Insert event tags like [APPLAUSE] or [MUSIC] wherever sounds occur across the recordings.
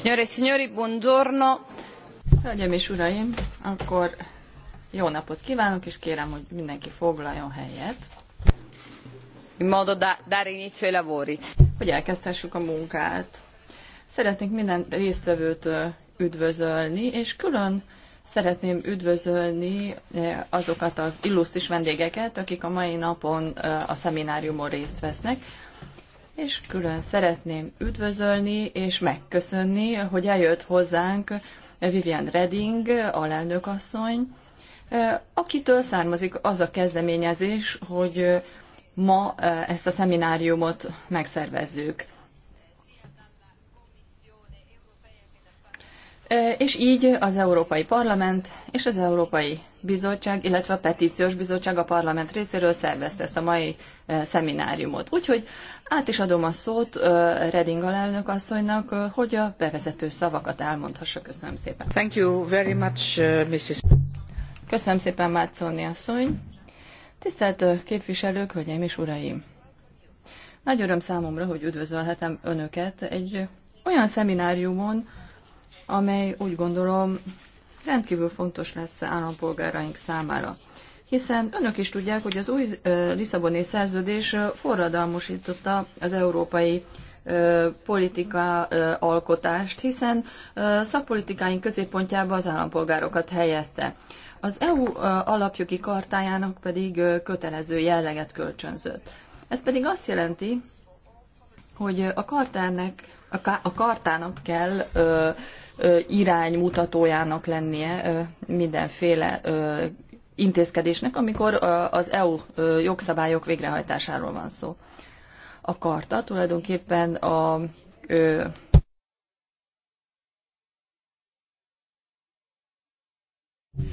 Signore e signori, buongiorno. Hölgyeim és uraim, akkor jó napot kívánok, és kérem, hogy mindenki foglaljon helyet. In modo da dare inizio ai lavori. Hogy elkezdhessük a munkát. Szeretnék minden résztvevőt üdvözölni, és külön szeretném üdvözölni eh, azokat az illusztris vendégeket, akik a mai napon eh, a szemináriumon részt vesznek és külön szeretném üdvözölni és megköszönni, hogy eljött hozzánk Vivian Redding, a asszony, akitől származik az a kezdeményezés, hogy ma eh, ezt a szemináriumot megszervezzük. és így az Európai Parlament és az Európai Bizottság, illetve a Petíciós Bizottság a parlament részéről szervezte ezt a mai szemináriumot. Úgyhogy át is adom a szót Reding alelnök asszonynak, hogy a bevezető szavakat elmondhassa. Köszönöm szépen. Thank you very much, uh, Mrs. Köszönöm szépen, Mátszóni asszony. Tisztelt képviselők, hölgyeim és uraim! Nagy öröm számomra, hogy üdvözölhetem önöket egy olyan szemináriumon, amely úgy gondolom rendkívül fontos lesz állampolgáraink számára. Hiszen önök is tudják, hogy az új Lisszaboni szerződés forradalmosította az európai politika alkotást, hiszen szakpolitikáink középpontjába az állampolgárokat helyezte. Az EU alapjogi kartájának pedig kötelező jelleget kölcsönzött. Ez pedig azt jelenti, hogy a kartának a kartának kell ö, ö, iránymutatójának lennie ö, mindenféle ö, intézkedésnek, amikor az EU jogszabályok végrehajtásáról van szó. A karta tulajdonképpen a ö,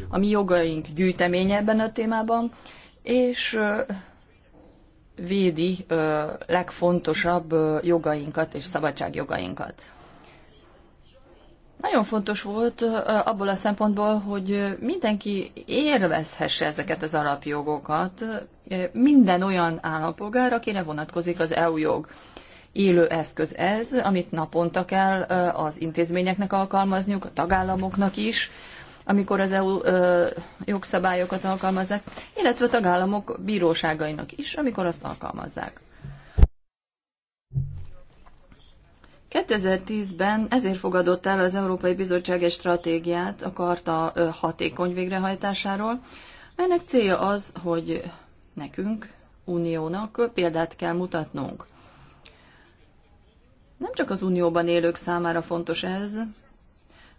a mi jogaink gyűjteménye ebben a témában, és védi legfontosabb jogainkat és szabadságjogainkat. Nagyon fontos volt abból a szempontból, hogy mindenki élvezhesse ezeket az alapjogokat, minden olyan állampolgár, akire vonatkozik az EU jog. Élő eszköz ez, amit naponta kell az intézményeknek alkalmazniuk, a tagállamoknak is, amikor az EU ö, jogszabályokat alkalmazzák, illetve a tagállamok bíróságainak is, amikor azt alkalmazzák. 2010-ben ezért fogadott el az Európai Bizottság egy stratégiát a karta hatékony végrehajtásáról, melynek célja az, hogy nekünk, uniónak példát kell mutatnunk. Nem csak az unióban élők számára fontos ez,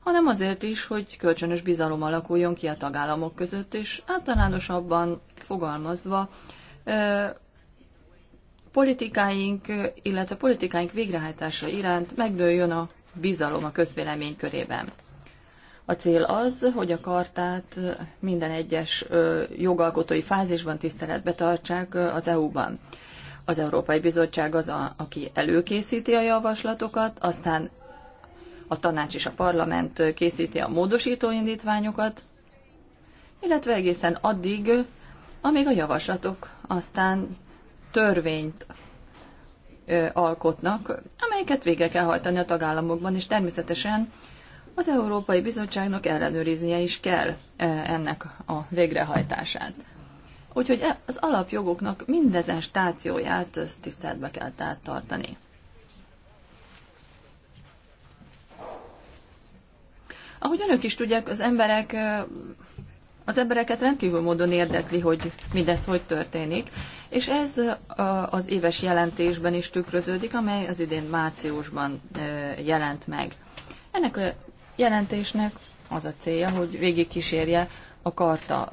hanem azért is, hogy kölcsönös bizalom alakuljon ki a tagállamok között, és általánosabban fogalmazva politikáink, illetve politikáink végrehajtása iránt megdőljön a bizalom a közvélemény körében. A cél az, hogy a kartát minden egyes jogalkotói fázisban tiszteletbe tartsák az EU-ban. Az Európai Bizottság az, a, aki előkészíti a javaslatokat, aztán a tanács és a parlament készíti a módosító indítványokat, illetve egészen addig, amíg a javaslatok aztán törvényt alkotnak, amelyeket végre kell hajtani a tagállamokban, és természetesen az Európai Bizottságnak ellenőriznie is kell ennek a végrehajtását. Úgyhogy e, az alapjogoknak mindezen stációját tiszteletbe kell tehát tartani. Ahogy önök is tudják, az emberek az embereket rendkívül módon érdekli, hogy mindez hogy történik, és ez az éves jelentésben is tükröződik, amely az idén márciusban jelent meg. Ennek a jelentésnek az a célja, hogy végigkísérje a karta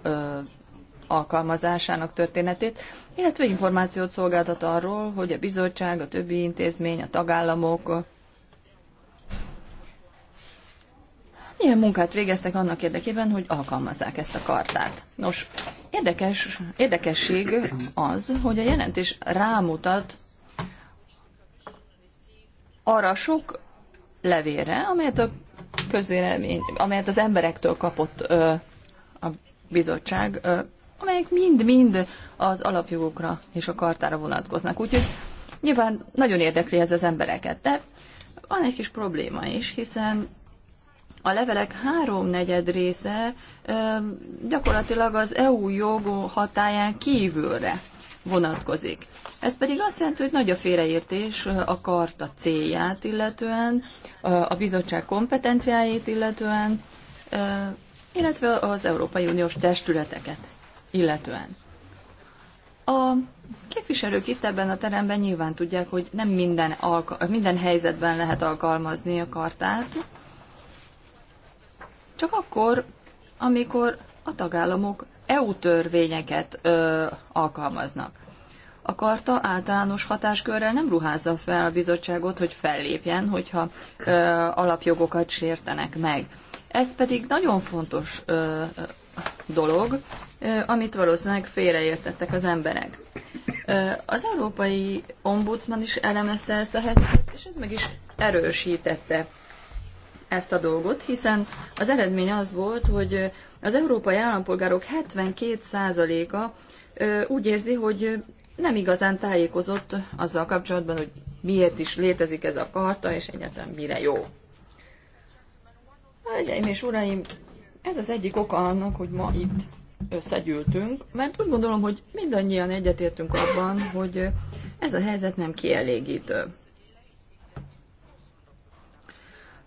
alkalmazásának történetét, illetve információt szolgáltat arról, hogy a bizottság, a többi intézmény, a tagállamok milyen munkát végeztek annak érdekében, hogy alkalmazzák ezt a kartát. Nos, érdekes, érdekesség az, hogy a jelentés rámutat arra sok levélre, amelyet, a közélemény, amelyet az emberektől kapott ö, a bizottság, ö, amelyek mind-mind az alapjogokra és a kartára vonatkoznak. Úgyhogy nyilván nagyon érdekli ez az embereket, de van egy kis probléma is, hiszen a levelek háromnegyed része gyakorlatilag az EU jog hatáján kívülre vonatkozik. Ez pedig azt jelenti, hogy nagy a félreértés a karta célját illetően, a bizottság kompetenciáit illetően, illetve az Európai Uniós testületeket illetően. A képviselők itt ebben a teremben nyilván tudják, hogy nem minden, alka- minden helyzetben lehet alkalmazni a kartát, csak akkor, amikor a tagállamok EU törvényeket ö, alkalmaznak. A karta általános hatáskörrel nem ruházza fel a bizottságot, hogy fellépjen, hogyha ö, alapjogokat sértenek meg. Ez pedig nagyon fontos ö, dolog, ö, amit valószínűleg félreértettek az emberek. Ö, az európai ombudsman is elemezte ezt a helyzetet, és ez meg is erősítette ezt a dolgot, hiszen az eredmény az volt, hogy az európai állampolgárok 72%-a úgy érzi, hogy nem igazán tájékozott azzal kapcsolatban, hogy miért is létezik ez a karta, és egyáltalán mire jó. Hölgyeim és uraim, ez az egyik oka annak, hogy ma itt összegyűltünk, mert úgy gondolom, hogy mindannyian egyetértünk abban, hogy ez a helyzet nem kielégítő.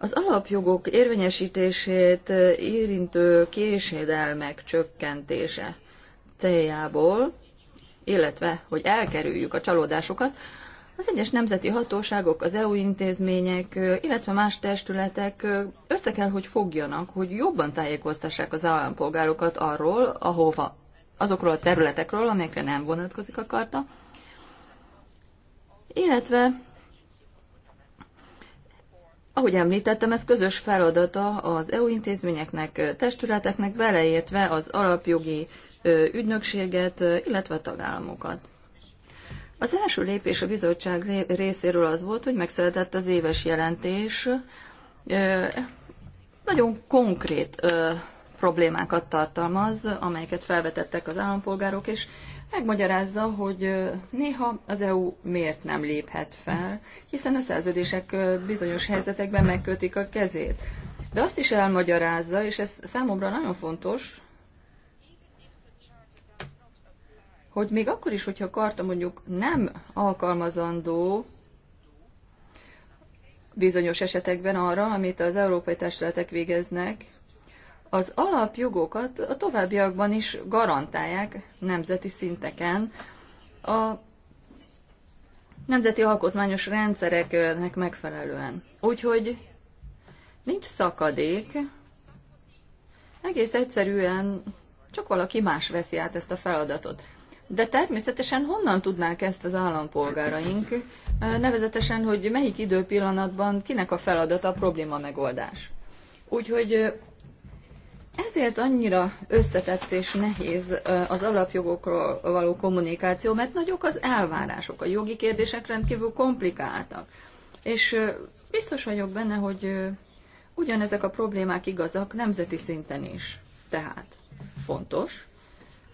Az alapjogok érvényesítését érintő késedelmek csökkentése céljából, illetve hogy elkerüljük a csalódásokat, az egyes nemzeti hatóságok, az EU intézmények, illetve más testületek össze kell, hogy fogjanak, hogy jobban tájékoztassák az állampolgárokat arról, ahova, azokról a területekről, amelyekre nem vonatkozik a karta, illetve ahogy említettem, ez közös feladata az EU intézményeknek, testületeknek, beleértve az alapjogi ügynökséget, illetve a tagállamokat. Az első lépés a bizottság részéről az volt, hogy megszületett az éves jelentés. Nagyon konkrét problémákat tartalmaz, amelyeket felvetettek az állampolgárok, és megmagyarázza, hogy néha az EU miért nem léphet fel, hiszen a szerződések bizonyos helyzetekben megkötik a kezét. De azt is elmagyarázza, és ez számomra nagyon fontos, hogy még akkor is, hogyha a karta mondjuk nem alkalmazandó bizonyos esetekben arra, amit az európai testületek végeznek, az alapjogokat a továbbiakban is garantálják nemzeti szinteken. A nemzeti alkotmányos rendszereknek megfelelően. Úgyhogy nincs szakadék, egész egyszerűen csak valaki más veszi át ezt a feladatot. De természetesen honnan tudnák ezt az állampolgáraink, nevezetesen, hogy melyik időpillanatban kinek a feladata a probléma megoldás. Úgyhogy ezért annyira összetett és nehéz az alapjogokról való kommunikáció, mert nagyok az elvárások, a jogi kérdések rendkívül komplikáltak. És biztos vagyok benne, hogy ugyanezek a problémák igazak nemzeti szinten is. Tehát fontos,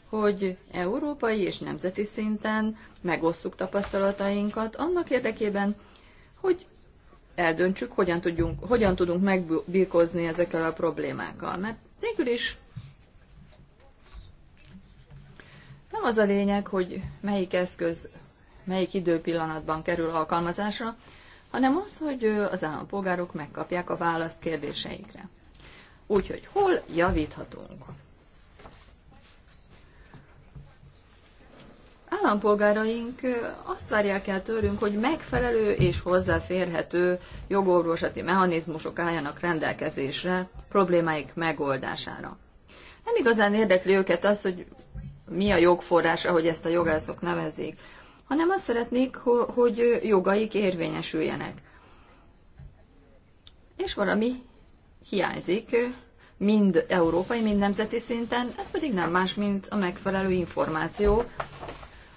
hogy európai és nemzeti szinten megosztjuk tapasztalatainkat annak érdekében, hogy eldöntsük, hogyan, tudjunk, hogyan tudunk megbirkózni ezekkel a problémákkal. Mert Végül is nem az a lényeg, hogy melyik eszköz melyik időpillanatban kerül alkalmazásra, hanem az, hogy az állampolgárok megkapják a választ kérdéseikre. Úgyhogy hol javíthatunk? állampolgáraink azt várják el tőlünk, hogy megfelelő és hozzáférhető jogorvosati mechanizmusok álljanak rendelkezésre problémáik megoldására. Nem igazán érdekli őket az, hogy mi a jogforrás, ahogy ezt a jogászok nevezik, hanem azt szeretnék, hogy jogaik érvényesüljenek. És valami hiányzik, mind európai, mind nemzeti szinten, ez pedig nem más, mint a megfelelő információ,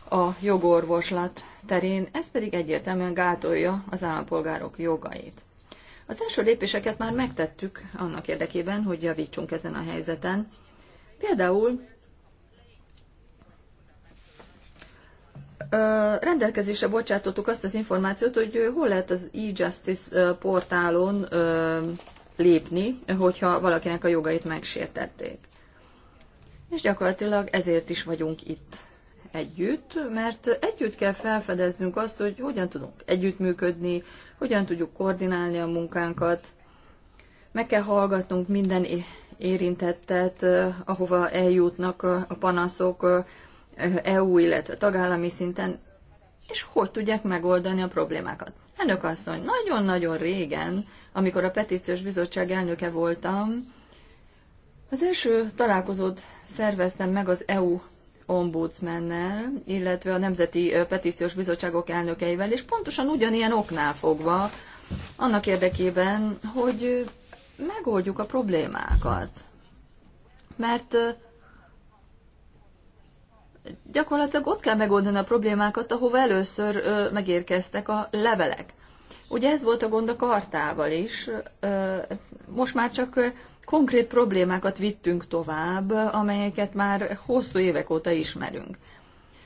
a jogorvoslat terén, ez pedig egyértelműen gátolja az állampolgárok jogait. Az első lépéseket már megtettük annak érdekében, hogy javítsunk ezen a helyzeten. Például rendelkezésre bocsátottuk azt az információt, hogy hol lehet az e-justice portálon lépni, hogyha valakinek a jogait megsértették. És gyakorlatilag ezért is vagyunk itt együtt, mert együtt kell felfedeznünk azt, hogy hogyan tudunk együttműködni, hogyan tudjuk koordinálni a munkánkat. Meg kell hallgatnunk minden érintettet, eh, ahova eljutnak eh, a panaszok eh, EU, illetve tagállami szinten, és hogy tudják megoldani a problémákat. Elnök asszony, nagyon-nagyon régen, amikor a petíciós bizottság elnöke voltam, az első találkozót szerveztem meg az EU ombudsmennel, illetve a Nemzeti Petíciós Bizottságok elnökeivel, és pontosan ugyanilyen oknál fogva, annak érdekében, hogy megoldjuk a problémákat. Mert gyakorlatilag ott kell megoldani a problémákat, ahova először megérkeztek a levelek. Ugye ez volt a gond a kartával is, most már csak konkrét problémákat vittünk tovább, amelyeket már hosszú évek óta ismerünk.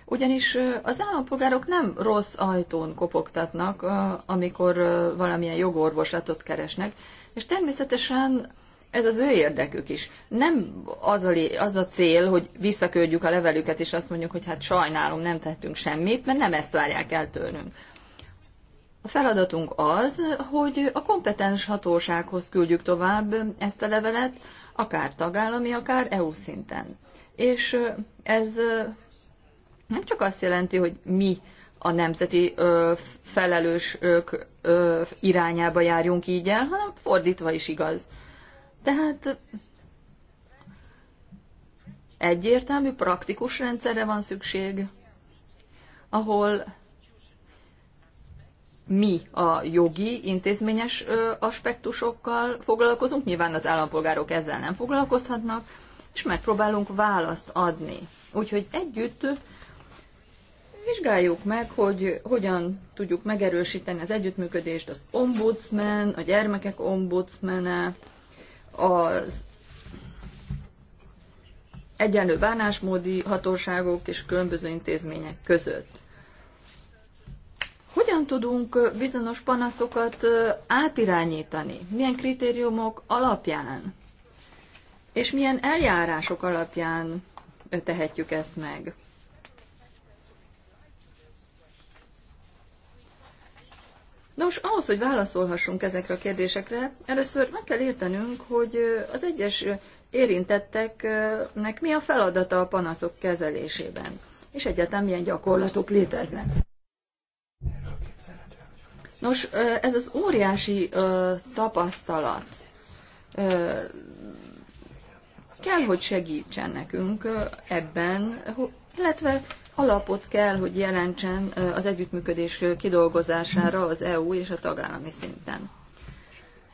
Ugyanis az állampolgárok nem rossz ajtón kopogtatnak, amikor valamilyen jogorvoslatot keresnek, és természetesen ez az ő érdekük is. Nem az a, az a cél, hogy visszaküldjük a levelüket, és azt mondjuk, hogy hát sajnálom, nem tettünk semmit, mert nem ezt várják el tőlünk. A feladatunk az, hogy a kompetens hatósághoz küldjük tovább ezt a levelet, akár tagállami, akár EU szinten. És ez nem csak azt jelenti, hogy mi a nemzeti felelősök irányába járjunk így el, hanem fordítva is igaz. Tehát egyértelmű, praktikus rendszerre van szükség, ahol mi a jogi, intézményes aspektusokkal foglalkozunk, nyilván az állampolgárok ezzel nem foglalkozhatnak, és megpróbálunk választ adni. Úgyhogy együtt vizsgáljuk meg, hogy hogyan tudjuk megerősíteni az együttműködést az ombudsman, a gyermekek ombudsmene, az egyenlő bánásmódi hatóságok és különböző intézmények között. Hogyan tudunk bizonyos panaszokat átirányítani? Milyen kritériumok alapján? És milyen eljárások alapján tehetjük ezt meg? Nos, ahhoz, hogy válaszolhassunk ezekre a kérdésekre, először meg kell értenünk, hogy az egyes érintetteknek mi a feladata a panaszok kezelésében, és egyáltalán milyen gyakorlatok léteznek. Nos, ez az óriási tapasztalat kell, hogy segítsen nekünk ebben, illetve alapot kell, hogy jelentsen az együttműködés kidolgozására az EU és a tagállami szinten.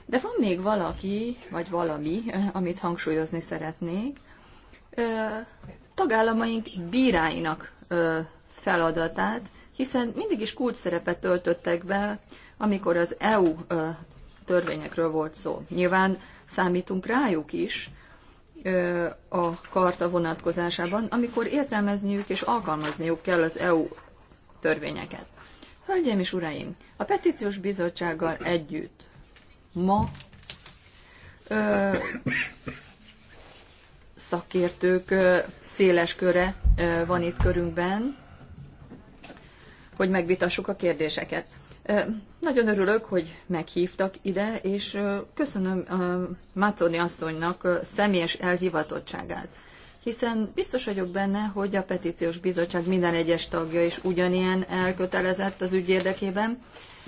De van még valaki, vagy valami, amit hangsúlyozni szeretnék. Tagállamaink bíráinak feladatát, hiszen mindig is kulcs szerepet töltöttek be, amikor az EU törvényekről volt szó. Nyilván számítunk rájuk is a karta vonatkozásában, amikor értelmezniük és alkalmazniuk kell az EU törvényeket. Hölgyeim és uraim, a petíciós bizottsággal együtt ma ö, szakértők széles köre van itt körünkben, hogy megvitassuk a kérdéseket. Nagyon örülök, hogy meghívtak ide, és köszönöm Mácóni asszonynak személyes elhivatottságát. Hiszen biztos vagyok benne, hogy a petíciós bizottság minden egyes tagja is ugyanilyen elkötelezett az ügy érdekében,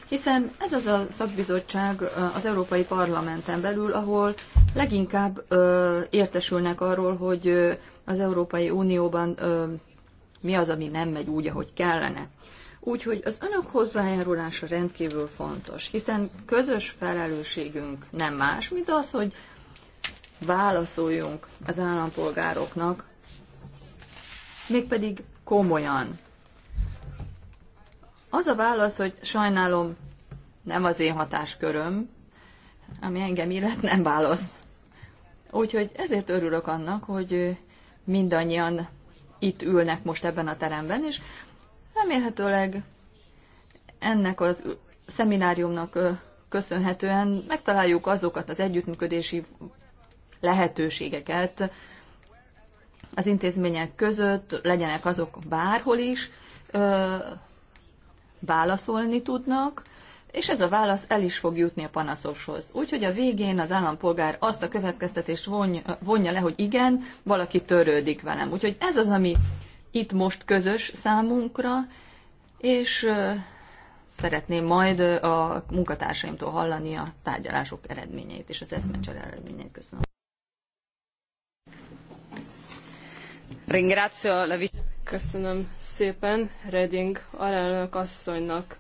hiszen ez az a szakbizottság az Európai Parlamenten belül, ahol leginkább értesülnek arról, hogy az Európai Unióban mi az, ami nem megy úgy, ahogy kellene. Úgyhogy az önök hozzájárulása rendkívül fontos, hiszen közös felelősségünk nem más, mint az, hogy válaszoljunk az állampolgároknak, mégpedig komolyan. Az a válasz, hogy sajnálom, nem az én hatásköröm, ami engem illet, nem válasz. Úgyhogy ezért örülök annak, hogy mindannyian itt ülnek most ebben a teremben, és Remélhetőleg ennek az szemináriumnak köszönhetően megtaláljuk azokat az együttműködési lehetőségeket az intézmények között, legyenek azok bárhol is, válaszolni tudnak, és ez a válasz el is fog jutni a panaszoshoz. Úgyhogy a végén az állampolgár azt a következtetést vonja, vonja le, hogy igen, valaki törődik velem. Úgyhogy ez az, ami itt most közös számunkra, és szeretném majd a munkatársaimtól hallani a tárgyalások eredményeit és az eszmecsere eredményeit. Köszönöm. Köszönöm szépen Reding alelnök asszonynak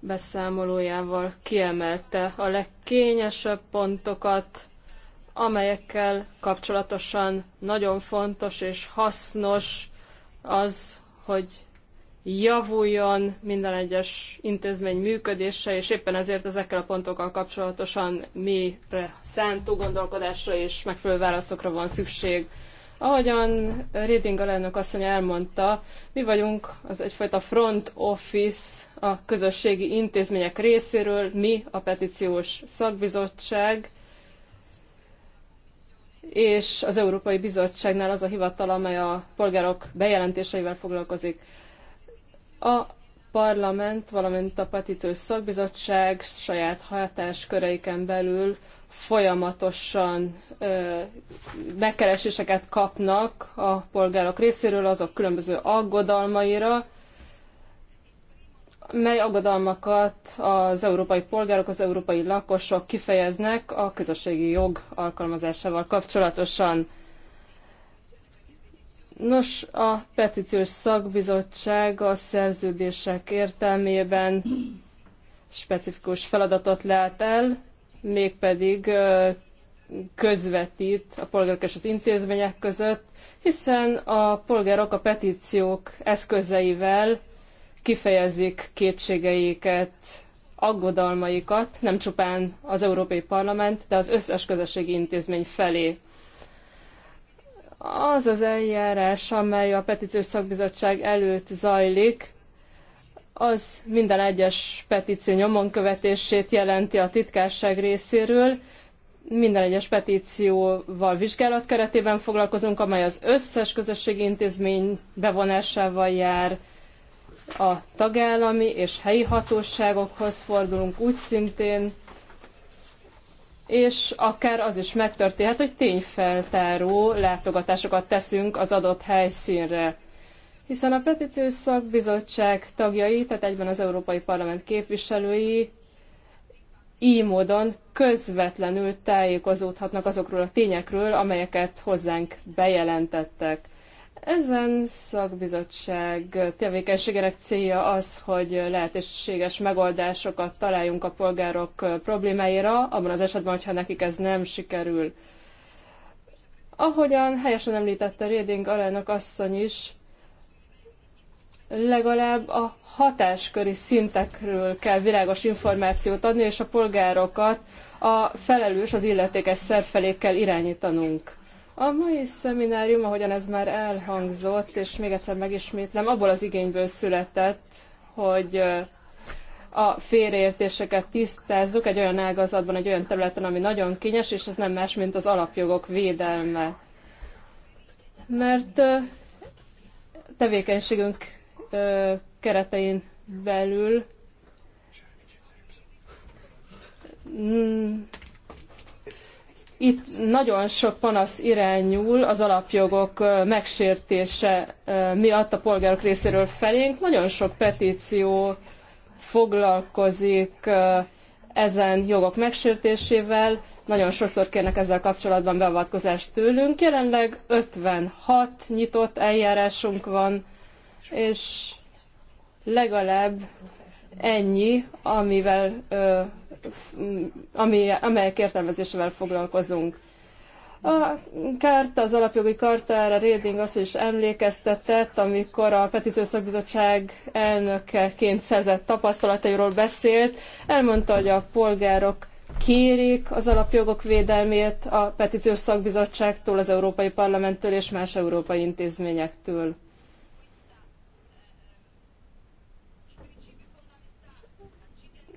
beszámolójával kiemelte a legkényesebb pontokat, amelyekkel kapcsolatosan nagyon fontos és hasznos az, hogy javuljon minden egyes intézmény működése, és éppen ezért ezekkel a pontokkal kapcsolatosan mélyre szántó gondolkodásra és megfelelő válaszokra van szükség. Ahogyan reding alelnök asszony elmondta, mi vagyunk az egyfajta front office a közösségi intézmények részéről, mi a petíciós szakbizottság, és az Európai Bizottságnál az a hivatal, amely a polgárok bejelentéseivel foglalkozik. A parlament, valamint a petíciós szakbizottság saját hatásköreiken belül folyamatosan ö, megkereséseket kapnak a polgárok részéről azok különböző aggodalmaira, mely aggodalmakat az európai polgárok, az európai lakosok kifejeznek a közösségi jog alkalmazásával kapcsolatosan. Nos, a petíciós szakbizottság a szerződések értelmében specifikus feladatot lát el, mégpedig közvetít a polgárok és az intézmények között, hiszen a polgárok a petíciók eszközeivel kifejezik kétségeiket, aggodalmaikat, nem csupán az Európai Parlament, de az összes közösségi intézmény felé. Az az eljárás, amely a petíciós szakbizottság előtt zajlik, az minden egyes petíció nyomon követését jelenti a titkárság részéről. Minden egyes petícióval vizsgálat keretében foglalkozunk, amely az összes közösségi intézmény bevonásával jár, a tagállami és helyi hatóságokhoz fordulunk úgy szintén, és akár az is megtörténhet, hogy tényfeltáró látogatásokat teszünk az adott helyszínre. Hiszen a petíciós szakbizottság tagjai, tehát egyben az Európai Parlament képviselői így módon közvetlenül tájékozódhatnak azokról a tényekről, amelyeket hozzánk bejelentettek. Ezen szakbizottság tevékenységének célja az, hogy lehetőséges megoldásokat találjunk a polgárok problémáira, abban az esetben, hogyha nekik ez nem sikerül. Ahogyan helyesen említette Réding alelnök asszony is, legalább a hatásköri szintekről kell világos információt adni, és a polgárokat a felelős, az illetékes szerv felé kell irányítanunk. A mai szeminárium, ahogyan ez már elhangzott, és még egyszer megismétlem, abból az igényből született, hogy a félreértéseket tisztázzuk egy olyan ágazatban, egy olyan területen, ami nagyon kényes, és ez nem más, mint az alapjogok védelme. Mert tevékenységünk keretein belül mm, itt nagyon sok panasz irányul az alapjogok megsértése miatt a polgárok részéről felénk. Nagyon sok petíció foglalkozik ezen jogok megsértésével, nagyon sokszor kérnek ezzel kapcsolatban beavatkozást tőlünk. Jelenleg 56 nyitott eljárásunk van, és legalább ennyi, amivel ami, amelyek értelmezésével foglalkozunk. A kárta, az alapjogi kartára Réding azt is emlékeztetett, amikor a petíciós elnökeként szerzett tapasztalatairól beszélt, elmondta, hogy a polgárok kérik az alapjogok védelmét a petíciós szakbizottságtól, az Európai Parlamenttől és más európai intézményektől.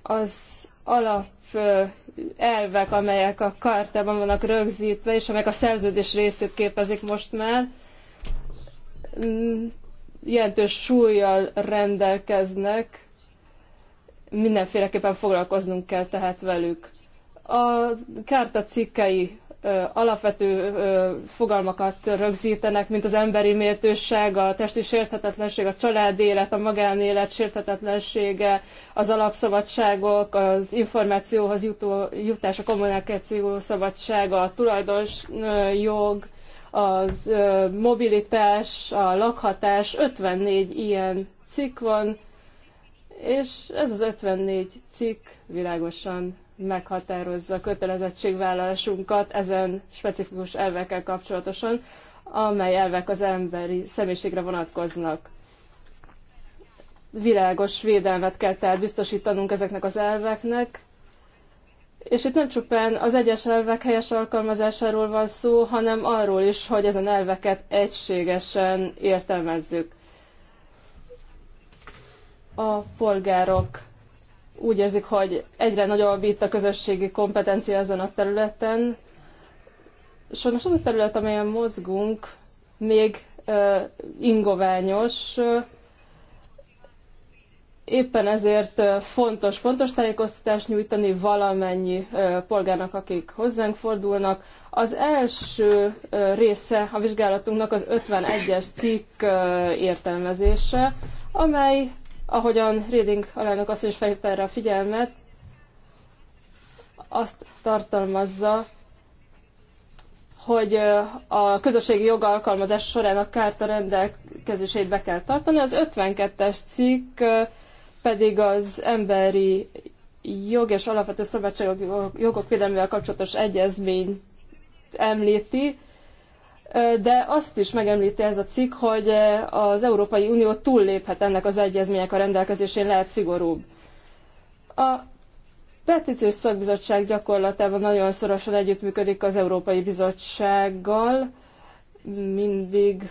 Az alapelvek, elvek, amelyek a kartában vannak rögzítve, és amelyek a szerződés részét képezik most már, mm, jelentős súlyjal rendelkeznek, mindenféleképpen foglalkoznunk kell tehát velük. A kárta cikkei alapvető fogalmakat rögzítenek, mint az emberi méltóság, a testi sérthetetlenség, a családi élet, a magánélet sérthetetlensége, az alapszabadságok, az információhoz jutó, jutás, a kommunikáció szabadsága, a tulajdonjog, a mobilitás, a lakhatás, 54 ilyen cikk van, és ez az 54 cikk világosan meghatározza kötelezettségvállalásunkat ezen specifikus elvekkel kapcsolatosan, amely elvek az emberi személyiségre vonatkoznak. Világos védelmet kell tehát biztosítanunk ezeknek az elveknek, és itt nem csupán az egyes elvek helyes alkalmazásáról van szó, hanem arról is, hogy ezen elveket egységesen értelmezzük. A polgárok úgy érzik, hogy egyre nagyobb itt a közösségi kompetencia ezen a területen. Sajnos az a terület, amelyen mozgunk, még uh, ingoványos, Éppen ezért fontos, fontos tájékoztatást nyújtani valamennyi polgárnak, akik hozzánk fordulnak. Az első része a vizsgálatunknak az 51-es cikk értelmezése, amely Ahogyan Reading alelnök azt is felhívta erre a figyelmet, azt tartalmazza, hogy a közösségi jog alkalmazás során a kárta rendelkezését be kell tartani. Az 52-es cikk pedig az emberi jog és alapvető szabadságjogok védelmével kapcsolatos egyezményt említi, de azt is megemlíti ez a cikk, hogy az Európai Unió túlléphet ennek az egyezmények a rendelkezésén, lehet szigorúbb. A petíciós szakbizottság gyakorlatában nagyon szorosan együttműködik az Európai Bizottsággal, mindig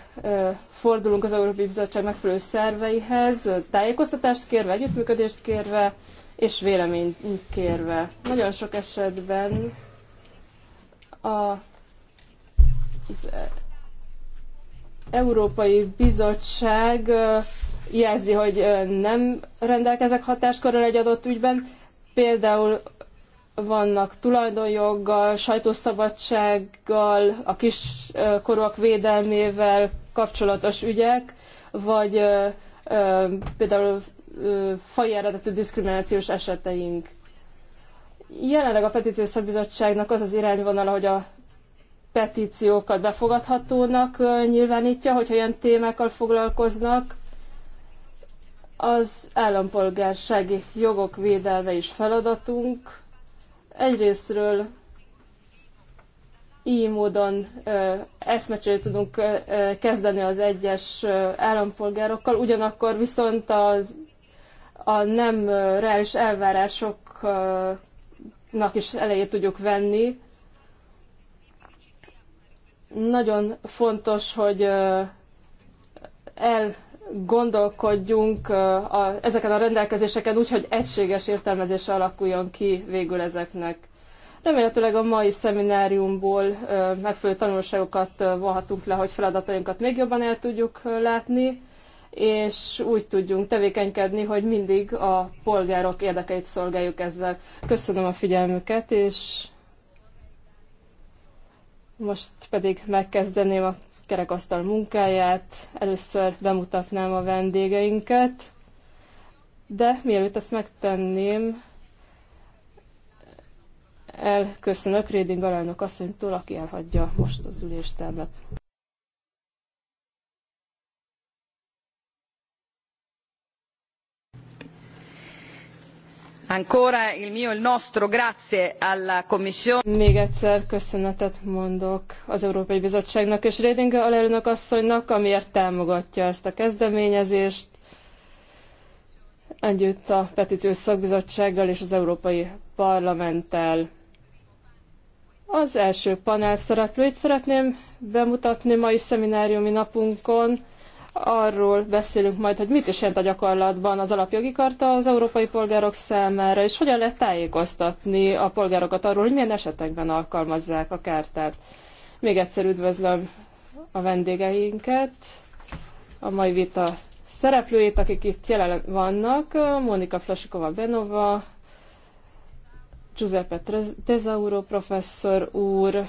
fordulunk az Európai Bizottság megfelelő szerveihez, tájékoztatást kérve, együttműködést kérve, és véleményt kérve. Nagyon sok esetben a az Európai Bizottság jelzi, hogy nem rendelkezek hatáskörrel egy adott ügyben. Például vannak tulajdonjoggal, sajtószabadsággal, a kiskorúak védelmével kapcsolatos ügyek, vagy például faji eredetű diszkriminációs eseteink. Jelenleg a petíciós szakbizottságnak az az irányvonala, hogy a petíciókat befogadhatónak nyilvánítja, hogyha ilyen témákkal foglalkoznak. Az állampolgársági jogok védelme is feladatunk. Egyrésztről így módon eszmecserét tudunk kezdeni az egyes állampolgárokkal, ugyanakkor viszont az, a nem reális elvárásoknak is elejét tudjuk venni, nagyon fontos, hogy elgondolkodjunk a, ezeken a rendelkezéseken úgy, hogy egységes értelmezése alakuljon ki végül ezeknek. Remélhetőleg a mai szemináriumból megfelelő tanulságokat vonhatunk le, hogy feladatainkat még jobban el tudjuk látni, és úgy tudjunk tevékenykedni, hogy mindig a polgárok érdekeit szolgáljuk ezzel. Köszönöm a figyelmüket, és most pedig megkezdeném a kerekasztal munkáját, először bemutatnám a vendégeinket, de mielőtt ezt megtenném, elköszönök Réding alelnök asszonytól, aki elhagyja most az üléstermet. Még egyszer köszönetet mondok az Európai Bizottságnak és Reding alelnök asszonynak, amiért támogatja ezt a kezdeményezést együtt a petciós szakbizottsággal és az Európai Parlamenttel. Az első panel szereplőit szeretném bemutatni mai szemináriumi napunkon arról beszélünk majd, hogy mit is jelent a gyakorlatban az alapjogi karta az európai polgárok számára, és hogyan lehet tájékoztatni a polgárokat arról, hogy milyen esetekben alkalmazzák a kártát. Még egyszer üdvözlöm a vendégeinket, a mai vita szereplőjét, akik itt jelen vannak, Mónika Flasikova Benova, Giuseppe Tezauro professzor úr,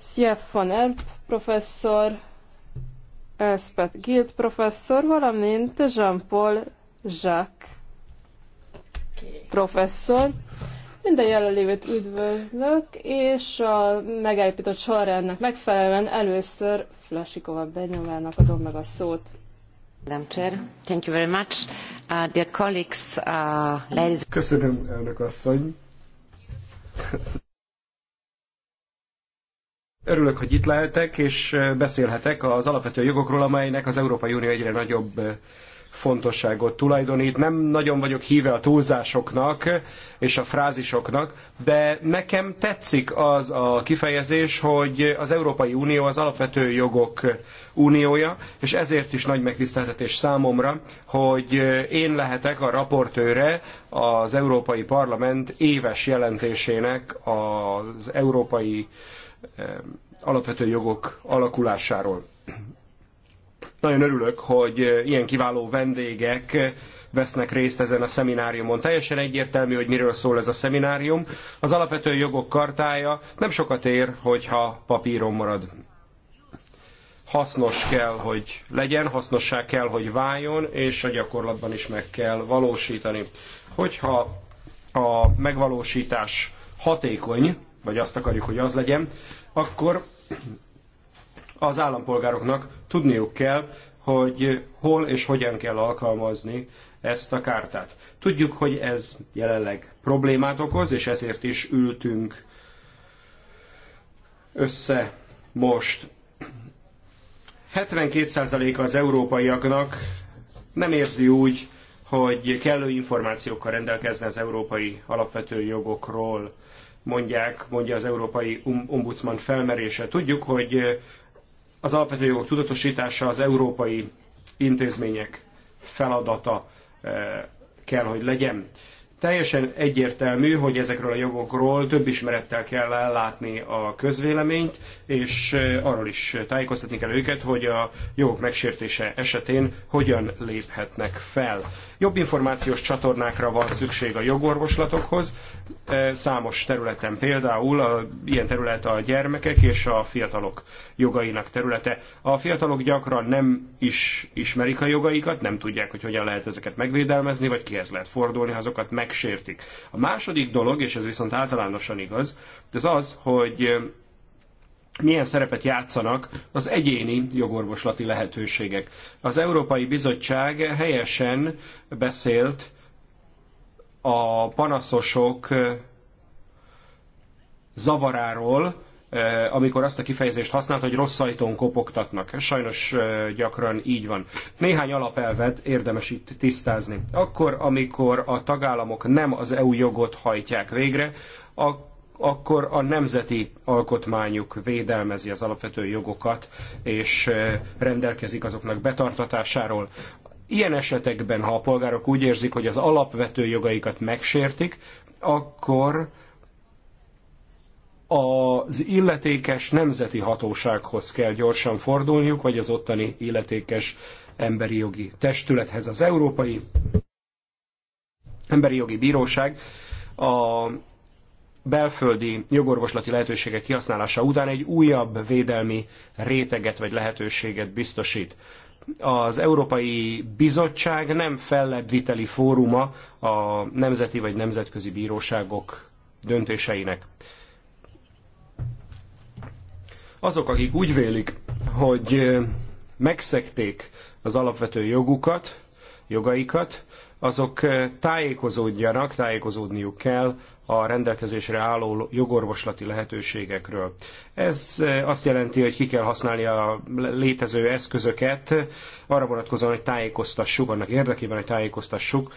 Sjef van Erb professzor, Elspeth Guild professzor, valamint Jean-Paul Jacques professzor. Minden jelenlévőt üdvözlök, és a megállapított sorrendnek megfelelően először Flasikova Benyomának adom meg a szót. Madam Chair, thank you very much. Uh, dear colleagues, uh, ladies... Köszönöm, elnök asszony. Örülök, hogy itt lehetek, és beszélhetek az alapvető jogokról, amelynek az Európai Unió egyre nagyobb fontosságot tulajdonít. Nem nagyon vagyok híve a túlzásoknak és a frázisoknak, de nekem tetszik az a kifejezés, hogy az Európai Unió az alapvető jogok uniója, és ezért is nagy megtiszteltetés számomra, hogy én lehetek a raportőre az Európai Parlament éves jelentésének az Európai alapvető jogok alakulásáról. Nagyon örülök, hogy eh, ilyen kiváló vendégek eh, vesznek részt ezen a szemináriumon. Teljesen egyértelmű, hogy miről szól ez a szeminárium. Az alapvető jogok kartája nem sokat ér, hogyha papíron marad. Hasznos kell, hogy legyen, hasznossá kell, hogy váljon, és a gyakorlatban is meg kell valósítani. Hogyha a megvalósítás hatékony, vagy azt akarjuk, hogy az legyen, akkor az állampolgároknak tudniuk kell, hogy hol és hogyan kell alkalmazni ezt a kártát. Tudjuk, hogy ez jelenleg problémát okoz, és ezért is ültünk össze most. 72% az európaiaknak nem érzi úgy, hogy kellő információkkal rendelkezne az európai alapvető jogokról mondják, mondja az Európai um-, Ombudsman felmerése. Tudjuk, hogy az alapvető jogok tudatosítása az európai intézmények feladata kell, hogy legyen. Teljesen egyértelmű, hogy ezekről a jogokról több ismerettel kell ellátni a közvéleményt, és arról is tájékoztatni kell őket, hogy a jogok megsértése esetén hogyan léphetnek fel. Jobb információs csatornákra van szükség a jogorvoslatokhoz. E, számos területen például a, ilyen terület a gyermekek és a fiatalok jogainak területe. A fiatalok gyakran nem is ismerik a jogaikat, nem tudják, hogy hogyan lehet ezeket megvédelmezni, vagy kihez lehet fordulni, ha azokat megsértik. A második dolog, és ez viszont általánosan igaz, ez az, hogy milyen szerepet játszanak az egyéni jogorvoslati lehetőségek. Az Európai Bizottság helyesen beszélt a panaszosok eh, zavaráról, eh, amikor azt a kifejezést használt, hogy rossz ajtón kopogtatnak. Sajnos eh, gyakran így van. Néhány alapelvet érdemes itt tisztázni. Akkor, amikor a tagállamok nem az EU jogot hajtják végre, a akkor a nemzeti alkotmányuk védelmezi az alapvető jogokat, és eh, rendelkezik azoknak betartatásáról. Ilyen esetekben, ha a polgárok úgy érzik, hogy az alapvető jogaikat megsértik, akkor az illetékes nemzeti hatósághoz kell gyorsan fordulniuk, vagy az ottani illetékes emberi jogi testülethez. Az Európai Emberi Jogi Bíróság a belföldi jogorvoslati lehetőségek kihasználása után egy újabb védelmi réteget vagy lehetőséget biztosít. Az Európai Bizottság nem fellebbviteli fóruma a nemzeti vagy nemzetközi bíróságok döntéseinek. Azok, akik úgy vélik, hogy megszekték az alapvető jogukat, jogaikat, azok tájékozódjanak, tájékozódniuk kell a rendelkezésre álló jogorvoslati lehetőségekről. Ez eh, azt jelenti, hogy ki kell használni a létező eszközöket arra vonatkozóan, hogy tájékoztassuk, annak érdekében, hogy tájékoztassuk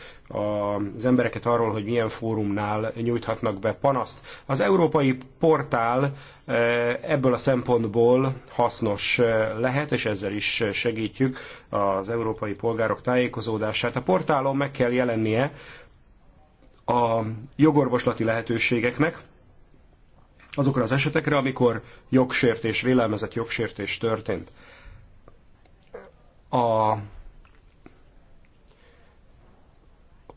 az embereket arról, hogy milyen fórumnál nyújthatnak be panaszt. Az európai portál eh, ebből a szempontból hasznos eh, lehet, és ezzel is segítjük az európai polgárok tájékozódását. A portálon meg kell jelennie a jogorvoslati lehetőségeknek azokra az esetekre, amikor jogsértés, vélelmezett jogsértés történt. A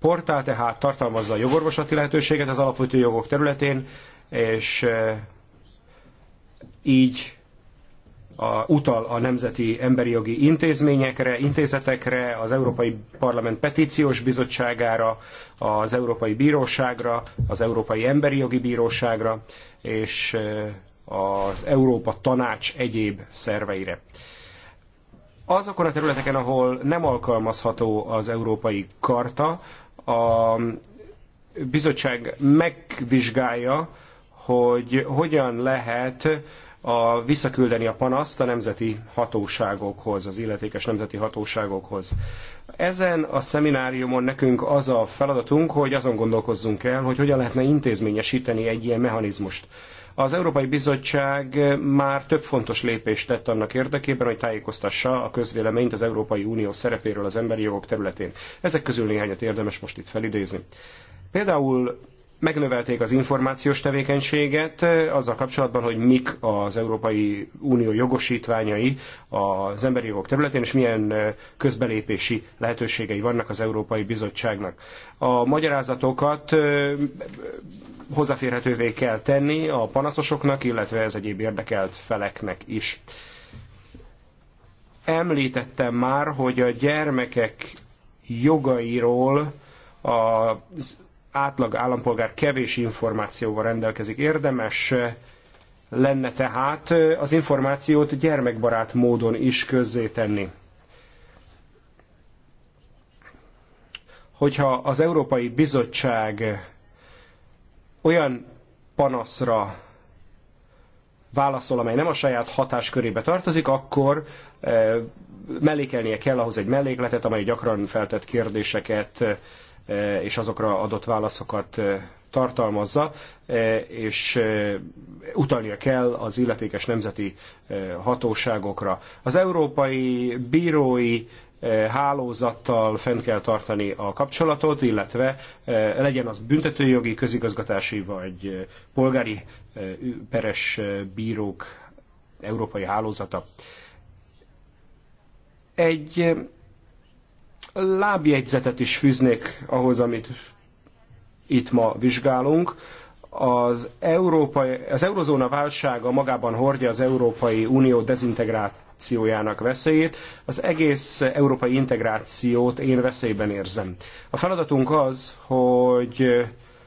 portál tehát tartalmazza a jogorvoslati lehetőséget az alapvető jogok területén, és eh, így a, utal a nemzeti emberi jogi intézményekre, intézetekre, az Európai Parlament Petíciós Bizottságára, az Európai Bíróságra, az Európai Emberi Jogi Bíróságra és az Európa Tanács egyéb szerveire. Azokon a területeken, ahol nem alkalmazható az Európai Karta, a bizottság megvizsgálja, hogy hogyan lehet a, visszaküldeni a panaszt a nemzeti hatóságokhoz, az illetékes nemzeti hatóságokhoz. Ezen a szemináriumon nekünk az a feladatunk, hogy azon gondolkozzunk el, hogy hogyan lehetne intézményesíteni egy ilyen mechanizmust. Az Európai Bizottság már több fontos lépést tett annak érdekében, hogy tájékoztassa a közvéleményt az Európai Unió szerepéről az emberi jogok területén. Ezek közül néhányat érdemes most itt felidézni. Például megnövelték az információs tevékenységet azzal kapcsolatban, hogy mik az Európai Unió jogosítványai az emberi jogok területén, és milyen közbelépési lehetőségei vannak az Európai Bizottságnak. A magyarázatokat hozzáférhetővé kell tenni a panaszosoknak, illetve az egyéb érdekelt feleknek is. Említettem már, hogy a gyermekek jogairól az átlag állampolgár kevés információval rendelkezik. Érdemes lenne tehát az információt gyermekbarát módon is közzétenni. Hogyha az Európai Bizottság olyan panaszra válaszol, amely nem a saját hatáskörébe tartozik, akkor eh, mellékelnie kell ahhoz egy mellékletet, amely gyakran feltett kérdéseket eh, E, és azokra adott válaszokat e, tartalmazza, e, és utalnia kell az illetékes nemzeti hatóságokra. Az európai bírói hálózattal fenn kell tartani a kapcsolatot, illetve legyen az büntetőjogi, közigazgatási vagy polgári peres bírók európai hálózata. Egy lábjegyzetet is fűznék ahhoz, amit itt ma vizsgálunk. Az, európai, az eurozóna válsága magában hordja az Európai Unió dezintegrációjának veszélyét. Az egész európai integrációt én veszélyben érzem. A feladatunk az, hogy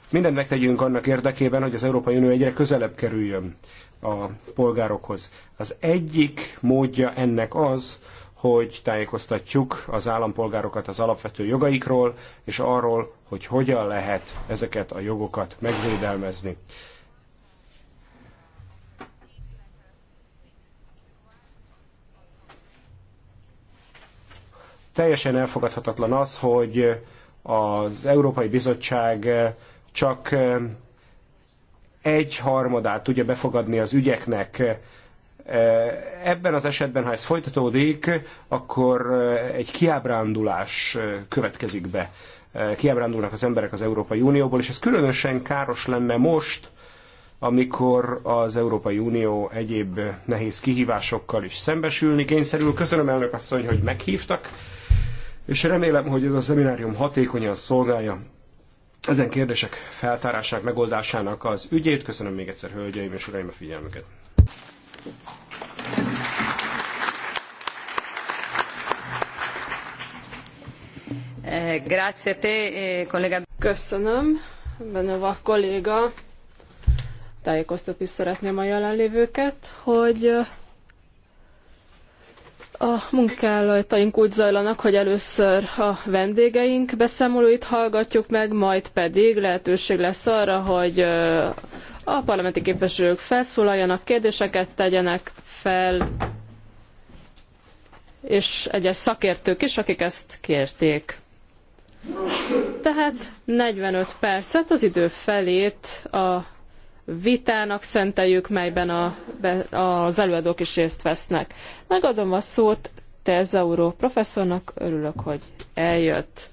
mindent megtegyünk annak érdekében, hogy az Európai Unió egyre közelebb kerüljön a polgárokhoz. Az egyik módja ennek az, hogy tájékoztatjuk az állampolgárokat az alapvető jogaikról, és arról, hogy hogyan lehet ezeket a jogokat megvédelmezni. Teljesen elfogadhatatlan az, hogy az Európai Bizottság csak egy harmadát tudja befogadni az ügyeknek, Eh, ebben az esetben, ha ez folytatódik, akkor eh, egy kiábrándulás eh, következik be. Kiábrándulnak az emberek az Európai Unióból, és ez különösen káros lenne most, amikor az Európai Unió egyéb nehéz kihívásokkal is szembesülni kényszerül. Köszönöm elnök asszony, hogy meghívtak, és remélem, hogy ez a szeminárium hatékonyan szolgálja ezen kérdések feltárásának, megoldásának az ügyét. Köszönöm még egyszer, hölgyeim és uraim, a figyelmüket. Eh, grazie kollega. Eh, Köszönöm, Benova kolléga. Tájékoztatni szeretném a jelenlévőket, hogy eh, a munkálataink úgy zajlanak, hogy először a vendégeink beszámolóit hallgatjuk meg, majd pedig lehetőség lesz arra, hogy a parlamenti képviselők felszólaljanak, kérdéseket tegyenek fel, és egyes szakértők is, akik ezt kérték. Tehát 45 percet, az idő felét a vitának szenteljük, melyben a, be, az előadók is részt vesznek. Megadom a szót Tezauró professzornak, örülök, hogy eljött.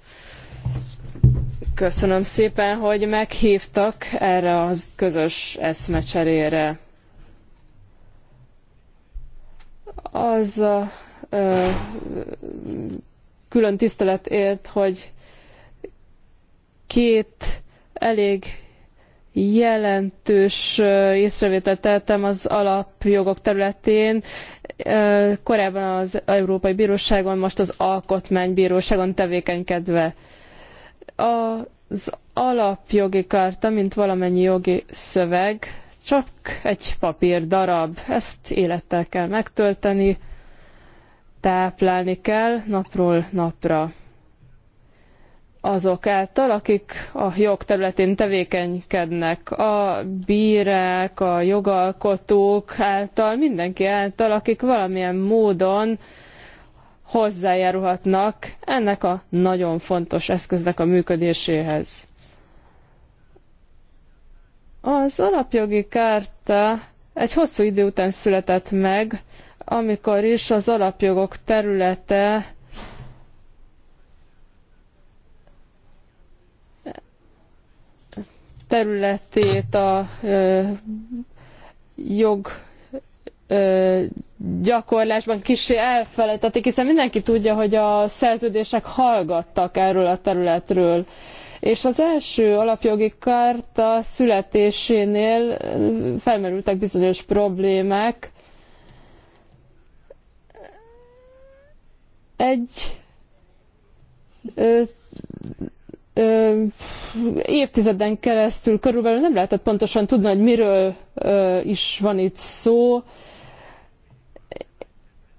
Köszönöm szépen, hogy meghívtak erre a közös eszmecserére. Az a ö, külön tisztelet ért, hogy két elég jelentős észrevételt tettem az alapjogok területén. Korábban az Európai Bíróságon, most az Alkotmánybíróságon tevékenykedve. Az alapjogi karta, mint valamennyi jogi szöveg, csak egy papír darab. Ezt élettel kell megtölteni, táplálni kell napról napra azok által, akik a jog területén tevékenykednek, a bírák, a jogalkotók által, mindenki által, akik valamilyen módon hozzájárulhatnak ennek a nagyon fontos eszköznek a működéséhez. Az alapjogi kárta egy hosszú idő után született meg, amikor is az alapjogok területe területét a ö, jog gyakorlásban kicsi elfelejtették, hiszen mindenki tudja, hogy a szerződések hallgattak erről a területről. És az első alapjogi karta születésénél felmerültek bizonyos problémák. Egy ö, ö, évtizeden keresztül körülbelül nem lehetett pontosan tudni, hogy miről ö, is van itt szó. Ö,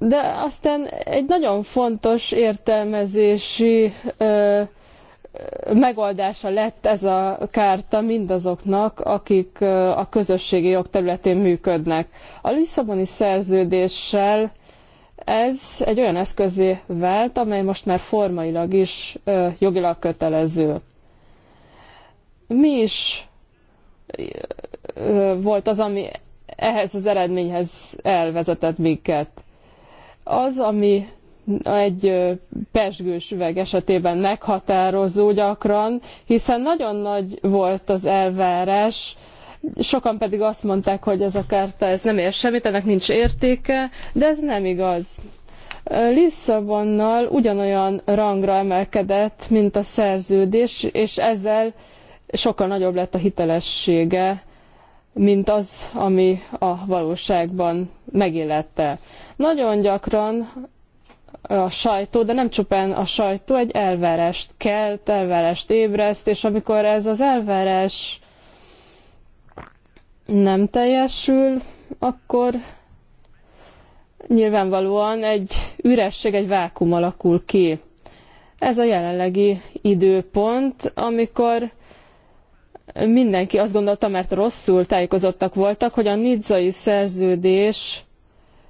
de aztán egy nagyon fontos értelmezési ö, megoldása lett ez a kárta mindazoknak, akik a közösségi jog területén működnek. A Lisszaboni szerződéssel ez egy olyan eszközé vált, amely most már formailag is jogilag kötelező. Mi is volt az, ami ehhez az eredményhez elvezetett minket? Az, ami egy pesgős üveg esetében meghatározó gyakran, hiszen nagyon nagy volt az elvárás, sokan pedig azt mondták, hogy ez a kárta ez nem ér semmit, ennek nincs értéke, de ez nem igaz. Lisszabonnal ugyanolyan rangra emelkedett, mint a szerződés, és ezzel sokkal nagyobb lett a hitelessége mint az, ami a valóságban megillette. Nagyon gyakran a sajtó, de nem csupán a sajtó, egy elvárást kelt, elvárást ébreszt, és amikor ez az elvárás nem teljesül, akkor nyilvánvalóan egy üresség, egy vákum alakul ki. Ez a jelenlegi időpont, amikor mindenki azt gondolta, mert rosszul tájékozottak voltak, hogy a nizzai szerződés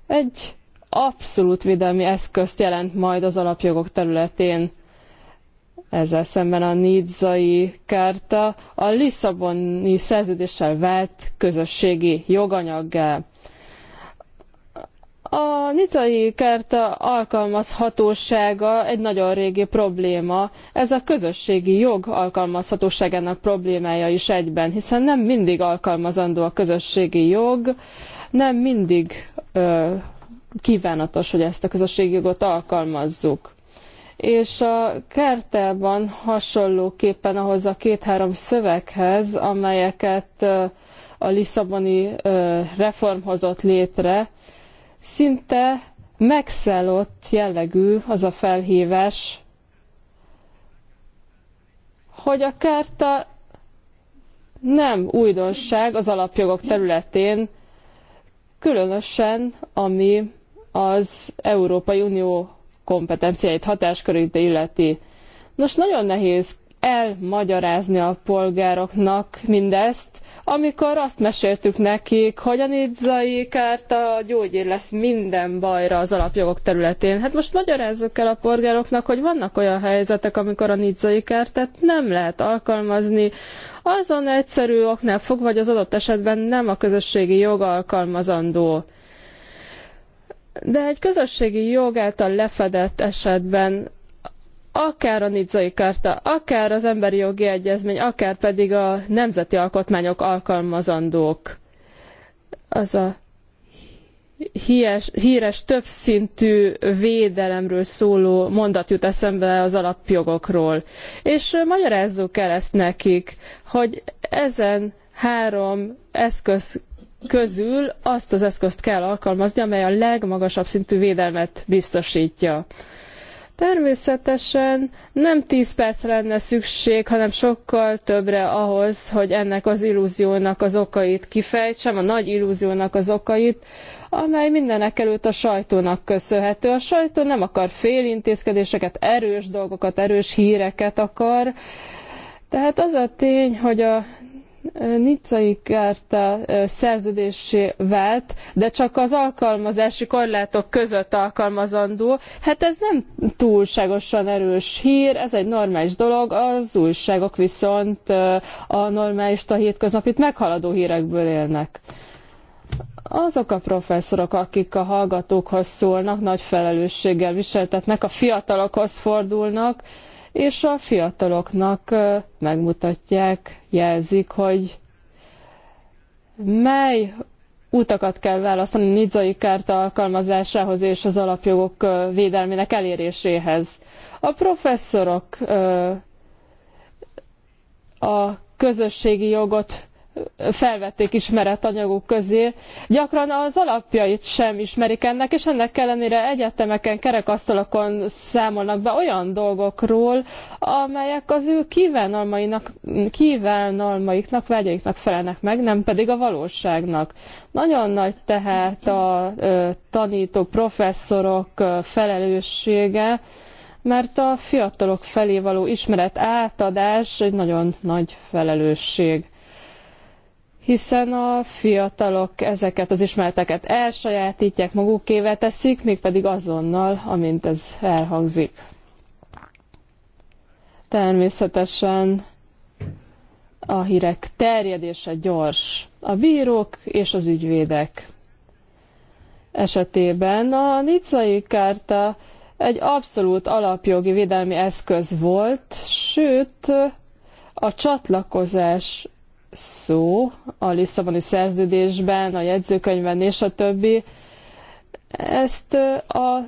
egy abszolút védelmi eszközt jelent majd az alapjogok területén. Ezzel szemben a nizzai kárta a Lisszaboni szerződéssel vált közösségi joganyaggá. A nicai kert alkalmazhatósága egy nagyon régi probléma. Ez a közösségi jog alkalmazhatóságának problémája is egyben, hiszen nem mindig alkalmazandó a közösségi jog, nem mindig ö, kívánatos, hogy ezt a közösségi jogot alkalmazzuk. És a kártában hasonlóképpen ahhoz a két-három szöveghez, amelyeket a Lisszaboni reform hozott létre, Szinte megszállott jellegű az a felhívás, hogy a kárta nem újdonság az alapjogok területén, különösen ami az Európai Unió kompetenciáit, hatáskörét illeti. Nos, nagyon nehéz elmagyarázni a polgároknak mindezt, amikor azt meséltük nekik, hogy a nidzai kárta gyógyír lesz minden bajra az alapjogok területén. Hát most magyarázzuk el a polgároknak, hogy vannak olyan helyzetek, amikor a nidzai kártát nem lehet alkalmazni, azon egyszerű oknál fogva, hogy az adott esetben nem a közösségi jog alkalmazandó. De egy közösségi jog által lefedett esetben akár a Nizzai Karta, akár az Emberi Jogi Egyezmény, akár pedig a nemzeti alkotmányok alkalmazandók. Az a híres, híres többszintű védelemről szóló mondat jut eszembe az alapjogokról. És magyarázzuk el ezt nekik, hogy ezen három eszköz közül azt az eszközt kell alkalmazni, amely a legmagasabb szintű védelmet biztosítja. Természetesen nem 10 percre lenne szükség, hanem sokkal többre ahhoz, hogy ennek az illúziónak az okait kifejtsem, a nagy illúziónak az okait, amely mindenek előtt a sajtónak köszönhető. A sajtó nem akar félintézkedéseket, erős dolgokat, erős híreket akar. Tehát az a tény, hogy a nicai kárta szerződésé vált, de csak az alkalmazási korlátok között alkalmazandó. Hát ez nem túlságosan erős hír, ez egy normális dolog, az újságok viszont a normális a hétköznapit meghaladó hírekből élnek. Azok a professzorok, akik a hallgatókhoz szólnak, nagy felelősséggel viseltetnek, a fiatalokhoz fordulnak, és a fiataloknak megmutatják, jelzik, hogy mely utakat kell választani a nidzai kárta alkalmazásához és az alapjogok védelmének eléréséhez. A professzorok a közösségi jogot felvették ismeretanyaguk közé. Gyakran az alapjait sem ismerik ennek, és ennek ellenére egyetemeken, kerekasztalokon számolnak be olyan dolgokról, amelyek az ő kívánalmainak, kívánalmaiknak, vágyaiknak felelnek meg, nem pedig a valóságnak. Nagyon nagy tehát a tanítók, professzorok felelőssége, mert a fiatalok felé való ismeret átadás egy nagyon nagy felelősség hiszen a fiatalok ezeket az ismereteket elsajátítják, magukévé teszik, mégpedig azonnal, amint ez elhangzik. Természetesen a hírek terjedése gyors. A bírók és az ügyvédek esetében a nicai kárta egy abszolút alapjogi védelmi eszköz volt, sőt a csatlakozás szó a Lisszaboni szerződésben, a jegyzőkönyvben és a többi. Ezt a,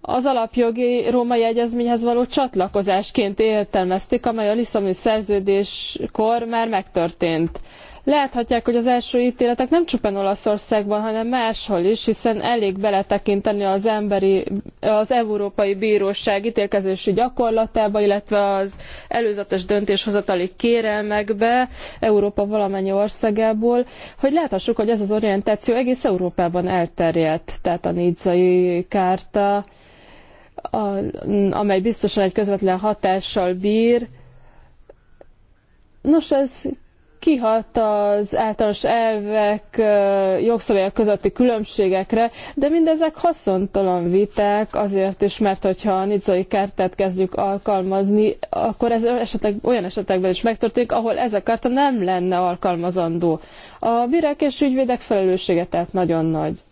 az alapjogi római egyezményhez való csatlakozásként értelmezték, amely a Lisszaboni szerződéskor már megtörtént. Láthatják, hogy az első ítéletek nem csupán Olaszországban, hanem máshol is, hiszen elég beletekinteni az emberi, az Európai Bíróság ítélkezési gyakorlatába, illetve az előzetes döntéshozatali kérelmekbe Európa valamennyi országából, hogy láthassuk, hogy ez az orientáció egész Európában elterjedt, tehát a Nidzai kárta, a, amely biztosan egy közvetlen hatással bír. Nos, ez kihat az általános elvek, jogszabályok közötti különbségekre, de mindezek haszontalan viták azért is, mert hogyha a nicai kártát kezdjük alkalmazni, akkor ez esetleg, olyan esetekben is megtörténik, ahol ez a kárta nem lenne alkalmazandó. A bírák és ügyvédek felelőssége tehát nagyon nagy.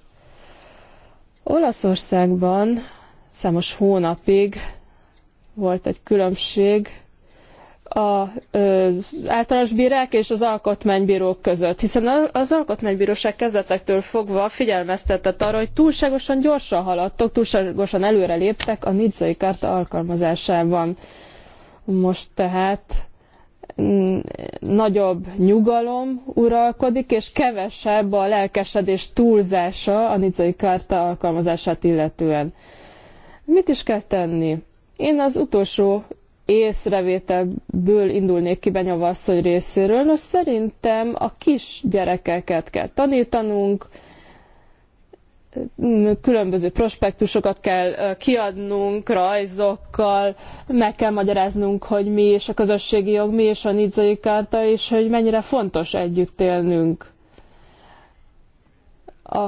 Olaszországban számos hónapig volt egy különbség az általános bírák és az alkotmánybírók között, hiszen az alkotmánybíróság kezdetektől fogva figyelmeztetett arra, hogy túlságosan gyorsan haladtok, túlságosan előre léptek a nidzai karta alkalmazásában. Most tehát nagyobb nyugalom uralkodik, és kevesebb a lelkesedés túlzása a nidzai karta alkalmazását illetően. Mit is kell tenni? Én az utolsó észrevételből indulnék ki Benyava asszony részéről. Nos, szerintem a kis gyerekeket kell tanítanunk, különböző prospektusokat kell kiadnunk rajzokkal, meg kell magyaráznunk, hogy mi és a közösségi jog, mi és a nidzai kárta, és hogy mennyire fontos együtt élnünk. A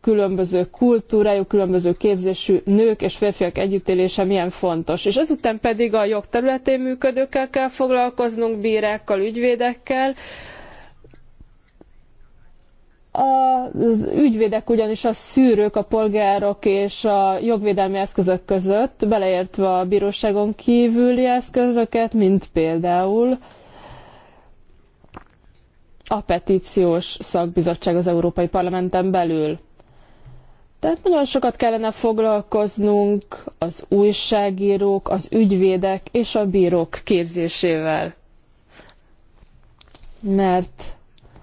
különböző kultúrájú, különböző képzésű nők és férfiak együttélése milyen fontos. És ezután pedig a jogterületén működőkkel kell foglalkoznunk, bírákkal, ügyvédekkel, az ügyvédek ugyanis a szűrők, a polgárok és a jogvédelmi eszközök között, beleértve a bíróságon kívüli eszközöket, mint például a petíciós szakbizottság az Európai Parlamenten belül. Tehát nagyon sokat kellene foglalkoznunk az újságírók, az ügyvédek és a bírók képzésével. Mert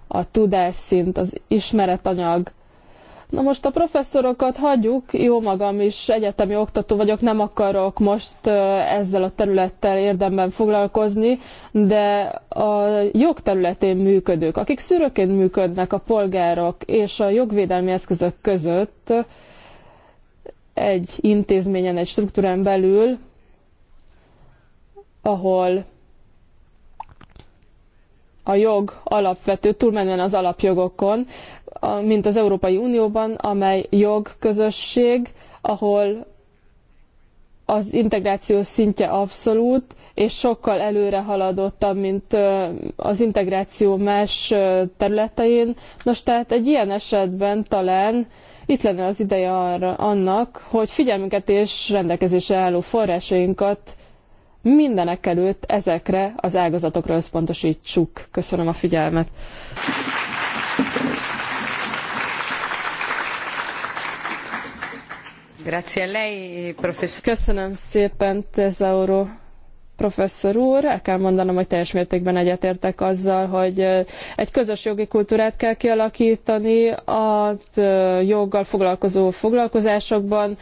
a tudásszint, az ismeretanyag Na most a professzorokat hagyjuk, jó magam is egyetemi oktató vagyok, nem akarok most ezzel a területtel érdemben foglalkozni, de a jog területén működők, akik szűrőként működnek a polgárok és a jogvédelmi eszközök között egy intézményen, egy struktúrán belül, ahol a jog alapvető, túlmenően az alapjogokon, mint az Európai Unióban, amely jogközösség, ahol az integráció szintje abszolút, és sokkal előre haladottabb, mint az integráció más területein. Nos, tehát egy ilyen esetben talán itt lenne az ideje arra, annak, hogy figyelmünket és rendelkezésre álló forrásainkat mindenek előtt ezekre az ágazatokra összpontosítsuk. Köszönöm a figyelmet. professzor. Köszönöm szépen, Tezauro professzor úr, el kell mondanom, hogy teljes mértékben egyetértek azzal, hogy egy közös jogi kultúrát kell kialakítani a joggal foglalkozó foglalkozásokban,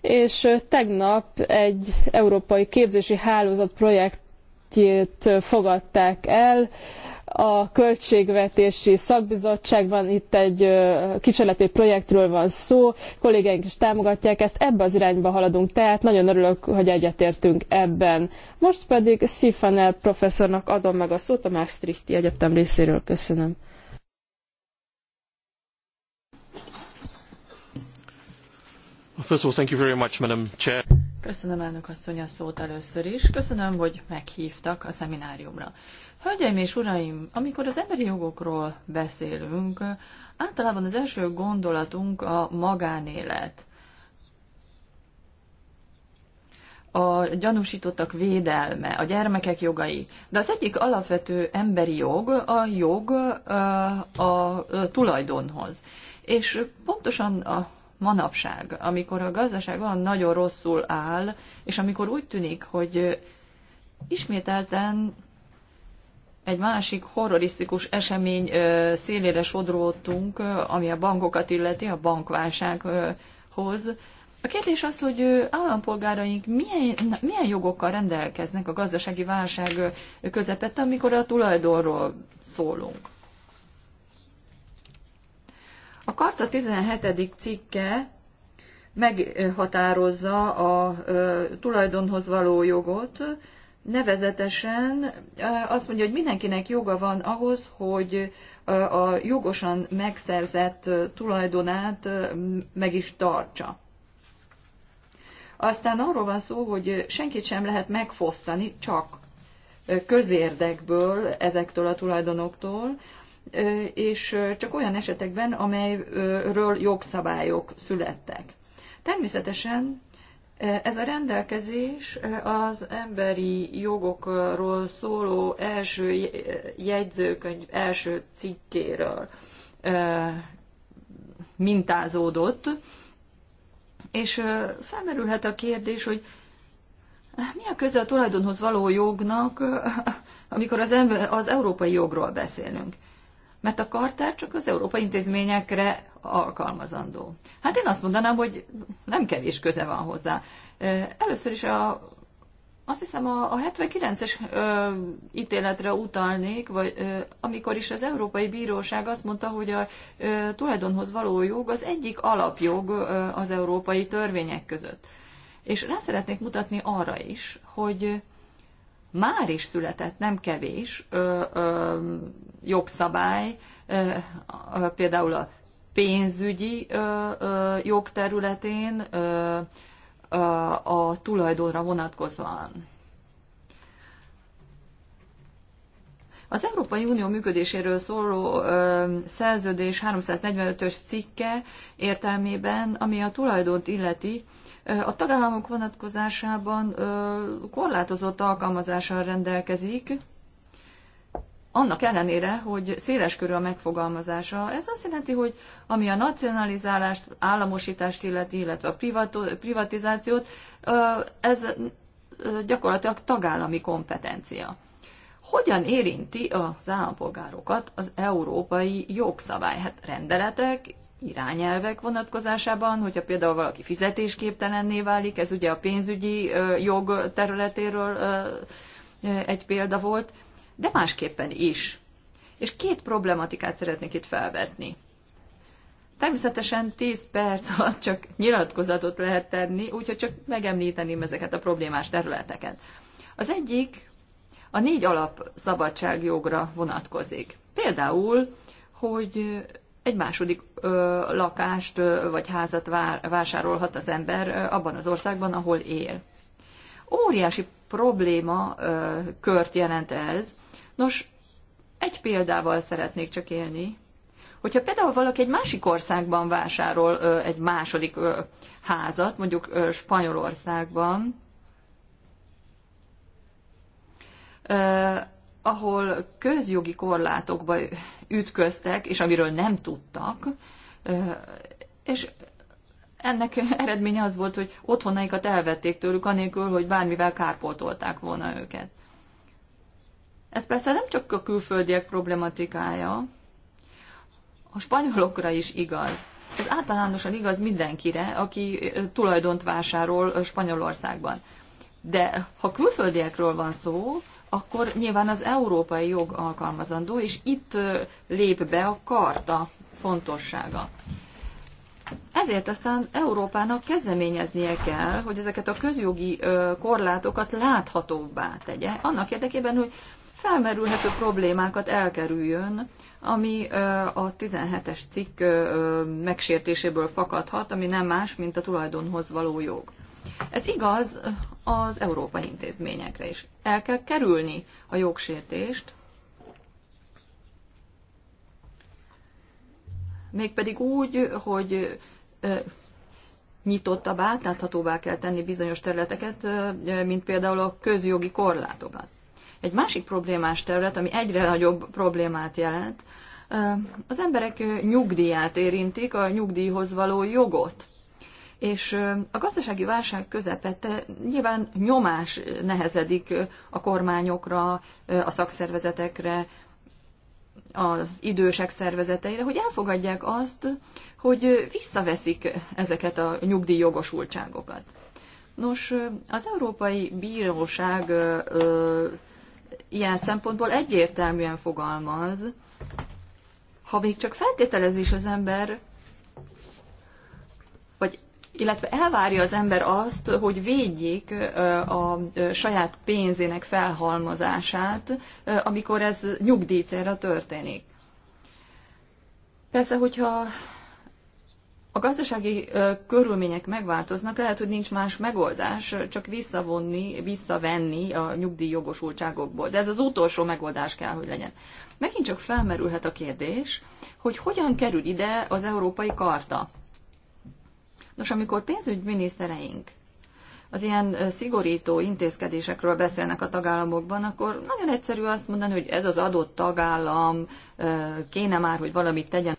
és tegnap egy európai képzési hálózat projektjét fogadták el, a költségvetési szakbizottságban itt egy kísérleti projektről van szó, kollégáink is támogatják ezt, ebbe az irányba haladunk, tehát nagyon örülök, hogy egyetértünk ebben. Most pedig Szifanel professzornak adom meg a szót a Maastrichti Egyetem részéről. Köszönöm. First of all, thank you very much, Chair. Köszönöm elnök asszony a szót először is. Köszönöm, hogy meghívtak a szemináriumra. Hölgyeim és uraim, amikor az emberi jogokról beszélünk, általában az első gondolatunk a magánélet. a gyanúsítottak védelme, a gyermekek jogai. De az egyik alapvető emberi jog a jog a tulajdonhoz. És pontosan a manapság, amikor a gazdaság van nagyon rosszul áll, és amikor úgy tűnik, hogy ismételten egy másik horrorisztikus esemény szélére sodródtunk, ami a bankokat illeti, a bankválsághoz. A kérdés az, hogy állampolgáraink milyen, milyen jogokkal rendelkeznek a gazdasági válság közepette, amikor a tulajdonról szólunk. A Karta 17. cikke meghatározza a tulajdonhoz való jogot, nevezetesen azt mondja, hogy mindenkinek joga van ahhoz, hogy a jogosan megszerzett tulajdonát meg is tartsa. Aztán arról van szó, hogy senkit sem lehet megfosztani, csak közérdekből ezektől a tulajdonoktól, és csak olyan esetekben, amelyről jogszabályok születtek. Természetesen ez a rendelkezés az emberi jogokról szóló első jegyzőkönyv első cikkéről mintázódott, és felmerülhet a kérdés, hogy mi a köze a tulajdonhoz való jognak, amikor az, ember, az európai jogról beszélünk? Mert a kartár csak az európai intézményekre alkalmazandó? Hát én azt mondanám, hogy nem kevés köze van hozzá. Először is a, azt hiszem a, a 79-es ítéletre utalnék, vagy ö, amikor is az Európai Bíróság azt mondta, hogy a ö, tulajdonhoz való jog az egyik alapjog ö, az európai törvények között. És rá szeretnék mutatni arra is, hogy már is született nem kevés ö, ö, jogszabály, ö, ö, például a pénzügyi jogterületén a tulajdonra vonatkozóan. Az Európai Unió működéséről szóló ö, szerződés 345-ös cikke értelmében, ami a tulajdont illeti, ö, a tagállamok vonatkozásában ö, korlátozott alkalmazással rendelkezik, annak ellenére, hogy széles körű a megfogalmazása, ez azt jelenti, hogy ami a nacionalizálást, államosítást illeti, illetve a privatizációt, ez gyakorlatilag tagállami kompetencia. Hogyan érinti az állampolgárokat az európai jogszabály? Hát rendeletek, irányelvek vonatkozásában, hogyha például valaki fizetésképtelenné válik, ez ugye a pénzügyi jog területéről egy példa volt, de másképpen is. És két problematikát szeretnék itt felvetni. Természetesen 10 perc [LAUGHS] alatt csak nyilatkozatot lehet tenni, úgyhogy csak megemlíteném ezeket a problémás területeket. Az egyik a négy alap szabadságjogra vonatkozik. Például, hogy egy második ö, lakást ö, vagy házat vár, vásárolhat az ember ö, abban az országban, ahol él. Óriási probléma ö, kört jelent ez, Nos, egy példával szeretnék csak élni. Hogyha például valaki egy másik országban vásárol ö, egy második ö, házat, mondjuk ö, Spanyolországban, ö, ahol közjogi korlátokba ütköztek, és amiről nem tudtak, ö, és ennek eredménye az volt, hogy otthonaikat elvették tőlük, anélkül, hogy bármivel kárpótolták volna őket. Ez persze nem csak a külföldiek problematikája, a spanyolokra is igaz. Ez általánosan igaz mindenkire, aki tulajdont vásárol Spanyolországban. De ha külföldiekről van szó, akkor nyilván az európai jog alkalmazandó, és itt lép be a karta fontossága. Ezért aztán Európának kezdeményeznie kell, hogy ezeket a közjogi korlátokat láthatóbbá tegye, annak érdekében, hogy felmerülhető problémákat elkerüljön, ami a 17-es cikk megsértéséből fakadhat, ami nem más, mint a tulajdonhoz való jog. Ez igaz az európai intézményekre is. El kell kerülni a jogsértést, mégpedig úgy, hogy nyitottabbá, láthatóvá kell tenni bizonyos területeket, mint például a közjogi korlátokat. Egy másik problémás terület, ami egyre nagyobb problémát jelent, az emberek nyugdíját érintik, a nyugdíjhoz való jogot. És a gazdasági válság közepette nyilván nyomás nehezedik a kormányokra, a szakszervezetekre, az idősek szervezeteire, hogy elfogadják azt, hogy visszaveszik ezeket a nyugdíjjogosultságokat. Nos, az Európai Bíróság ilyen szempontból egyértelműen fogalmaz, ha még csak feltételezi is az ember, vagy illetve elvárja az ember azt, hogy védjék a saját pénzének felhalmozását, amikor ez nyugdíjcélra történik. Persze, hogyha a gazdasági körülmények megváltoznak, lehet, hogy nincs más megoldás, csak visszavonni, visszavenni a nyugdíjjogosultságokból. De ez az utolsó megoldás kell, hogy legyen. Megint csak felmerülhet a kérdés, hogy hogyan kerül ide az Európai Karta. Nos, amikor pénzügyminisztereink az ilyen szigorító intézkedésekről beszélnek a tagállamokban, akkor nagyon egyszerű azt mondani, hogy ez az adott tagállam kéne már, hogy valamit tegyen.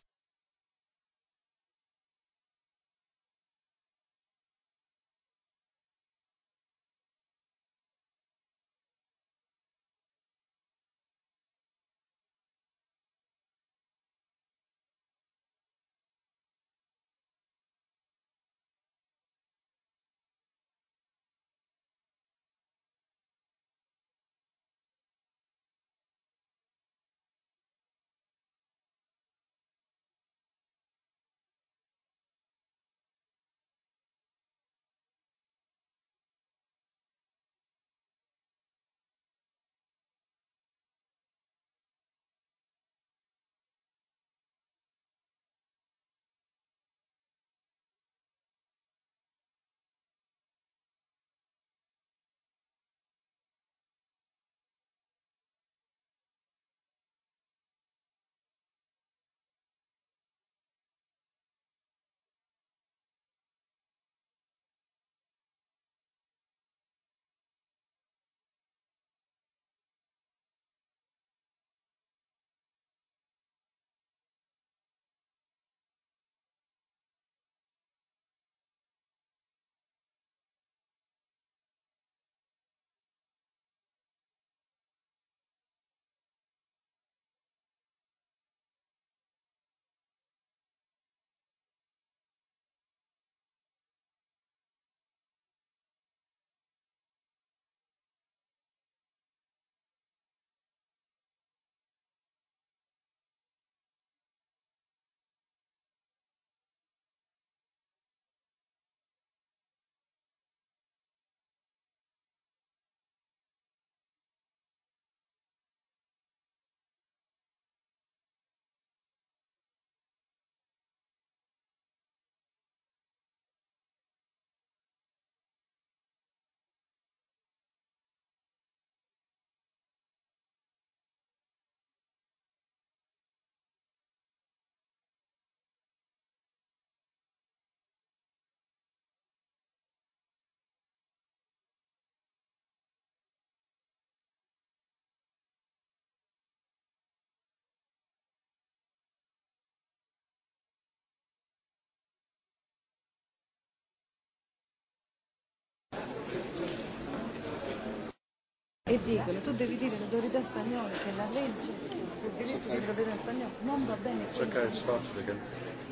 e dicono tu devi dire l'autorità spagnola che la legge il diritto okay. di proprietà spagnola non va bene It's okay, it started again.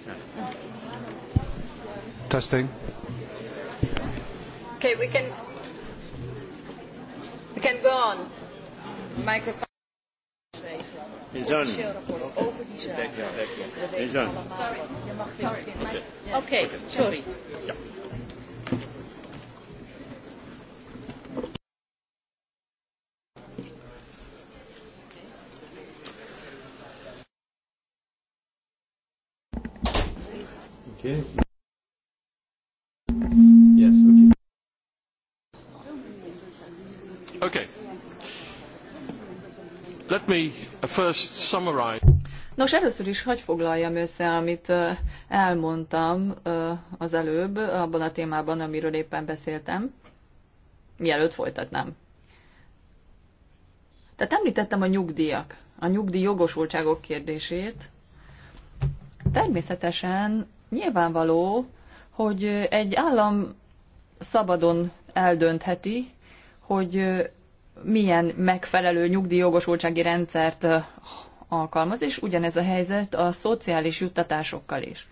Yeah. Testing. ok we can we can go on. Microphone. Is Okay. Over die Sorry. Sorry. Okay. okay. Sorry. Yeah. okay? Yes, okay. Okay. Let me first summarize. Nos, először is hagy foglaljam össze, amit elmondtam az előbb, abban a témában, amiről éppen beszéltem, mielőtt folytatnám. Tehát említettem a nyugdíjak, a nyugdíj jogosultságok kérdését. Természetesen Nyilvánvaló, hogy egy állam szabadon eldöntheti, hogy milyen megfelelő nyugdíjjogosultsági rendszert alkalmaz, és ugyanez a helyzet a szociális juttatásokkal is.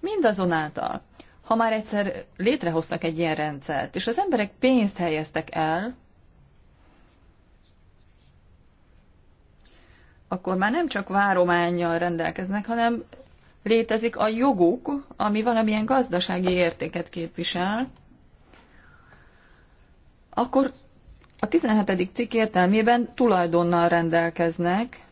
Mindazonáltal, ha már egyszer létrehoztak egy ilyen rendszert, és az emberek pénzt helyeztek el, akkor már nem csak várományjal rendelkeznek, hanem létezik a joguk, ami valamilyen gazdasági értéket képvisel, akkor a 17. cikk értelmében tulajdonnal rendelkeznek,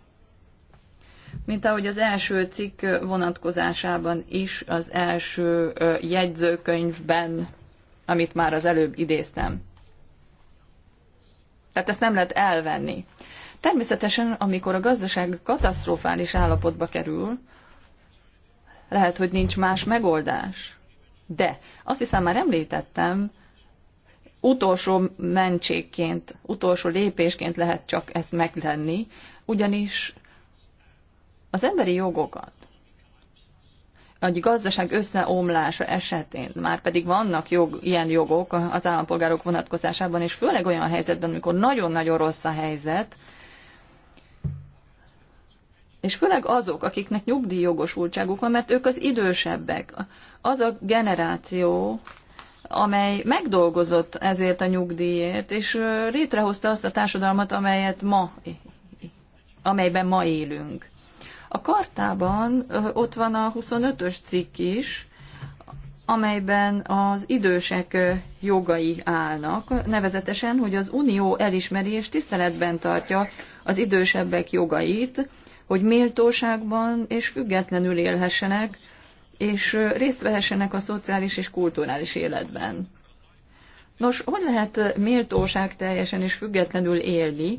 mint ahogy az első cikk vonatkozásában is az első jegyzőkönyvben, amit már az előbb idéztem. Tehát ezt nem lehet elvenni. Természetesen, amikor a gazdaság katasztrofális állapotba kerül, lehet, hogy nincs más megoldás. De azt hiszem már említettem, utolsó mentségként, utolsó lépésként lehet csak ezt megtenni, ugyanis az emberi jogokat egy gazdaság összeomlása esetén, már pedig vannak jog, ilyen jogok az állampolgárok vonatkozásában, és főleg olyan helyzetben, amikor nagyon-nagyon rossz a helyzet, és főleg azok, akiknek nyugdíjjogosultságuk van, mert ők az idősebbek. Az a generáció, amely megdolgozott ezért a nyugdíjért, és létrehozta azt a társadalmat, amelyet ma, amelyben ma élünk. A kartában ott van a 25-ös cikk is, amelyben az idősek jogai állnak, nevezetesen, hogy az Unió elismeri és tiszteletben tartja az idősebbek jogait, hogy méltóságban és függetlenül élhessenek, és részt vehessenek a szociális és kulturális életben. Nos, hogy lehet méltóság teljesen és függetlenül élni,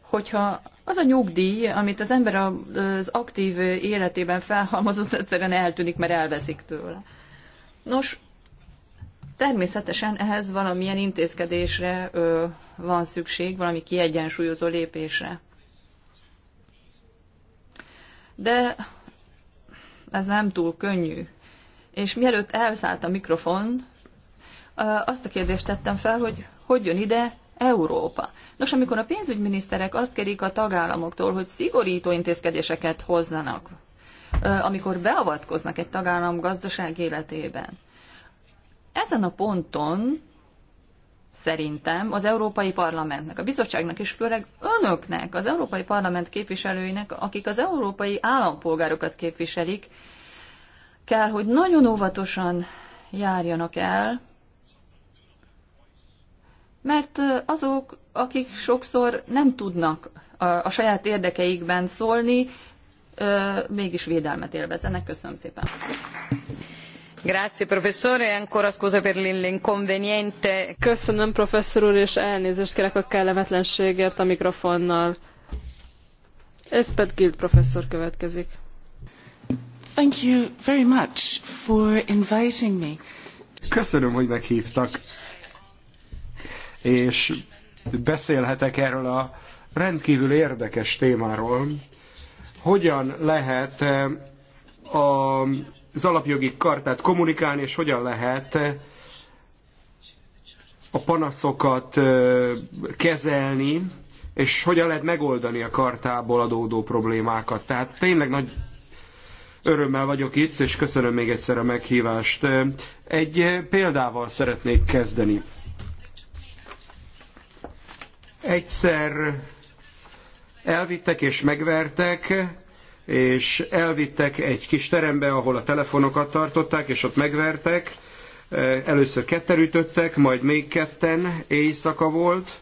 hogyha az a nyugdíj, amit az ember az aktív életében felhalmozott, egyszerűen eltűnik, mert elveszik tőle. Nos, természetesen ehhez valamilyen intézkedésre ö, van szükség, valami kiegyensúlyozó lépésre de ez nem túl könnyű. És mielőtt elszállt a mikrofon, azt a kérdést tettem fel, hogy hogy jön ide Európa. Nos, amikor a pénzügyminiszterek azt kérik a tagállamoktól, hogy szigorító intézkedéseket hozzanak, amikor beavatkoznak egy tagállam gazdaság életében, ezen a ponton szerintem az Európai Parlamentnek, a bizottságnak és főleg önöknek, az Európai Parlament képviselőinek, akik az európai állampolgárokat képviselik, kell, hogy nagyon óvatosan járjanak el, mert azok, akik sokszor nem tudnak a, a saját érdekeikben szólni, mégis védelmet élvezenek. Köszönöm szépen. Grazie professore, e ancora scusa per l'inconveniente. Köszönöm professzor úr, és elnézést kérek a kellemetlenségért a mikrofonnal. Espet Gild professzor következik. Thank you very much for inviting me. Köszönöm, hogy meghívtak. És beszélhetek erről a rendkívül érdekes témáról, hogyan lehet eh, a az alapjogi kartát kommunikálni, és hogyan lehet eh, a panaszokat eh, kezelni, és hogyan lehet megoldani a kartából adódó problémákat. Tehát tényleg nagy örömmel vagyok itt, és köszönöm még egyszer a meghívást. Eh, egy példával szeretnék kezdeni. Egyszer elvittek és megvertek és elvittek egy kis terembe, ahol a telefonokat tartották, és ott megvertek. E, először ketten ütöttek, majd még ketten, éjszaka volt,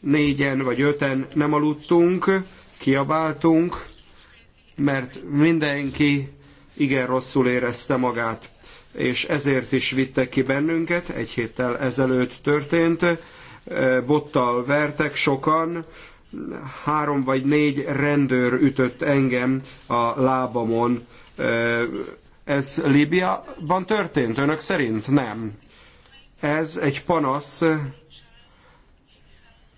négyen vagy öten nem aludtunk, kiabáltunk, mert mindenki igen rosszul érezte magát, és ezért is vittek ki bennünket, egy héttel ezelőtt történt, e, bottal vertek sokan, három vagy négy rendőr ütött engem a lábamon. Ez Líbiaban történt önök szerint? Nem. Ez egy panasz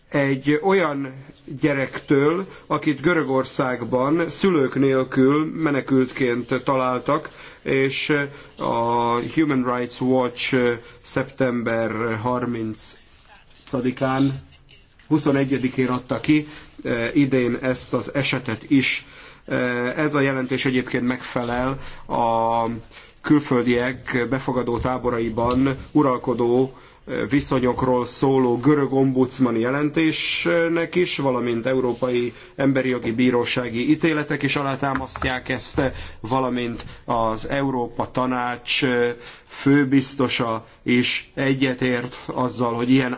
egy olyan gyerektől, akit Görögországban szülők nélkül menekültként találtak, és a Human Rights Watch szeptember 30-án 21-én adta ki e, idén ezt az esetet is. E, ez a jelentés egyébként megfelel a külföldiek befogadó táboraiban uralkodó viszonyokról szóló görög ombudsmani jelentésnek is, valamint Európai Emberi Jogi Bírósági ítéletek is alátámasztják ezt, valamint az Európa Tanács főbiztosa is egyetért azzal, hogy ilyen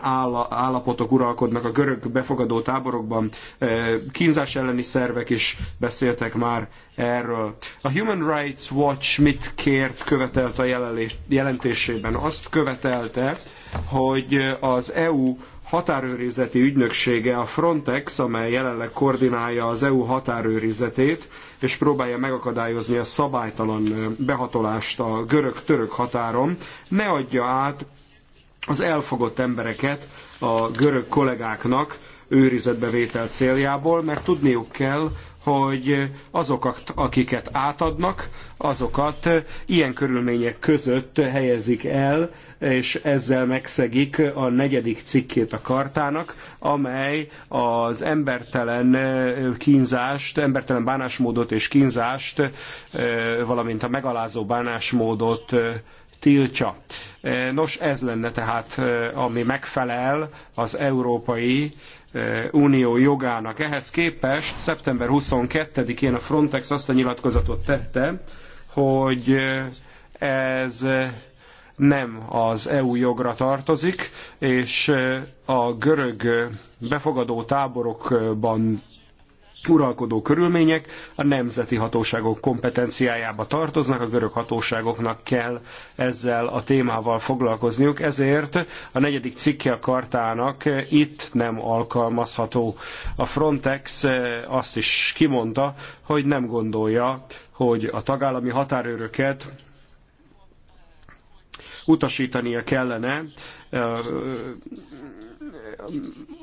állapotok uralkodnak a görög befogadó táborokban. Kínzás elleni szervek is beszéltek már erről. A Human Rights Watch mit kért, követelt a jelentésében? Azt követelte, hogy az EU határőrizeti ügynöksége, a Frontex, amely jelenleg koordinálja az EU határőrizetét, és próbálja megakadályozni a szabálytalan behatolást a görög-török határon, ne adja át az elfogott embereket a görög kollégáknak őrizetbevétel céljából, mert tudniuk kell, hogy azokat, akiket átadnak, azokat ilyen körülmények között helyezik el, és ezzel megszegik a negyedik cikkét a kartának, amely az embertelen kínzást, embertelen bánásmódot és kínzást, valamint a megalázó bánásmódot tiltja. Nos, ez lenne tehát, ami megfelel az európai Eh, Unió jogának. Ehhez képest szeptember 22-én a Frontex azt a nyilatkozatot tette, hogy eh, ez eh, nem az EU jogra tartozik, és a görög befogadó táborokban uralkodó körülmények a nemzeti hatóságok kompetenciájába tartoznak, a görög hatóságoknak kell ezzel a témával foglalkozniuk, ezért a negyedik cikke a kartának itt nem alkalmazható. A Frontex azt is kimondta, hogy nem gondolja, hogy a tagállami határőröket utasítania kellene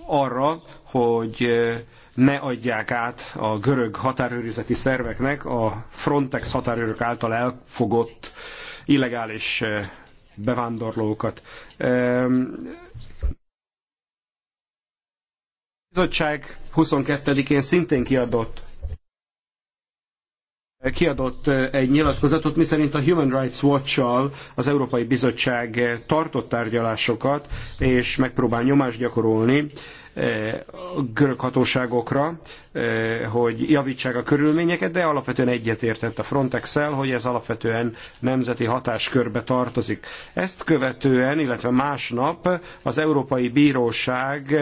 arra, hogy ne adják át a görög határőrizeti szerveknek a Frontex határőrök által elfogott illegális eh, bevándorlókat. A bizottság 22-én szintén kiadott kiadott eh, egy nyilatkozatot, miszerint a Human Rights Watch-sal az Európai Bizottság eh, tartott tárgyalásokat, és megpróbál nyomást gyakorolni eh, görög hatóságokra, hogy javítsák a körülményeket, de alapvetően egyetértett a frontex hogy ez alapvetően nemzeti hatáskörbe tartozik. Ezt követően, illetve másnap az Európai Bíróság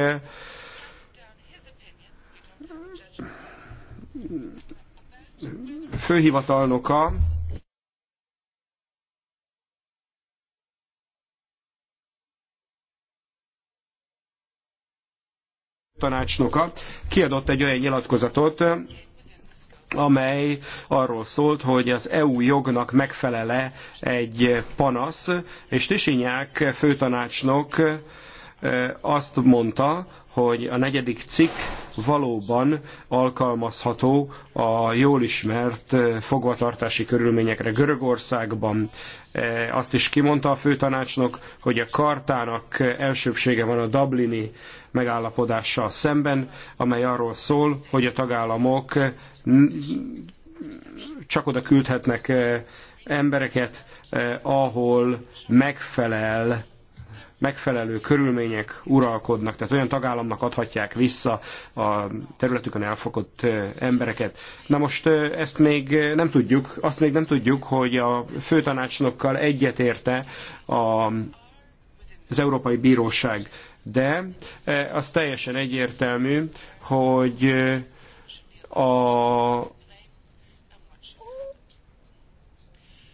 főhivatalnoka tanácsnoka kiadott egy olyan nyilatkozatot, amely arról szólt, hogy az EU jognak megfelele egy panasz, és Tisinyák főtanácsnok azt mondta, hogy a negyedik cikk valóban alkalmazható a jól ismert fogvatartási körülményekre Görögországban. Azt is kimondta a főtanácsnok, hogy a kartának elsőbsége van a Dublini megállapodással szemben, amely arról szól, hogy a tagállamok csak oda küldhetnek embereket, ahol megfelel megfelelő körülmények uralkodnak, tehát olyan tagállamnak adhatják vissza a területükön elfogott embereket. Na most ezt még nem tudjuk, azt még nem tudjuk, hogy a főtanácsnokkal egyetérte a, az Európai Bíróság, de az teljesen egyértelmű, hogy a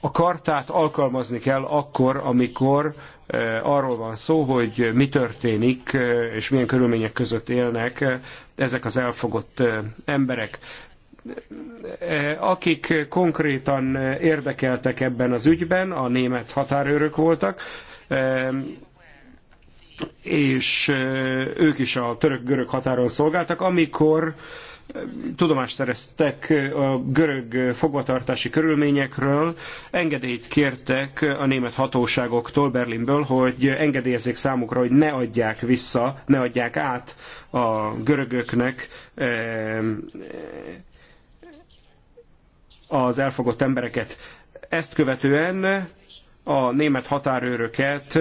A kartát alkalmazni kell akkor, amikor eh, arról van szó, hogy mi történik eh, és milyen körülmények között élnek eh, ezek az elfogott emberek akik konkrétan érdekeltek ebben az ügyben, a német határőrök voltak, és ők is a török-görög határon szolgáltak, amikor tudomást szereztek a görög fogvatartási körülményekről, engedélyt kértek a német hatóságoktól Berlinből, hogy engedélyezzék számukra, hogy ne adják vissza, ne adják át a görögöknek eh, az elfogott embereket. Ezt követően a német határőröket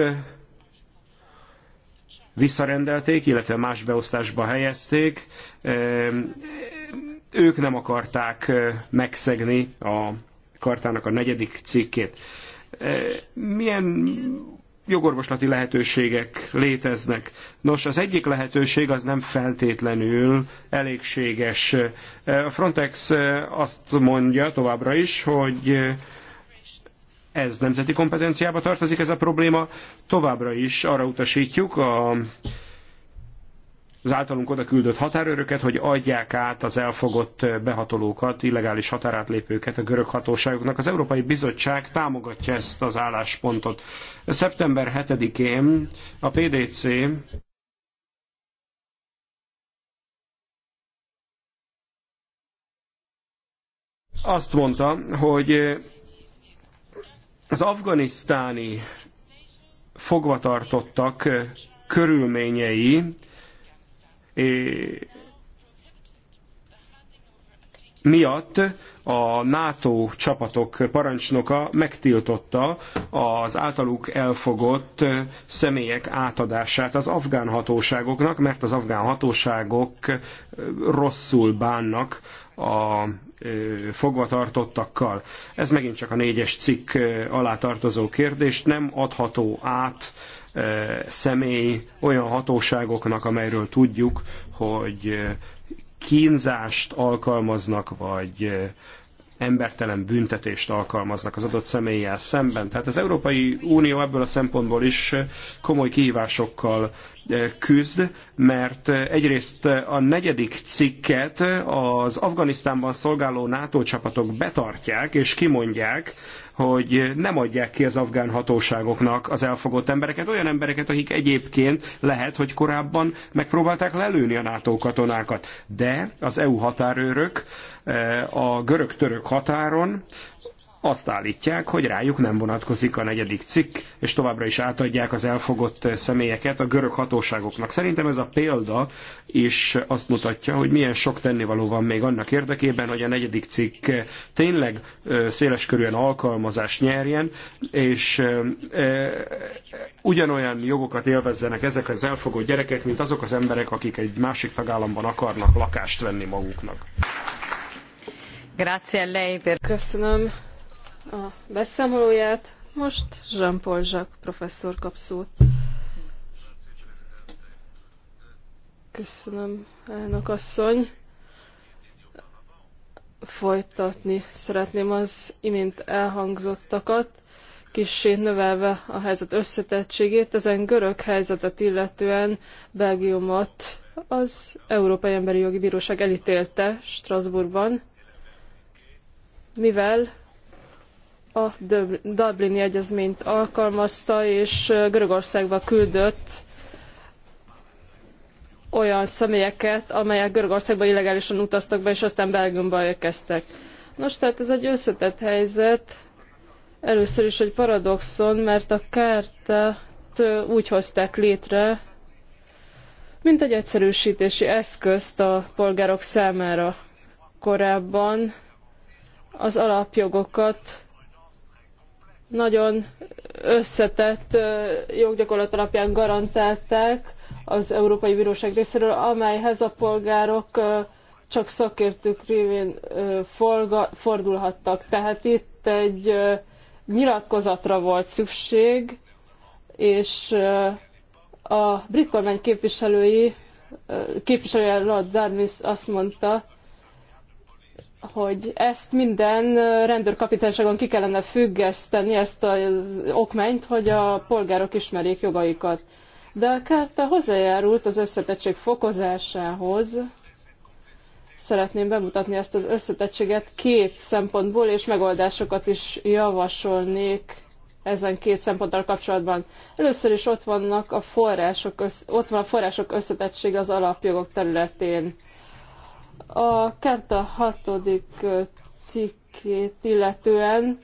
visszarendelték, illetve más beosztásba helyezték. Ők nem akarták megszegni a kartának a negyedik cikkét. Milyen jogorvoslati lehetőségek léteznek. Nos, az egyik lehetőség az nem feltétlenül elégséges. A Frontex azt mondja továbbra is, hogy ez nemzeti kompetenciába tartozik ez a probléma. Továbbra is arra utasítjuk a, az általunk oda küldött határőröket, hogy adják át az elfogott behatolókat, illegális határátlépőket a görög hatóságoknak. Az Európai Bizottság támogatja ezt az álláspontot. Szeptember 7-én a PDC azt mondta, hogy az afganisztáni fogvatartottak eh, körülményei eh, miatt a NATO csapatok parancsnoka megtiltotta az általuk elfogott eh, személyek átadását az afgán hatóságoknak, mert az afgán hatóságok rosszul bánnak a fogvatartottakkal. Ez megint csak a négyes cikk alá tartozó kérdés, nem adható át személy olyan hatóságoknak, amelyről tudjuk, hogy kínzást alkalmaznak, vagy embertelen büntetést alkalmaznak az adott személlyel szemben. Tehát az Európai Unió ebből a szempontból is komoly kihívásokkal eh, küzd, mert eh, egyrészt a negyedik cikket az Afganisztánban szolgáló NATO csapatok betartják és kimondják, hogy nem adják ki az afgán hatóságoknak az elfogott embereket, olyan embereket, akik egyébként lehet, hogy korábban megpróbálták lelőni a NATO katonákat. De az EU határőrök eh, a görög-török határon azt állítják, hogy rájuk nem vonatkozik a negyedik cikk, és továbbra is átadják az elfogott személyeket a görög hatóságoknak. Szerintem ez a példa is azt mutatja, hogy milyen sok tennivaló van még annak érdekében, hogy a negyedik cikk tényleg széleskörűen alkalmazást nyerjen, és ugyanolyan jogokat élvezzenek ezek az elfogott gyerekek, mint azok az emberek, akik egy másik tagállamban akarnak lakást venni maguknak. Grazie a lei per... Köszönöm a beszámolóját. Most Jean-Paul Jacques professzor kap szót. Köszönöm, elnök asszony. Folytatni szeretném az imént elhangzottakat, kissé növelve a helyzet összetettségét, ezen görög helyzetet illetően Belgiumot az Európai Emberi Jogi Bíróság elítélte Strasbourgban, mivel a Dublini Egyezményt alkalmazta, és Görögországba küldött olyan személyeket, amelyek Görögországba illegálisan utaztak be, és aztán Belgiumba érkeztek. Nos, tehát ez egy összetett helyzet, először is egy paradoxon, mert a kártát úgy hozták létre, mint egy egyszerűsítési eszközt a polgárok számára. Korábban az alapjogokat nagyon összetett joggyakorlat alapján garantálták az Európai Bíróság részéről, amelyhez a polgárok csak szakértők révén fordulhattak. Tehát itt egy nyilatkozatra volt szükség, és a brit kormány képviselői, képviselője Lord Darmis azt mondta, hogy ezt minden rendőrkapitányságon ki kellene függeszteni, ezt az okmányt, hogy a polgárok ismerjék jogaikat. De a kárta hozzájárult az összetettség fokozásához. Szeretném bemutatni ezt az összetettséget két szempontból, és megoldásokat is javasolnék ezen két szemponttal kapcsolatban. Először is ott vannak a források, ott van a források összetettség az alapjogok területén a Kárta hatodik cikkét illetően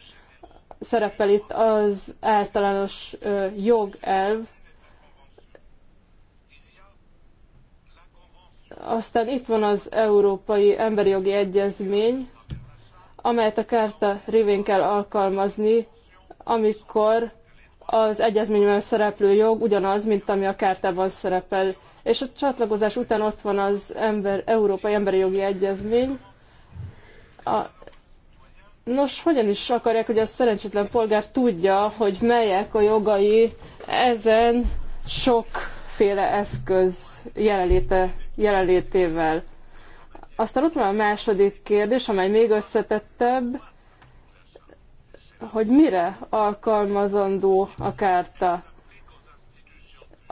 szerepel itt az általános jogelv, Aztán itt van az Európai Emberi Jogi Egyezmény, amelyet a kárta révén kell alkalmazni, amikor az egyezményben szereplő jog ugyanaz, mint ami a kártában szerepel és a csatlakozás után ott van az ember, Európai Emberi Jogi Egyezmény. A, nos, hogyan is akarják, hogy a szerencsétlen polgár tudja, hogy melyek a jogai ezen sokféle eszköz jelenléte, jelenlétével. Aztán ott van a második kérdés, amely még összetettebb, hogy mire alkalmazandó a kárta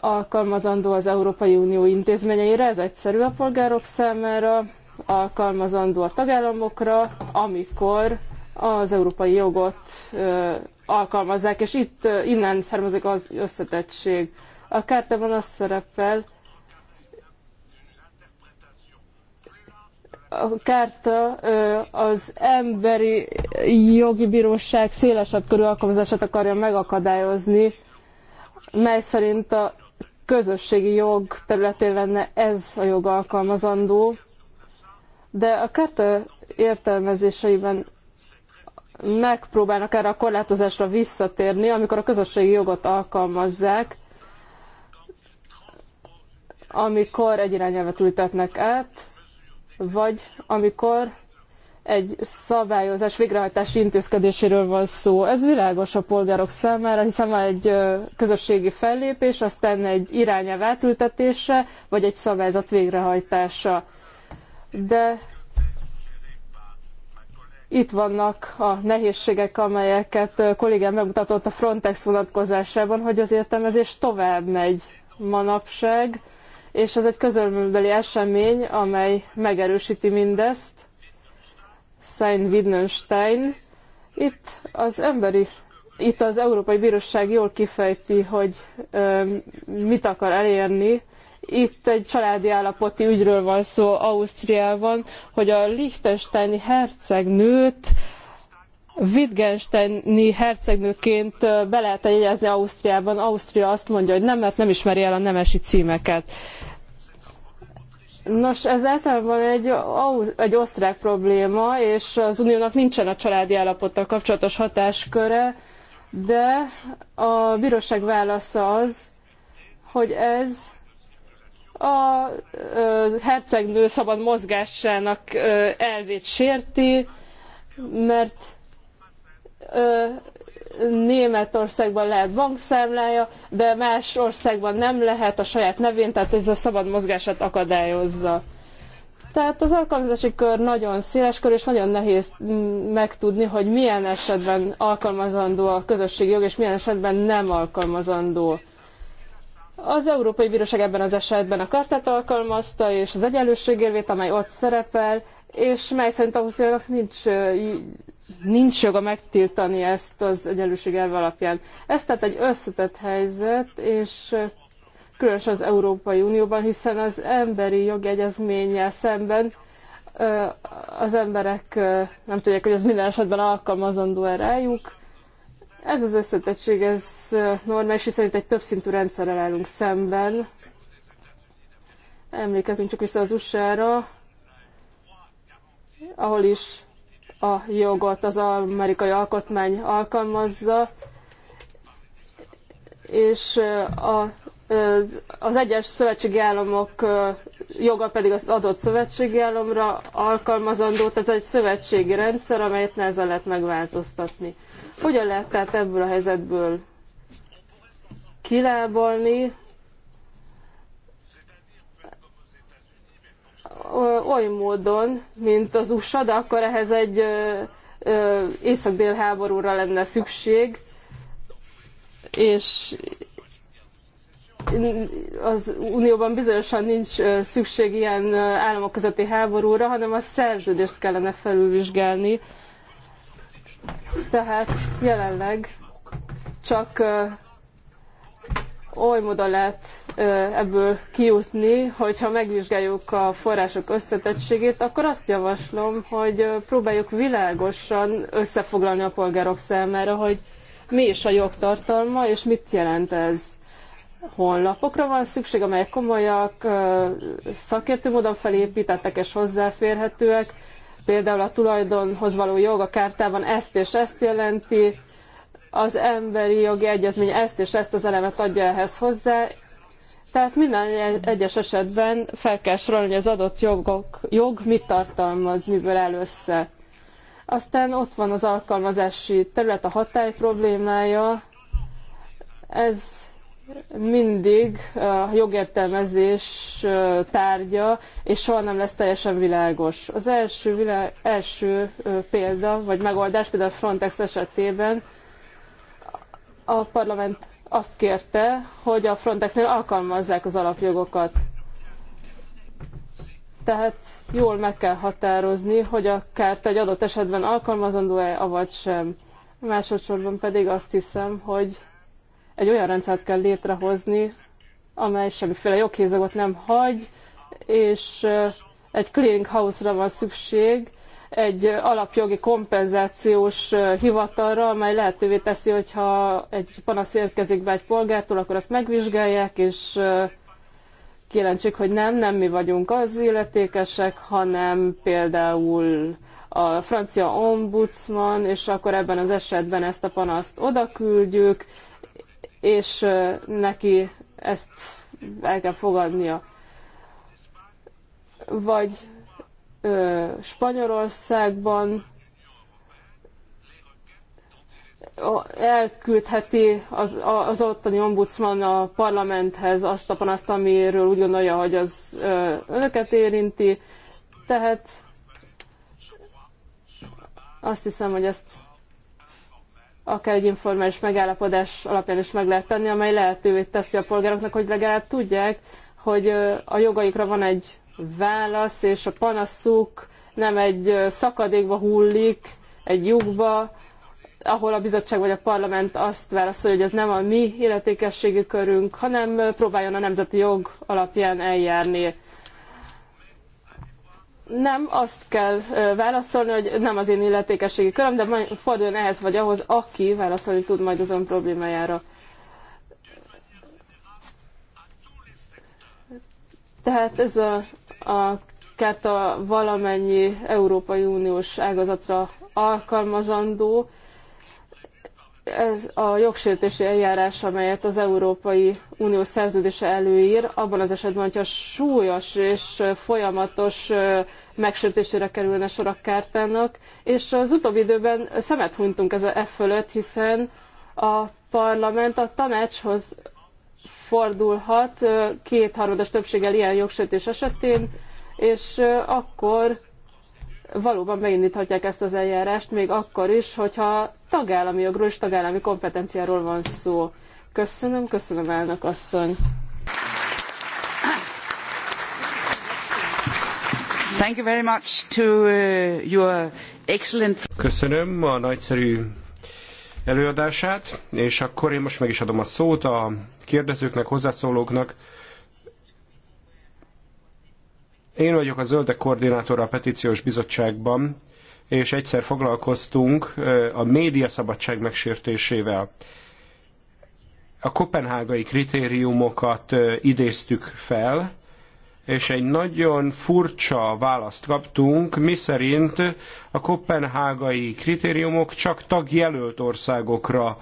alkalmazandó az Európai Unió intézményeire, ez egyszerű a polgárok számára, alkalmazandó a tagállamokra, amikor az európai jogot ö, alkalmazzák, és itt ö, innen származik az összetettség. A kártában az szerepel, a kárta az emberi jogi bíróság szélesebb körű alkalmazását akarja megakadályozni, mely szerint a közösségi jog területén lenne ez a jog alkalmazandó, de a kárta értelmezéseiben megpróbálnak erre a korlátozásra visszatérni, amikor a közösségi jogot alkalmazzák, amikor egy irányelvet ültetnek át, vagy amikor egy szabályozás végrehajtási intézkedéséről van szó. Ez világos a polgárok számára, hiszen van egy közösségi fellépés, aztán egy irányelv átültetése, vagy egy szabályzat végrehajtása. De itt vannak a nehézségek, amelyeket kollégám megmutatott a Frontex vonatkozásában, hogy az értelmezés tovább megy manapság, és ez egy közölműbeli esemény, amely megerősíti mindezt Sein Wittgenstein. Itt az emberi, itt az Európai Bíróság jól kifejti, hogy ö, mit akar elérni. Itt egy családi állapoti ügyről van szó Ausztriában, hogy a Liechtensteini hercegnőt Wittgensteini hercegnőként be lehet jegyezni Ausztriában. Ausztria azt mondja, hogy nem, mert nem ismeri el a nemesi címeket. Nos, ez általában egy, egy osztrák probléma, és az uniónak nincsen a családi állapottal kapcsolatos hatásköre, de a bíróság válasza az, hogy ez a hercegnő szabad mozgásának elvét sérti, mert Németországban lehet bankszámlája, de más országban nem lehet a saját nevén, tehát ez a szabad mozgását akadályozza. Tehát az alkalmazási kör nagyon széles kör, és nagyon nehéz mm, megtudni, hogy milyen esetben alkalmazandó a közösségi jog, és milyen esetben nem alkalmazandó. Az Európai Bíróság ebben az esetben a kartát alkalmazta, és az egyenlőségérvét, amely ott szerepel, és mely szerint Ausztriának nincs, nincs joga megtiltani ezt az egyenlőség elve alapján. Ez tehát egy összetett helyzet, és különösen az Európai Unióban, hiszen az emberi jogi egyezménnyel szemben az emberek nem tudják, hogy ez minden esetben alkalmazandó -e rájuk. Ez az összetettség, ez normális, hiszen itt egy többszintű rendszerrel állunk szemben. Emlékezünk csak vissza az USA-ra, ahol is a jogot az amerikai alkotmány alkalmazza, és a, az egyes szövetségi államok joga pedig az adott szövetségi államra alkalmazandó, tehát ez egy szövetségi rendszer, amelyet nehezen lehet megváltoztatni. Hogyan lehet tehát ebből a helyzetből kilábolni, oly módon, mint az USA, de akkor ehhez egy észak-dél háborúra lenne szükség, és az Unióban bizonyosan nincs szükség ilyen államok közötti háborúra, hanem a szerződést kellene felülvizsgálni. Tehát jelenleg csak oly módon lehet ebből kijutni, hogyha megvizsgáljuk a források összetettségét, akkor azt javaslom, hogy próbáljuk világosan összefoglalni a polgárok számára, hogy mi is a jogtartalma, és mit jelent ez. Honlapokra van szükség, amelyek komolyak, szakértő módon felépítettek és hozzáférhetőek. Például a tulajdonhoz való jog a kártában ezt és ezt jelenti, az emberi jogi egyezmény ezt és ezt az elemet adja ehhez hozzá, tehát minden egyes esetben fel kell sorolni, hogy az adott jogok, jog mit tartalmaz, miből áll össze. Aztán ott van az alkalmazási terület, a hatály problémája. Ez mindig a jogértelmezés tárgya, és soha nem lesz teljesen világos. Az első, világ, első példa, vagy megoldás, például a Frontex esetében a parlament azt kérte, hogy a Frontexnél alkalmazzák az alapjogokat. Tehát jól meg kell határozni, hogy a kárt egy adott esetben alkalmazandó-e, avagy sem. Másodszorban pedig azt hiszem, hogy egy olyan rendszert kell létrehozni, amely semmiféle joghézagot nem hagy, és egy clearing house-ra van szükség, egy alapjogi kompenzációs hivatalra, amely lehetővé teszi, hogyha egy panasz érkezik be egy polgártól, akkor azt megvizsgálják, és kijelentsék, hogy nem, nem mi vagyunk az illetékesek, hanem például a francia ombudsman, és akkor ebben az esetben ezt a panaszt odaküldjük, és neki ezt el kell fogadnia. Vagy Spanyolországban elküldheti az, az ottani ombudsman a parlamenthez azt a panaszt, amiről úgy gondolja, hogy az önöket érinti. Tehát azt hiszem, hogy ezt akár egy informális megállapodás alapján is meg lehet tenni, amely lehetővé teszi a polgároknak, hogy legalább tudják, hogy a jogaikra van egy válasz és a panaszuk nem egy szakadékba hullik, egy lyukba, ahol a bizottság vagy a parlament azt válaszolja, hogy ez nem a mi illetékességi körünk, hanem próbáljon a nemzeti jog alapján eljárni. Nem, azt kell válaszolni, hogy nem az én illetékességi köröm, de forduljon ehhez vagy ahhoz, aki válaszolni tud majd az ön problémájára. Tehát ez a a a valamennyi Európai Uniós ágazatra alkalmazandó. Ez a jogsértési eljárás, amelyet az Európai Unió szerződése előír, abban az esetben, hogyha súlyos és folyamatos megsértésére kerülne sor a kártának, és az utóbbi időben szemet hunytunk ez a e fölött, hiszen a parlament a tanácshoz fordulhat kétharmados többséggel ilyen jogsértés esetén, és akkor valóban beindíthatják ezt az eljárást, még akkor is, hogyha tagállami jogról és tagállami kompetenciáról van szó. Köszönöm, köszönöm elnök asszony. Thank you very much to uh, your excellent... Köszönöm a nagyszerű előadását, és akkor én most meg is adom a szót a kérdezőknek, hozzászólóknak. Én vagyok a zöldek koordinátora a petíciós bizottságban, és egyszer foglalkoztunk a médiaszabadság megsértésével. A kopenhágai kritériumokat idéztük fel, és egy nagyon furcsa választ kaptunk, miszerint a kopenhágai kritériumok csak tagjelölt országokra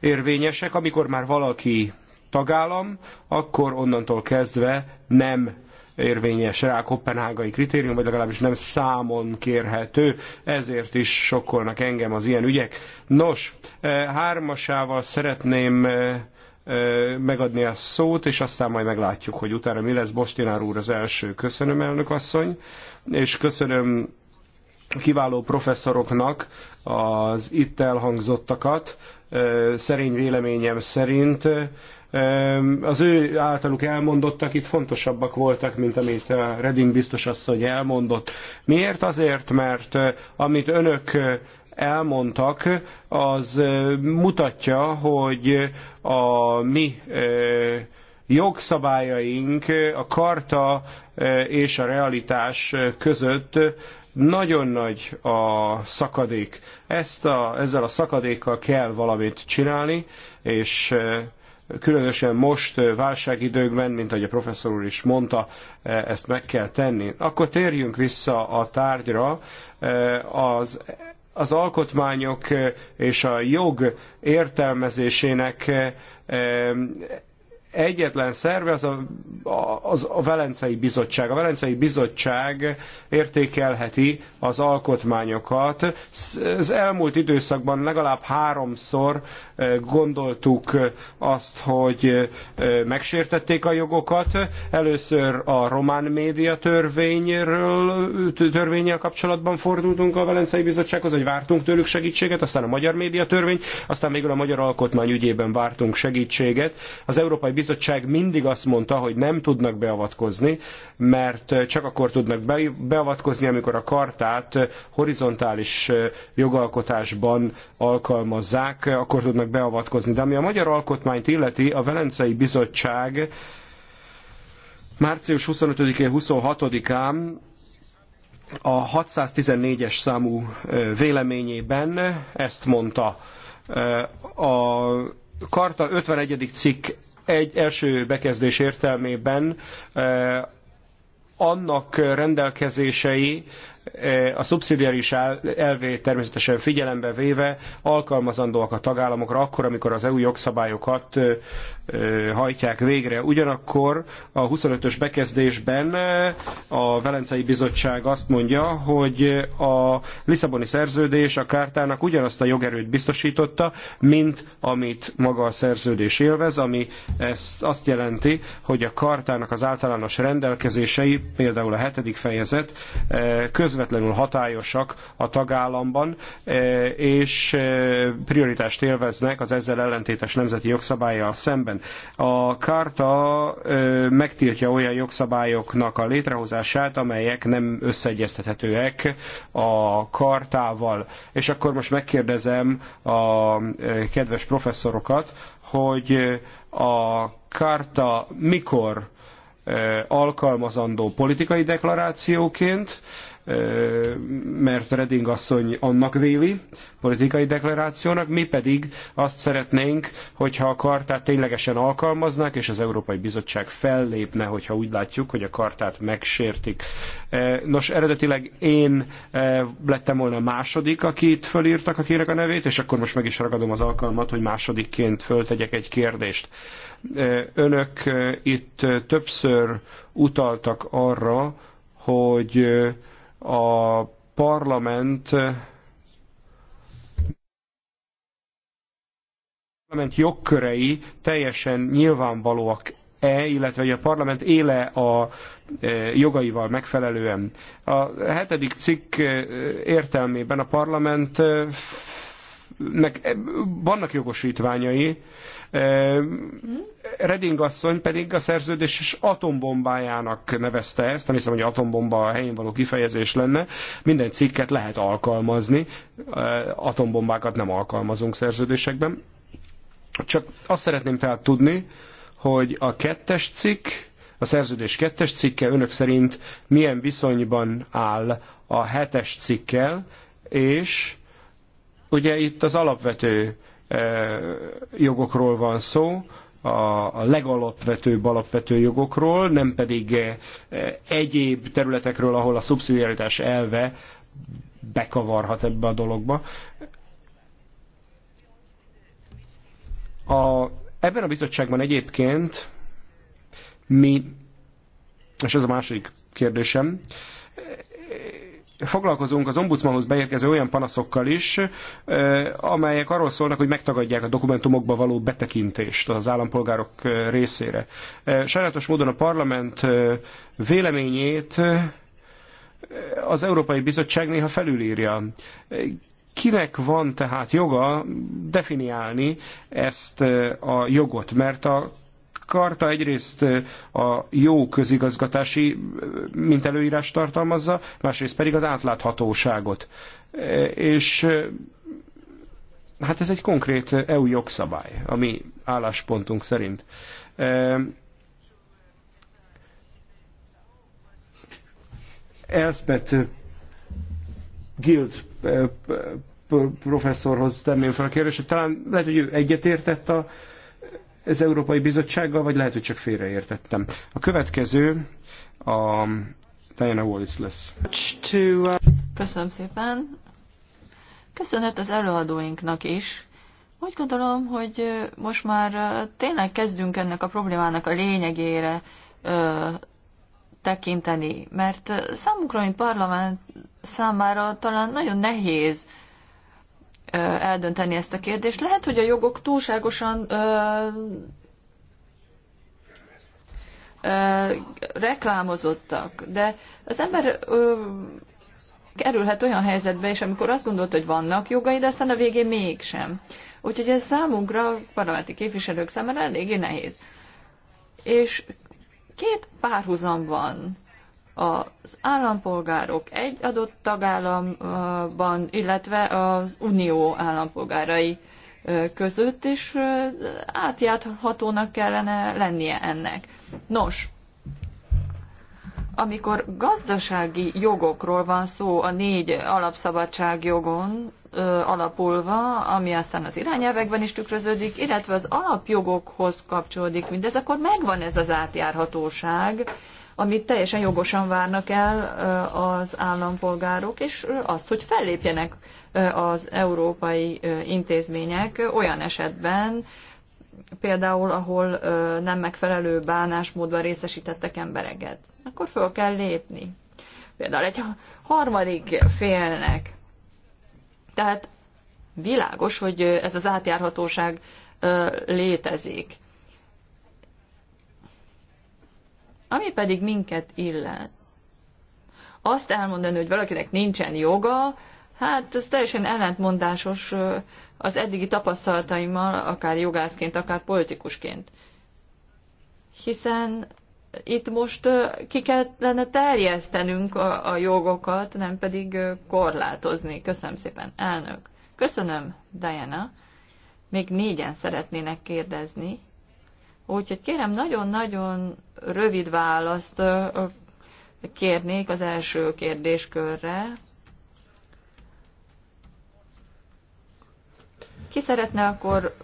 érvényesek, amikor már valaki tagállam, akkor onnantól kezdve nem érvényes rá a kopenhágai kritérium, vagy legalábbis nem számon kérhető, ezért is sokkolnak engem az ilyen ügyek. Nos, eh, hármasával szeretném eh, megadni a szót, és aztán majd meglátjuk, hogy utána mi lesz. Bostinár úr az első. Köszönöm, elnök asszony, és köszönöm kiváló professzoroknak az itt elhangzottakat. Szerény véleményem szerint az ő általuk elmondottak itt fontosabbak voltak, mint amit a Reding biztos asszony elmondott. Miért? Azért, mert amit önök elmondtak, az mutatja, hogy a mi jogszabályaink, a karta és a realitás között nagyon nagy a szakadék. Ezt a, ezzel a szakadékkal kell valamit csinálni, és különösen most válságidőkben, mint ahogy a professzor úr is mondta, ezt meg kell tenni. Akkor térjünk vissza a tárgyra. Az az alkotmányok eh, és a jog értelmezésének eh, egyetlen szerve az a, az a Velencei Bizottság. A Velencei Bizottság értékelheti az alkotmányokat. Az elmúlt időszakban legalább háromszor eh, gondoltuk eh, azt, hogy eh, megsértették a jogokat. Először a román média törvényről, törvényel kapcsolatban fordultunk a Velencei Bizottsághoz, hogy vártunk tőlük segítséget, aztán a magyar média törvény, aztán végül a magyar alkotmány ügyében vártunk segítséget. Az Európai bizottság mindig azt mondta, hogy nem tudnak beavatkozni, mert csak akkor tudnak beavatkozni, amikor a kartát horizontális jogalkotásban alkalmazzák, akkor tudnak beavatkozni. De ami a magyar alkotmányt illeti, a Velencei Bizottság március 25-én, 26-án a 614-es számú véleményében ezt mondta. A Karta 51. cikk egy első bekezdés értelmében eh, annak rendelkezései, E, a szubszidiaris elvé természetesen figyelembe véve alkalmazandóak a tagállamokra akkor, amikor az EU jogszabályokat e, e, hajtják végre. Ugyanakkor a 25-ös bekezdésben a Velencei Bizottság azt mondja, hogy a Lisszaboni szerződés a kártának ugyanazt a jogerőt biztosította, mint amit maga a szerződés élvez, ami ezt azt jelenti, hogy a kartának az általános rendelkezései, például a hetedik fejezet, közvetlenül közvetlenül hatályosak a tagállamban, e, és e, prioritást élveznek az ezzel ellentétes nemzeti jogszabályjal szemben. A karta e, megtiltja olyan jogszabályoknak a létrehozását, amelyek nem összeegyeztethetőek a kartával. És akkor most megkérdezem a kedves professzorokat, hogy a karta mikor alkalmazandó politikai deklarációként, mert Reding asszony annak véli, politikai deklarációnak, mi pedig azt szeretnénk, hogyha a kartát ténylegesen alkalmaznák, és az Európai Bizottság fellépne, hogyha úgy látjuk, hogy a kartát megsértik. Nos, eredetileg én lettem volna a második, akit fölírtak, akinek a nevét, és akkor most meg is ragadom az alkalmat, hogy másodikként föltegyek egy kérdést. Önök itt többször utaltak arra, hogy a parlament parlament jogkörei teljesen nyilvánvalóak e, illetve hogy a parlament éle a e, jogaival megfelelően. A hetedik cikk e, értelmében a parlamentnek e, vannak jogosítványai, Ehm, Reding asszony pedig a szerződés atombombájának nevezte ezt, nem hiszem, hogy atombomba a helyén való kifejezés lenne. Minden cikket lehet alkalmazni, ehm, atombombákat nem alkalmazunk szerződésekben. Csak azt szeretném tehát tudni, hogy a kettes cikk, a szerződés kettes cikke önök szerint milyen viszonyban áll a hetes cikkel, és ugye itt az alapvető jogokról van szó, a legalapvetőbb alapvető jogokról, nem pedig egyéb területekről, ahol a szubszidiaritás elve bekavarhat ebbe a dologba. A, ebben a bizottságban egyébként mi, és ez a második kérdésem, foglalkozunk az ombudsmanhoz beérkező olyan panaszokkal is, amelyek arról szólnak, hogy megtagadják a dokumentumokba való betekintést az állampolgárok részére. Sajnálatos módon a parlament véleményét az Európai Bizottság néha felülírja. Kinek van tehát joga definiálni ezt a jogot, mert a karta egyrészt a jó közigazgatási mintelőírás tartalmazza, másrészt pedig az átláthatóságot. És hát ez egy konkrét EU jogszabály, ami álláspontunk szerint. Elspeth Guild professzorhoz tenném fel a kérdést, talán lehet, hogy ő egyetértett a az Európai Bizottsággal, vagy lehet, hogy csak félreértettem. A következő a Diana Wallis lesz. Uh, Köszönöm szépen. Köszönet az előadóinknak is. Úgy gondolom, hogy most már tényleg kezdünk ennek a problémának a lényegére ö, tekinteni, mert számunkra, mint parlament számára talán nagyon nehéz eldönteni ezt a kérdést. Lehet, hogy a jogok túlságosan ö, ö, reklámozottak, de az ember ö, kerülhet olyan helyzetbe és amikor azt gondolt, hogy vannak jogai, de aztán a végén mégsem. Úgyhogy ez számunkra, parlamenti képviselők számára eléggé nehéz. És két párhuzam van az állampolgárok egy adott tagállamban, illetve az unió állampolgárai között, is átjáthatónak kellene lennie ennek. Nos, amikor gazdasági jogokról van szó a négy alapszabadságjogon alapulva, ami aztán az irányelvekben is tükröződik, illetve az alapjogokhoz kapcsolódik mindez, akkor megvan ez az átjárhatóság, amit teljesen jogosan várnak el az állampolgárok, és azt, hogy fellépjenek az európai intézmények olyan esetben, például, ahol nem megfelelő bánásmódban részesítettek embereket. Akkor föl kell lépni. Például egy harmadik félnek. Tehát világos, hogy ez az átjárhatóság létezik. Ami pedig minket illet. Azt elmondani, hogy valakinek nincsen joga, hát ez teljesen ellentmondásos az eddigi tapasztalataimmal, akár jogászként, akár politikusként. Hiszen itt most ki kellene terjesztenünk a, a jogokat, nem pedig korlátozni. Köszönöm szépen, elnök. Köszönöm, Diana. Még négyen szeretnének kérdezni. Úgyhogy kérem, nagyon-nagyon rövid választ kérnék az első kérdéskörre. Ki szeretne akkor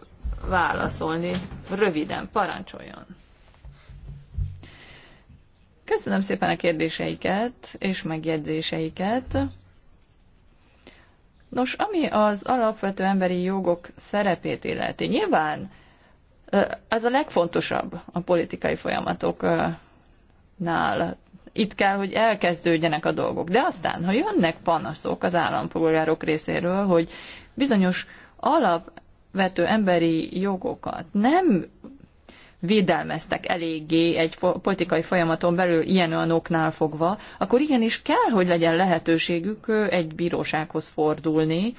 válaszolni? Röviden, parancsoljon. Köszönöm szépen a kérdéseiket és megjegyzéseiket. Nos, ami az alapvető emberi jogok szerepét illeti, nyilván ez a legfontosabb a politikai folyamatoknál. Itt kell, hogy elkezdődjenek a dolgok. De aztán, ha jönnek panaszok az állampolgárok részéről, hogy bizonyos alapvető emberi jogokat nem védelmeztek eléggé egy politikai folyamaton belül ilyen-olyan oknál fogva, akkor igenis kell, hogy legyen lehetőségük egy bírósághoz fordulni,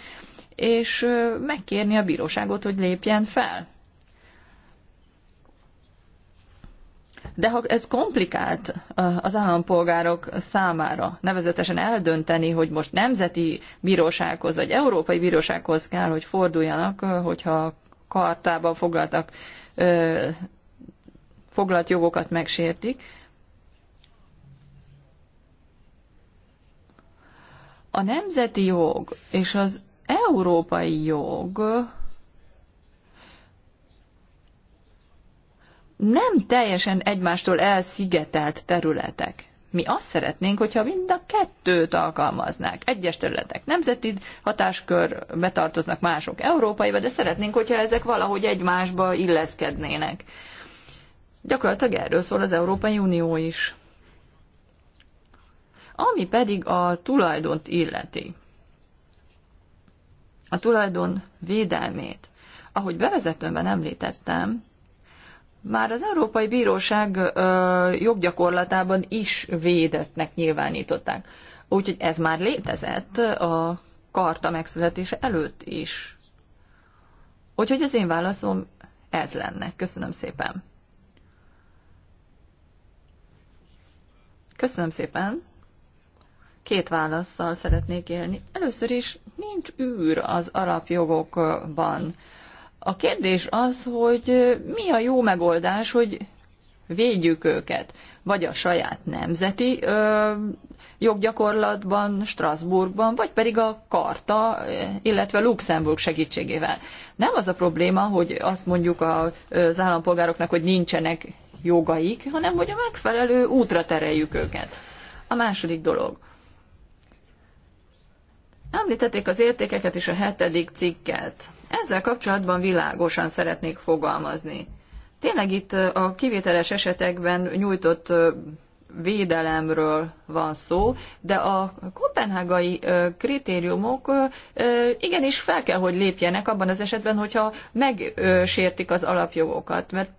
és megkérni a bíróságot, hogy lépjen fel. De ha ez komplikált az állampolgárok számára, nevezetesen eldönteni, hogy most nemzeti bírósághoz vagy európai bírósághoz kell, hogy forduljanak, hogyha kartában foglaltak, foglalt jogokat megsértik, a nemzeti jog és az európai jog nem teljesen egymástól elszigetelt területek. Mi azt szeretnénk, hogyha mind a kettőt alkalmaznák. Egyes területek nemzeti hatáskörbe tartoznak, mások európaiba, de szeretnénk, hogyha ezek valahogy egymásba illeszkednének. Gyakorlatilag erről szól az Európai Unió is. Ami pedig a tulajdont illeti, a tulajdon védelmét, ahogy bevezetőben említettem, már az Európai Bíróság jobbgyakorlatában is védettnek nyilvánították. Úgyhogy ez már létezett a karta megszületése előtt is. Úgyhogy az én válaszom ez lenne. Köszönöm szépen. Köszönöm szépen. Két válaszsal szeretnék élni. Először is nincs űr az alapjogokban. A kérdés az, hogy mi a jó megoldás, hogy védjük őket, vagy a saját nemzeti ö, joggyakorlatban, Strasbourgban, vagy pedig a karta, illetve Luxemburg segítségével. Nem az a probléma, hogy azt mondjuk az állampolgároknak, hogy nincsenek jogaik, hanem hogy a megfelelő útra tereljük őket. A második dolog. Említették az értékeket és a hetedik cikket. Ezzel kapcsolatban világosan szeretnék fogalmazni. Tényleg itt a kivételes esetekben nyújtott védelemről van szó, de a kopenhágai kritériumok igenis fel kell, hogy lépjenek abban az esetben, hogyha megsértik az alapjogokat, mert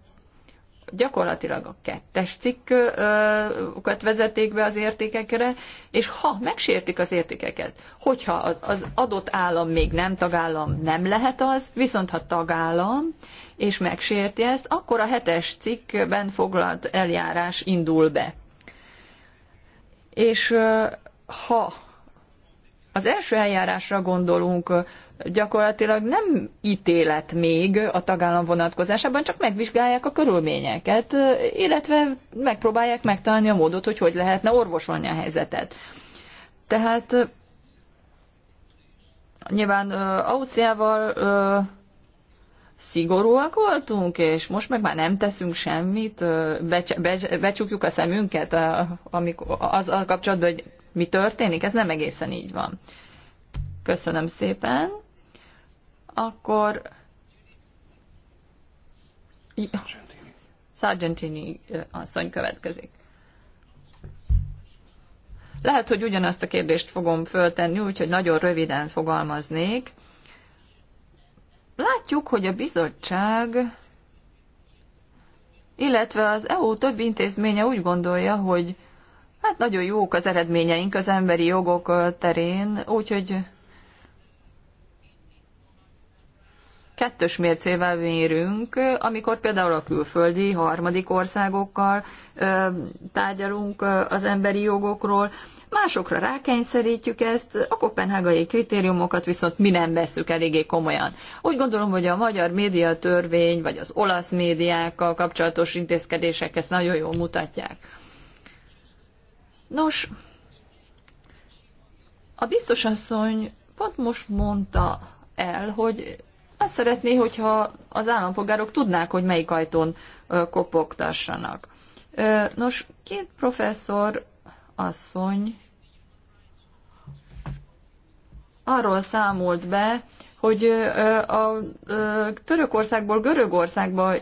gyakorlatilag a kettes cikköket vezeték be az értékekre, és ha megsértik az értékeket, hogyha az adott állam még nem tagállam, nem lehet az, viszont ha tagállam, és megsérti ezt, akkor a hetes cikkben foglalt eljárás indul be. És ha az első eljárásra gondolunk, gyakorlatilag nem ítélet még a tagállam vonatkozásában, csak megvizsgálják a körülményeket, illetve megpróbálják megtalálni a módot, hogy hogy lehetne orvosolni a helyzetet. Tehát nyilván Ausztriával szigorúak voltunk, és most meg már nem teszünk semmit, becsukjuk a szemünket az a kapcsolatban, hogy mi történik, ez nem egészen így van. Köszönöm szépen akkor Sargentini asszony következik. Lehet, hogy ugyanazt a kérdést fogom föltenni, úgyhogy nagyon röviden fogalmaznék. Látjuk, hogy a bizottság, illetve az EU több intézménye úgy gondolja, hogy hát nagyon jók az eredményeink az emberi jogok terén, úgyhogy kettős mércével mérünk, amikor például a külföldi harmadik országokkal tárgyalunk az emberi jogokról, másokra rákényszerítjük ezt, a kopenhágai kritériumokat viszont mi nem veszük eléggé komolyan. Úgy gondolom, hogy a magyar médiatörvény, vagy az olasz médiákkal kapcsolatos intézkedések ezt nagyon jól mutatják. Nos, a biztosasszony pont most mondta el, hogy azt szeretné, hogyha az állampolgárok tudnák, hogy melyik ajtón kopogtassanak. Nos, két professzor asszony arról számolt be, hogy a Törökországból Görögországba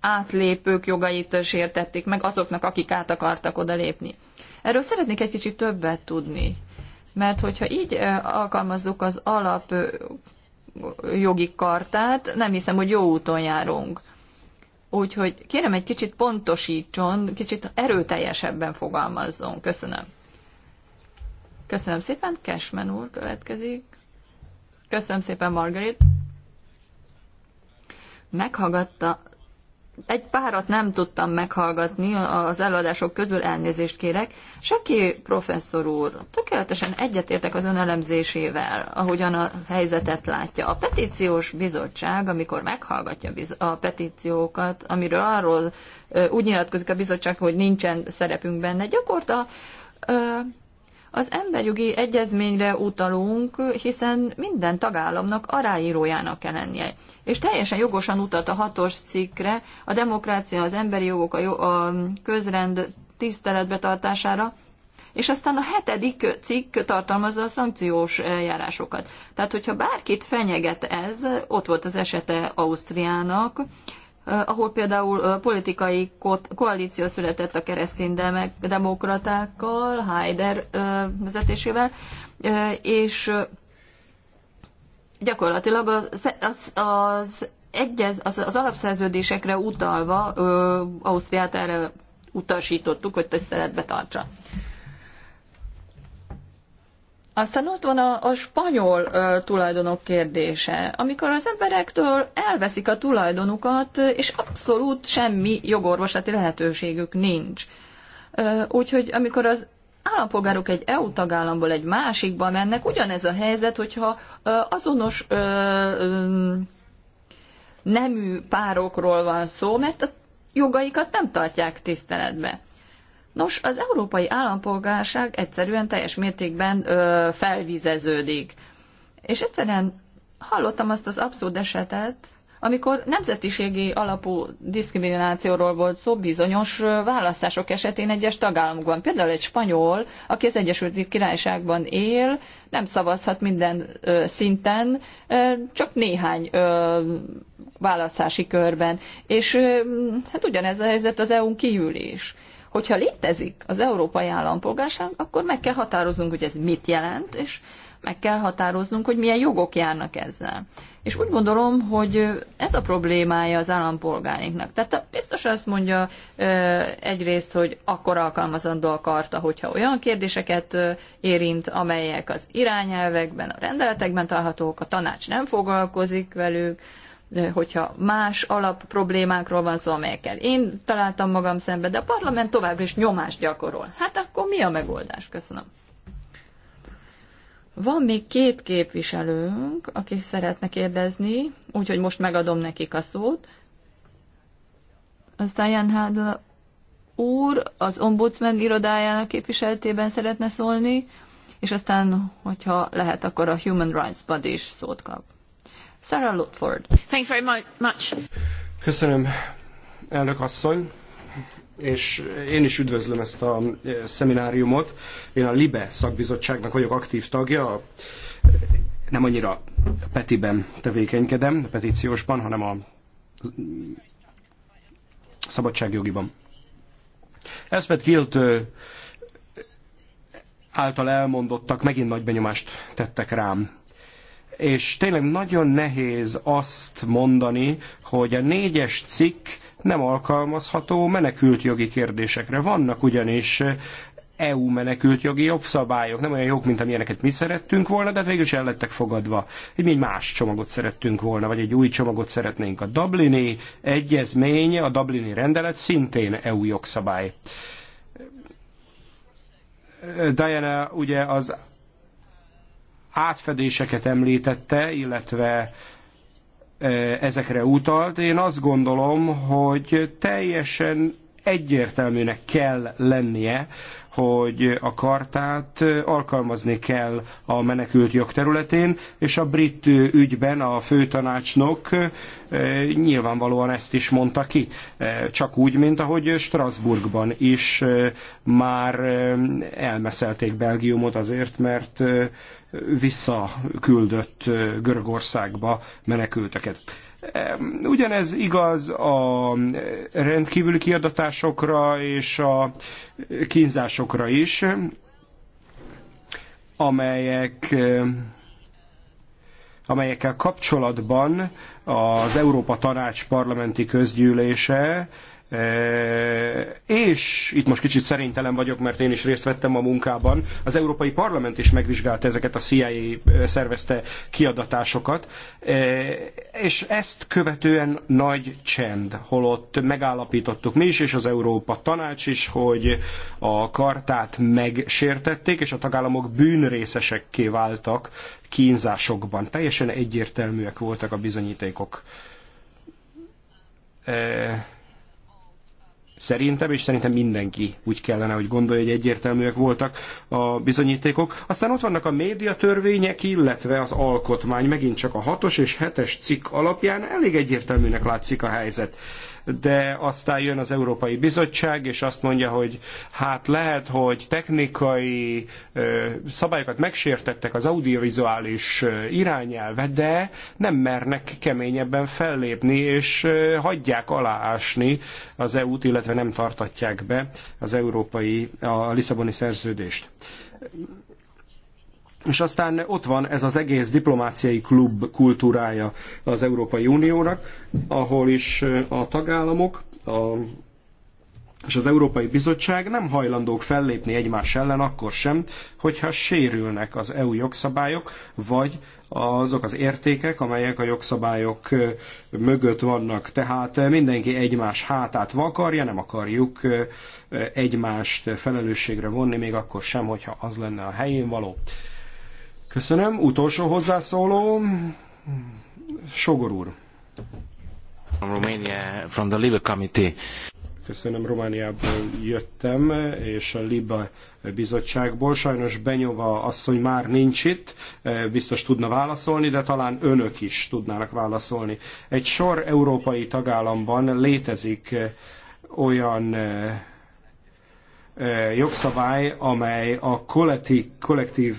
átlépők jogait sértették meg azoknak, akik át akartak odalépni. Erről szeretnék egy kicsit többet tudni, mert hogyha így alkalmazzuk az alap jogi kartát, nem hiszem, hogy jó úton járunk. Úgyhogy kérem egy kicsit pontosítson, kicsit erőteljesebben fogalmazzon. Köszönöm. Köszönöm szépen, Cashman úr következik. Köszönöm szépen, Margaret. Meghallgatta egy párat nem tudtam meghallgatni az előadások közül, elnézést kérek. Seki professzor úr, tökéletesen egyetértek az önelemzésével, ahogyan a helyzetet látja. A petíciós bizottság, amikor meghallgatja a petíciókat, amiről arról úgy nyilatkozik a bizottság, hogy nincsen szerepünk benne, gyakorta az emberjogi egyezményre utalunk, hiszen minden tagállamnak aráírójának kell lennie. És teljesen jogosan utat a hatos cikkre, a demokrácia, az emberi jogok, a, jo- a közrend tartására, és aztán a hetedik cikk tartalmazza a szankciós eljárásokat. Tehát, hogyha bárkit fenyeget ez, ott volt az esete Ausztriának, ahol például politikai koalíció született a keresztény demokratákkal, Haider vezetésével, és gyakorlatilag az, az, az egyez, az, az alapszerződésekre utalva Ausztriát erre utasítottuk, hogy tiszteletbe tartsa. Aztán ott van a, a spanyol ö, tulajdonok kérdése, amikor az emberektől elveszik a tulajdonukat, és abszolút semmi jogorvoslati lehetőségük nincs. Ö, úgyhogy amikor az állampolgárok egy EU tagállamból egy másikba mennek, ugyanez a helyzet, hogyha ö, azonos ö, ö, nemű párokról van szó, mert a jogaikat nem tartják tiszteletbe. Nos, az európai állampolgárság egyszerűen teljes mértékben ö, felvizeződik. És egyszerűen hallottam azt az abszurd esetet, amikor nemzetiségi alapú diszkriminációról volt szó bizonyos választások esetén egyes tagállamokban. Például egy spanyol, aki az Egyesült Királyságban él, nem szavazhat minden ö, szinten, ö, csak néhány ö, választási körben. És ö, hát ugyanez a helyzet az EU-n kívül is hogyha létezik az európai állampolgárság, akkor meg kell határoznunk, hogy ez mit jelent, és meg kell határoznunk, hogy milyen jogok járnak ezzel. És úgy gondolom, hogy ez a problémája az állampolgárinknak. Tehát biztos azt mondja egyrészt, hogy akkor alkalmazandó a karta, hogyha olyan kérdéseket érint, amelyek az irányelvekben, a rendeletekben találhatók, a tanács nem foglalkozik velük, hogyha más alap problémákról van szó, amelyekkel én találtam magam szembe, de a parlament továbbra is nyomást gyakorol. Hát akkor mi a megoldás? Köszönöm. Van még két képviselőnk, aki szeretne kérdezni, úgyhogy most megadom nekik a szót. Aztán Jan Hádl úr az ombudsman irodájának képviseletében szeretne szólni, és aztán, hogyha lehet, akkor a Human Rights Body is szót kap. Sarah Lutford. Thank you very much. Köszönöm, elnök asszony és én is üdvözlöm ezt a e, szemináriumot. Én a LIBE szakbizottságnak vagyok aktív tagja, nem annyira a Petiben tevékenykedem, a petíciósban, hanem a szabadságjogiban. Elspeth Gilt e, által elmondottak megint nagy benyomást tettek rám és tényleg nagyon nehéz azt mondani, hogy a négyes cikk nem alkalmazható menekültjogi kérdésekre. Vannak ugyanis EU eh, e menekültjogi jogszabályok, nem olyan jók, mint amilyeneket mi szerettünk volna, de végül is el lettek fogadva. Mi egy más csomagot szerettünk volna, vagy egy új csomagot szeretnénk. A Dublini egyezmény, a Dublini rendelet szintén EU jogszabály. Diana ugye az átfedéseket említette, illetve eh, ezekre utalt. Én azt gondolom, hogy teljesen egyértelműnek kell lennie, hogy a kartát alkalmazni kell a menekült jogterületén, területén, és a brit ügyben a főtanácsnok nyilvánvalóan ezt is mondta ki. Csak úgy, mint ahogy Strasbourgban is már elmeszelték Belgiumot azért, mert visszaküldött Görögországba menekülteket. Ugyanez igaz a rendkívüli kiadatásokra és a kínzásokra is, amelyek amelyekkel kapcsolatban az Európa Tanács parlamenti közgyűlése és itt most kicsit szerintelen vagyok, mert én is részt vettem a munkában, az Európai Parlament is megvizsgálta ezeket a CIA szervezte kiadatásokat, és ezt követően nagy csend, holott megállapítottuk mi is, és az Európa Tanács is, hogy a kartát megsértették, és a tagállamok bűnrészesekké váltak kínzásokban. Teljesen egyértelműek voltak a bizonyítékok. E Szerintem, és szerintem mindenki úgy kellene, hogy gondolja, hogy egyértelműek voltak a bizonyítékok. Aztán ott vannak a médiatörvények, illetve az alkotmány, megint csak a hatos és hetes cikk alapján elég egyértelműnek látszik a helyzet de aztán jön az Európai Bizottság, és azt mondja, hogy hát lehet, hogy technikai szabályokat megsértettek az audiovizuális irányelve, de nem mernek keményebben fellépni, és hagyják aláásni az EU-t, illetve nem tartatják be az európai, a Lisszaboni szerződést. És aztán ott van ez az egész diplomáciai klub kultúrája az Európai Uniónak, ahol is a tagállamok a, és az Európai Bizottság nem hajlandók fellépni egymás ellen akkor sem, hogyha sérülnek az EU jogszabályok, vagy azok az értékek, amelyek a jogszabályok mögött vannak. Tehát mindenki egymás hátát vakarja, nem akarjuk egymást felelősségre vonni, még akkor sem, hogyha az lenne a helyén való. Köszönöm. Utolsó hozzászóló, Sogor úr. From Romania, from the Libre Committee. Köszönöm, Romániából jöttem, és a Liba bizottságból. Sajnos Benyova asszony már nincs itt, e, biztos tudna válaszolni, de talán önök is tudnának válaszolni. Egy sor európai tagállamban létezik e, olyan e, jogszabály, amely a kollektív, kollektív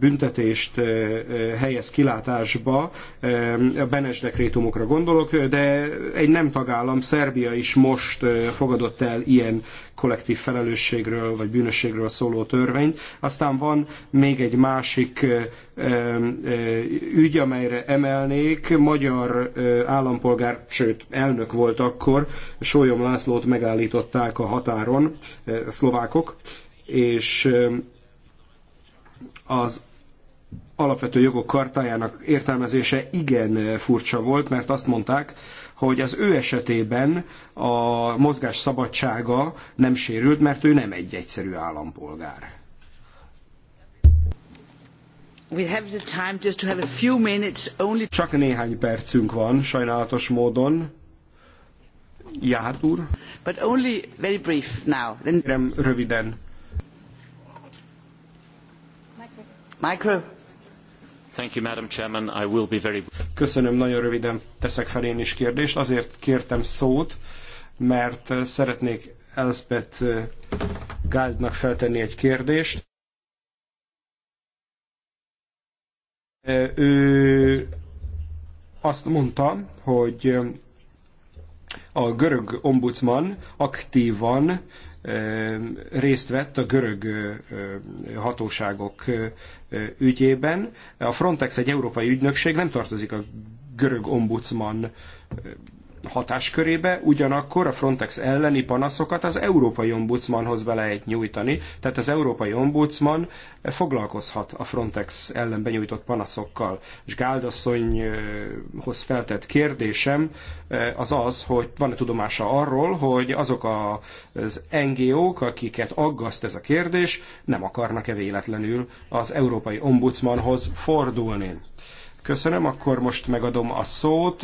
büntetést eh, eh, helyez kilátásba, eh, a Benes dekrétumokra gondolok, de egy nem tagállam, Szerbia is most fogadott el ilyen kollektív felelősségről vagy bűnösségről szóló törvényt. Aztán van még egy másik ügy, amelyre emelnék, magyar állampolgár, sőt elnök volt akkor, Sólyom Lászlót megállították a határon szlovákok, és az alapvető jogok kartájának értelmezése igen furcsa volt, mert azt mondták, hogy az ő esetében a mozgás szabadsága nem sérült, mert ő nem egy egyszerű állampolgár. Only... Csak néhány percünk van, sajnálatos módon. Ját úr. But only very brief now. Then... Kérem, röviden. Köszönöm, nagyon röviden teszek fel én is kérdést. Azért kértem szót, mert eh, szeretnék Elspeth eh, Gáldnak feltenni egy kérdést. Eh, ő azt mondta, hogy a görög ombudsman aktívan részt vett a görög hatóságok ügyében. A Frontex egy európai ügynökség, nem tartozik a görög ombudsman hatáskörébe, ugyanakkor a Frontex elleni panaszokat az Európai Ombudsmanhoz be lehet nyújtani, tehát az Európai Ombudsman foglalkozhat a Frontex ellen benyújtott panaszokkal. És Gáldasszonyhoz feltett kérdésem eh, az az, hogy van-e tudomása arról, hogy azok az NGO-k, akiket aggaszt ez a kérdés, nem akarnak-e véletlenül az Európai Ombudsmanhoz fordulni. Köszönöm, akkor most megadom a szót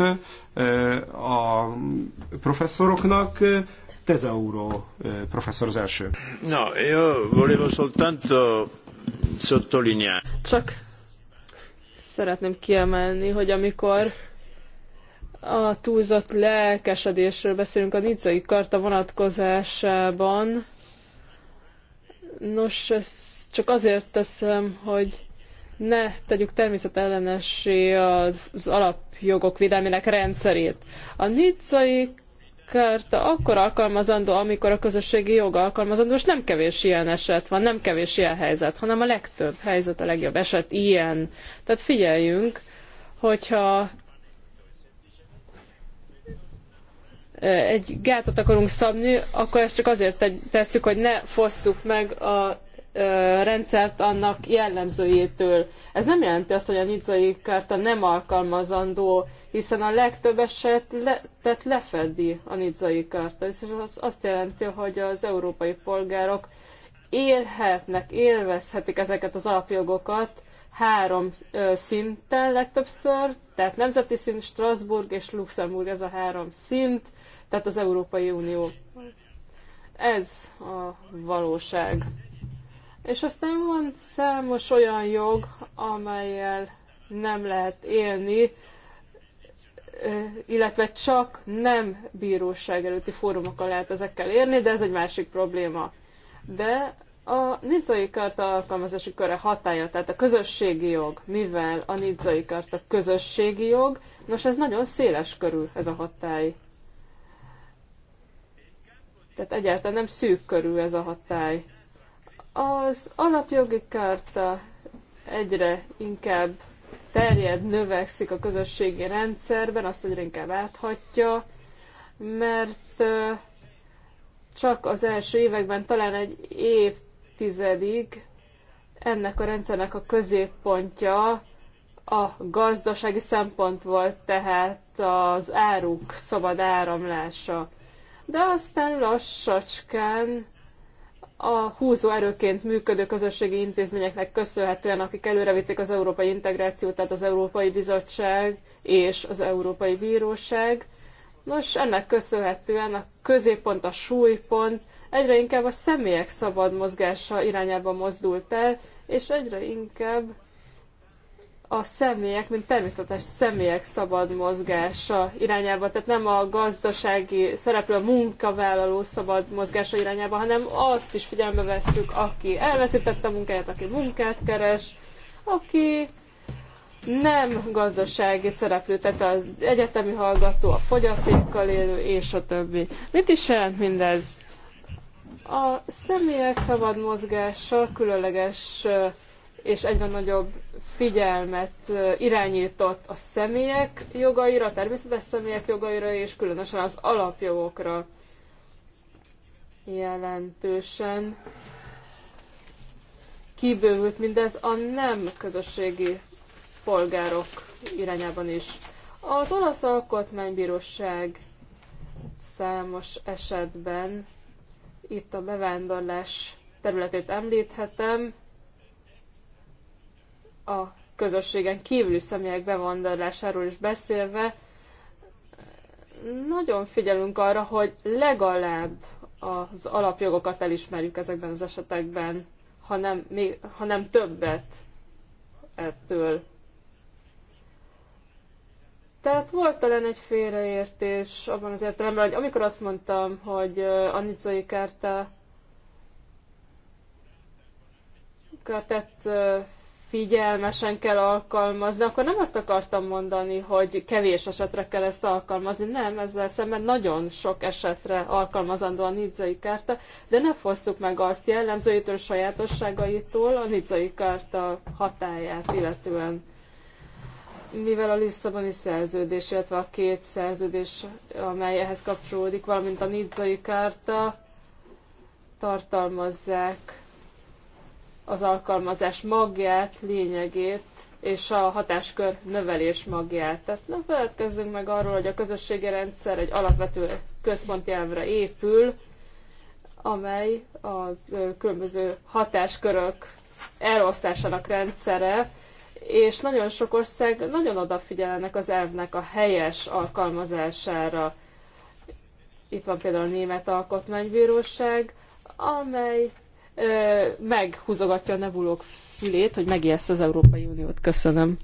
a professzoroknak. Tezauro professzor az első. No, io volevo soltanto sottolineare. Csak szeretném kiemelni, hogy amikor a túlzott lelkesedésről beszélünk a nizzai karta vonatkozásában. Nos, ezt csak azért teszem, hogy ne tegyük természetellenessé az alapjogok védelmének rendszerét. A nicai kárta akkor alkalmazandó, amikor a közösségi jog alkalmazandó, és nem kevés ilyen eset van, nem kevés ilyen helyzet, hanem a legtöbb helyzet, a legjobb eset ilyen. Tehát figyeljünk, hogyha egy gátat akarunk szabni, akkor ezt csak azért tesszük, hogy ne fosszuk meg a rendszert annak jellemzőjétől. Ez nem jelenti azt, hogy a nizzai kárta nem alkalmazandó, hiszen a legtöbb esetet le, lefedi a nizzai kárta. És az azt jelenti, hogy az európai polgárok élhetnek, élvezhetik ezeket az alapjogokat három ö, szinten legtöbbször, tehát nemzeti szint, Strasbourg és Luxemburg, ez a három szint, tehát az Európai Unió. Ez a valóság. És aztán van számos olyan jog, amelyel nem lehet élni, illetve csak nem bíróság előtti fórumokkal lehet ezekkel érni, de ez egy másik probléma. De a Nidzai Karta alkalmazási köre hatája, tehát a közösségi jog, mivel a Nidzai Karta közösségi jog, nos ez nagyon széles körül ez a hatály. Tehát egyáltalán nem szűk körül ez a hatály. Az alapjogi kárta egyre inkább terjed, növekszik a közösségi rendszerben, azt egyre inkább áthatja, mert csak az első években, talán egy évtizedig ennek a rendszernek a középpontja a gazdasági szempont volt, tehát az áruk szabad áramlása. De aztán lassacskán a húzó erőként működő közösségi intézményeknek köszönhetően, akik előrevitték az európai integrációt, tehát az Európai Bizottság és az Európai Bíróság. Nos, ennek köszönhetően a középpont, a súlypont egyre inkább a személyek szabad mozgása irányába mozdult el, és egyre inkább a személyek, mint természetes személyek szabad mozgása irányába, tehát nem a gazdasági szereplő, a munkavállaló szabad mozgása irányába, hanem azt is figyelme vesszük, aki elveszítette a munkáját, aki munkát keres, aki nem gazdasági szereplő, tehát az egyetemi hallgató, a fogyatékkal élő, és a többi. Mit is jelent mindez? A személyek szabad mozgása különleges és egyre nagyobb figyelmet irányított a személyek jogaira, a természetes személyek jogaira, és különösen az alapjogokra jelentősen kibővült mindez a nem közösségi polgárok irányában is. Az olasz alkotmánybíróság számos esetben itt a bevándorlás területét említhetem, a közösségen kívüli személyek bevándorlásáról is beszélve, nagyon figyelünk arra, hogy legalább az alapjogokat elismerjük ezekben az esetekben, hanem, még, nem többet ettől. Tehát volt talán egy félreértés abban az értelemben, hogy amikor azt mondtam, hogy a nicai kárta kártát figyelmesen kell alkalmazni, akkor nem azt akartam mondani, hogy kevés esetre kell ezt alkalmazni. Nem, ezzel szemben nagyon sok esetre alkalmazandó a nidzai kárta, de ne fosszuk meg azt jellemzőitől, sajátosságaitól a nidzai kárta hatáját illetően. Mivel a Lisszaboni szerződés, illetve a két szerződés, amely ehhez kapcsolódik, valamint a nidzai kárta tartalmazzák az alkalmazás magját, lényegét és a hatáskör növelés magját. Tehát ne feledkezzünk meg arról, hogy a közösségi rendszer egy alapvető központi elvre épül, amely a különböző hatáskörök elosztásának rendszere, és nagyon sok ország nagyon odafigyelnek az elvnek a helyes alkalmazására. Itt van például a Német Alkotmánybíróság, amely meghúzogatja a nebulók fülét, hogy megijeszt az Európai Uniót. Köszönöm.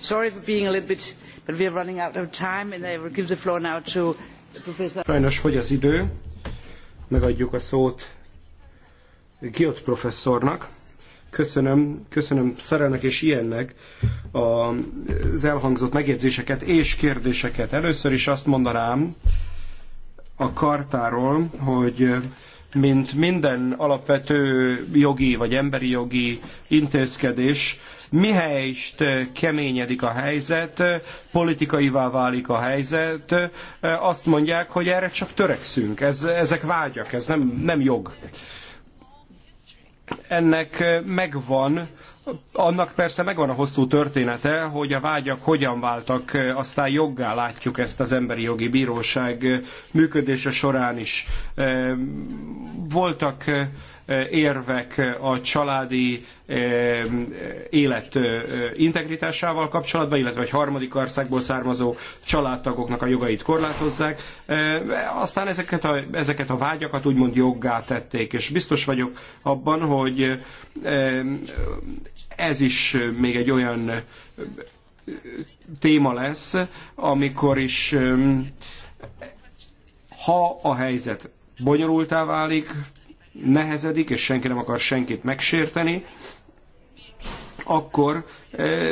Sorry for being a little bit, but we are running out of time, and I will give the floor now to Professor. Sajnos fogy az idő. Megadjuk a szót Giot professzornak. Köszönöm, köszönöm Szerelnek és Ilyennek az elhangzott megjegyzéseket és kérdéseket. Először is azt mondanám, a kartáról, hogy mint minden alapvető jogi vagy emberi jogi intézkedés, mihelyst keményedik a helyzet, politikaivá válik a helyzet, azt mondják, hogy erre csak törekszünk, ez, ezek vágyak, ez nem, nem jog. Ennek megvan annak persze megvan a hosszú története, hogy a vágyak hogyan váltak, eh, aztán joggá látjuk ezt az Emberi Jogi Bíróság eh, működése során is. Eh, voltak érvek a családi élet integritásával kapcsolatban, illetve egy harmadik országból származó családtagoknak a jogait korlátozzák. Aztán ezeket a, ezeket a vágyakat úgymond joggá tették, és biztos vagyok abban, hogy ez is még egy olyan téma lesz, amikor is ha a helyzet bonyolultá válik, nehezedik, és senki nem akar senkit megsérteni, akkor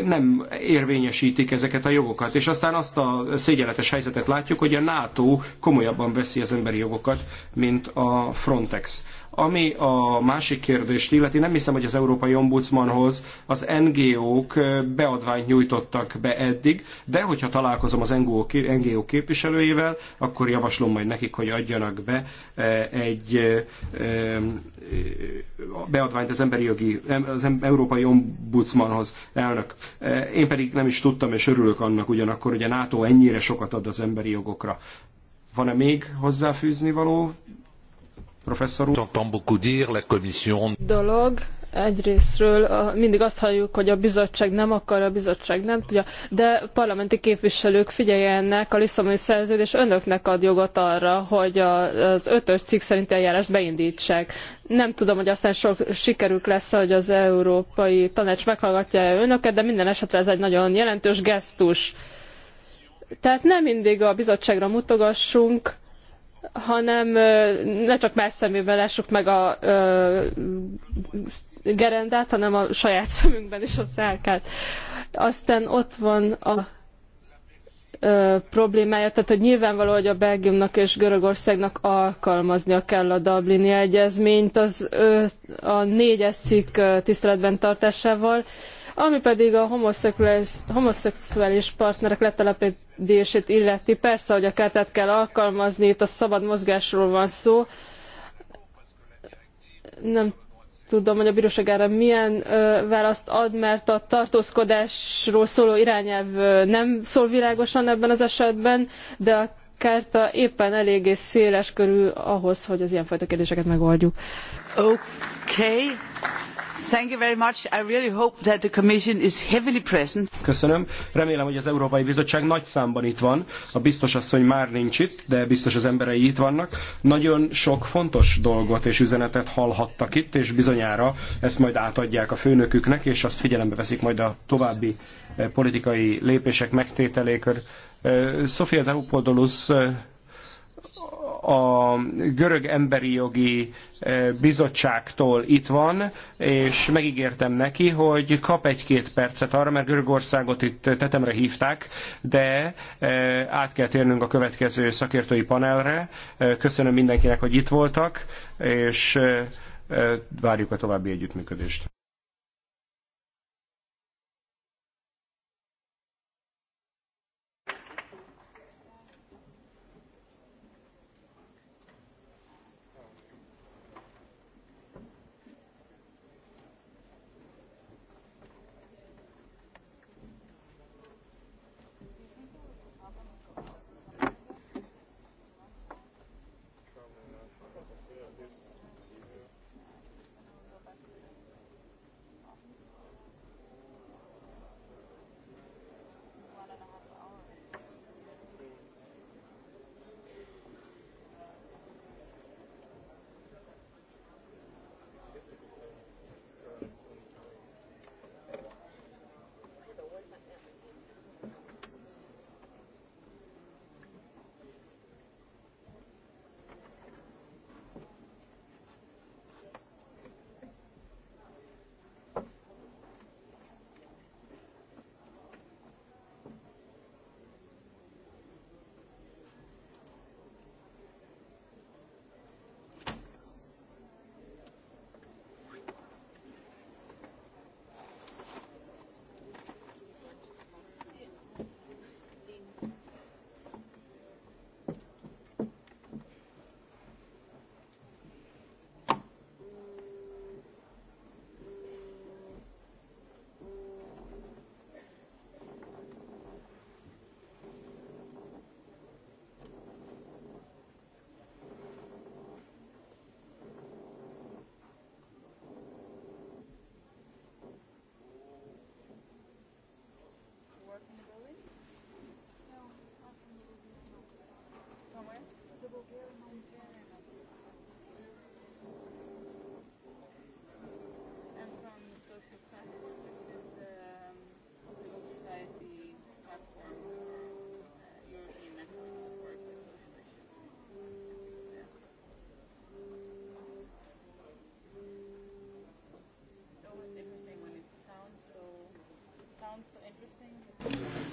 nem érvényesítik ezeket a jogokat. És aztán azt a szégyenletes helyzetet látjuk, hogy a NATO komolyabban veszi az emberi jogokat, mint a Frontex. Ami a másik kérdést illeti, nem hiszem, hogy az Európai Ombudsmanhoz az NGO-k beadványt nyújtottak be eddig, de hogyha találkozom az NGO képviselőjével, akkor javaslom majd nekik, hogy adjanak be egy beadványt az, emberi jogi, az Európai Ombudsmanhoz. El elnök. Eh, én pedig nem is tudtam, és örülök annak ugyanakkor, hogy a NATO ennyire sokat ad az emberi jogokra. Van-e még hozzáfűzni való? Professzor úr? Dolog, egyrésztről mindig azt halljuk, hogy a bizottság nem akar, a bizottság nem tudja, de parlamenti képviselők figyeljenek, a Lisszaboni szerződés önöknek ad jogot arra, hogy a, az ötös cikk szerinti eljárást beindítsák. Nem tudom, hogy aztán sok sikerük lesz, hogy az Európai Tanács meghallgatja -e önöket, de minden esetre ez egy nagyon jelentős gesztus. Tehát nem mindig a bizottságra mutogassunk, hanem ne csak más szemében lássuk meg a, a, a gerendát, hanem a saját [LAUGHS] szemünkben is a szárkát. Aztán ott van a ö, problémája, tehát hogy nyilvánvaló, hogy a Belgiumnak és Görögországnak alkalmaznia kell a Dublini egyezményt az ö, a négyes cikk tiszteletben tartásával, ami pedig a homoszexuális, homoszexuális partnerek letelepedését illeti. Persze, hogy a kártát kell alkalmazni, itt a szabad mozgásról van szó. Nem tudom, hogy a bíróság erre milyen ö, választ ad, mert a tartózkodásról szóló irányelv ö, nem szól világosan ebben az esetben, de a kárta éppen eléggé széles körül ahhoz, hogy az ilyenfajta kérdéseket megoldjuk. Okay. Thank you very much. I really hope that the Commission is heavily present. Köszönöm. Remélem, hogy az Európai Bizottság nagy számban itt van. A biztos asszony már nincs itt, de biztos az emberei itt vannak. Nagyon sok fontos dolgot és üzenetet hallhattak itt, és bizonyára ezt majd átadják a főnöküknek, és azt figyelembe veszik majd a további eh, politikai lépések megtételékor. Eh, Sofia Deupodolus eh, a görög emberi jogi e, bizottságtól itt van, és megígértem neki, hogy kap egy-két percet arra, mert Görögországot itt tetemre hívták, de e, át kell térnünk a következő szakértői panelre. E, köszönöm mindenkinek, hogy itt voltak, és várjuk a további együttműködést.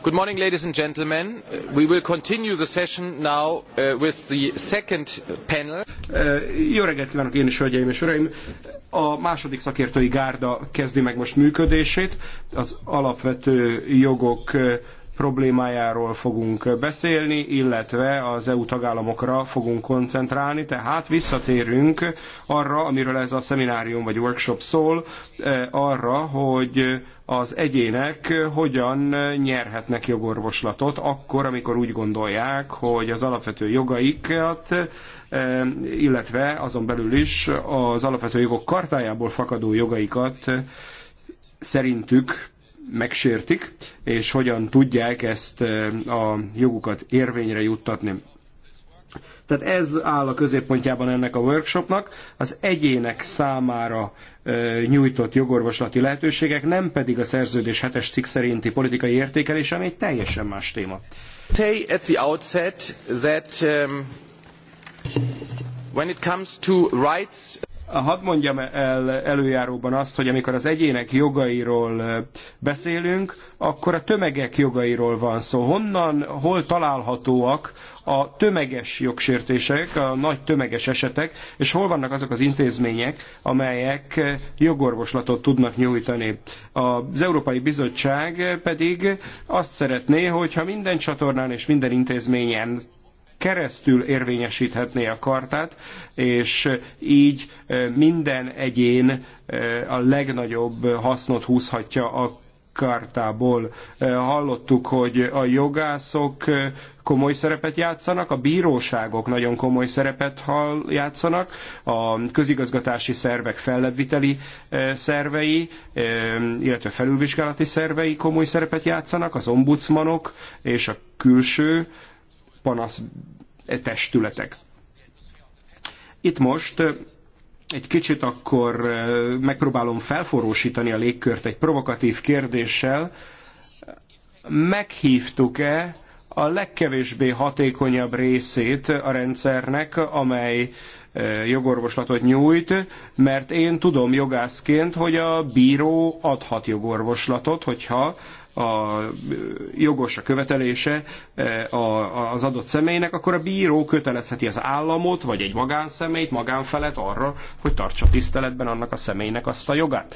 Good morning, ladies and gentlemen. We will continue the session now uh, with the second panel. Uh, jó reggelt kívánok én is, hölgyeim és uraim! A második szakértői gárda kezdi meg most működését. Az alapvető jogok uh, problémájáról fogunk beszélni, illetve az EU tagállamokra fogunk koncentrálni, tehát visszatérünk arra, amiről ez a szeminárium vagy workshop szól, e, arra, hogy az egyének hogyan nyerhetnek jogorvoslatot akkor, amikor úgy gondolják, hogy az alapvető jogaikat, e, illetve azon belül is az alapvető jogok kartájából fakadó jogaikat szerintük megsértik, és hogyan tudják ezt a jogukat érvényre juttatni. Tehát ez áll a középpontjában ennek a workshopnak, az egyének számára nyújtott jogorvoslati lehetőségek, nem pedig a szerződés hetes cikk szerinti politikai értékelés, ami egy teljesen más téma. Say at the outset that um, when it comes to rights Hadd mondjam el előjáróban azt, hogy amikor az egyének jogairól beszélünk, akkor a tömegek jogairól van szó. Honnan, hol találhatóak a tömeges jogsértések, a nagy tömeges esetek, és hol vannak azok az intézmények, amelyek jogorvoslatot tudnak nyújtani. Az Európai Bizottság pedig azt szeretné, hogyha minden csatornán és minden intézményen keresztül érvényesíthetné a kartát, és így minden egyén a legnagyobb hasznot húzhatja a kartából. Hallottuk, hogy a jogászok komoly szerepet játszanak, a bíróságok nagyon komoly szerepet játszanak, a közigazgatási szervek fellebbviteli szervei, illetve felülvizsgálati szervei komoly szerepet játszanak, az ombudsmanok és a külső panasz e, testületek. Itt most egy kicsit akkor megpróbálom felforrósítani a légkört egy provokatív kérdéssel. Meghívtuk-e a legkevésbé hatékonyabb részét a rendszernek, amely jogorvoslatot nyújt, mert én tudom jogászként, hogy a bíró adhat jogorvoslatot, hogyha a jogos a követelése eh, az adott személynek, akkor a bíró kötelezheti az államot, vagy egy magánszemélyt, magánfelet arra, hogy tartsa tiszteletben annak a személynek azt a jogát.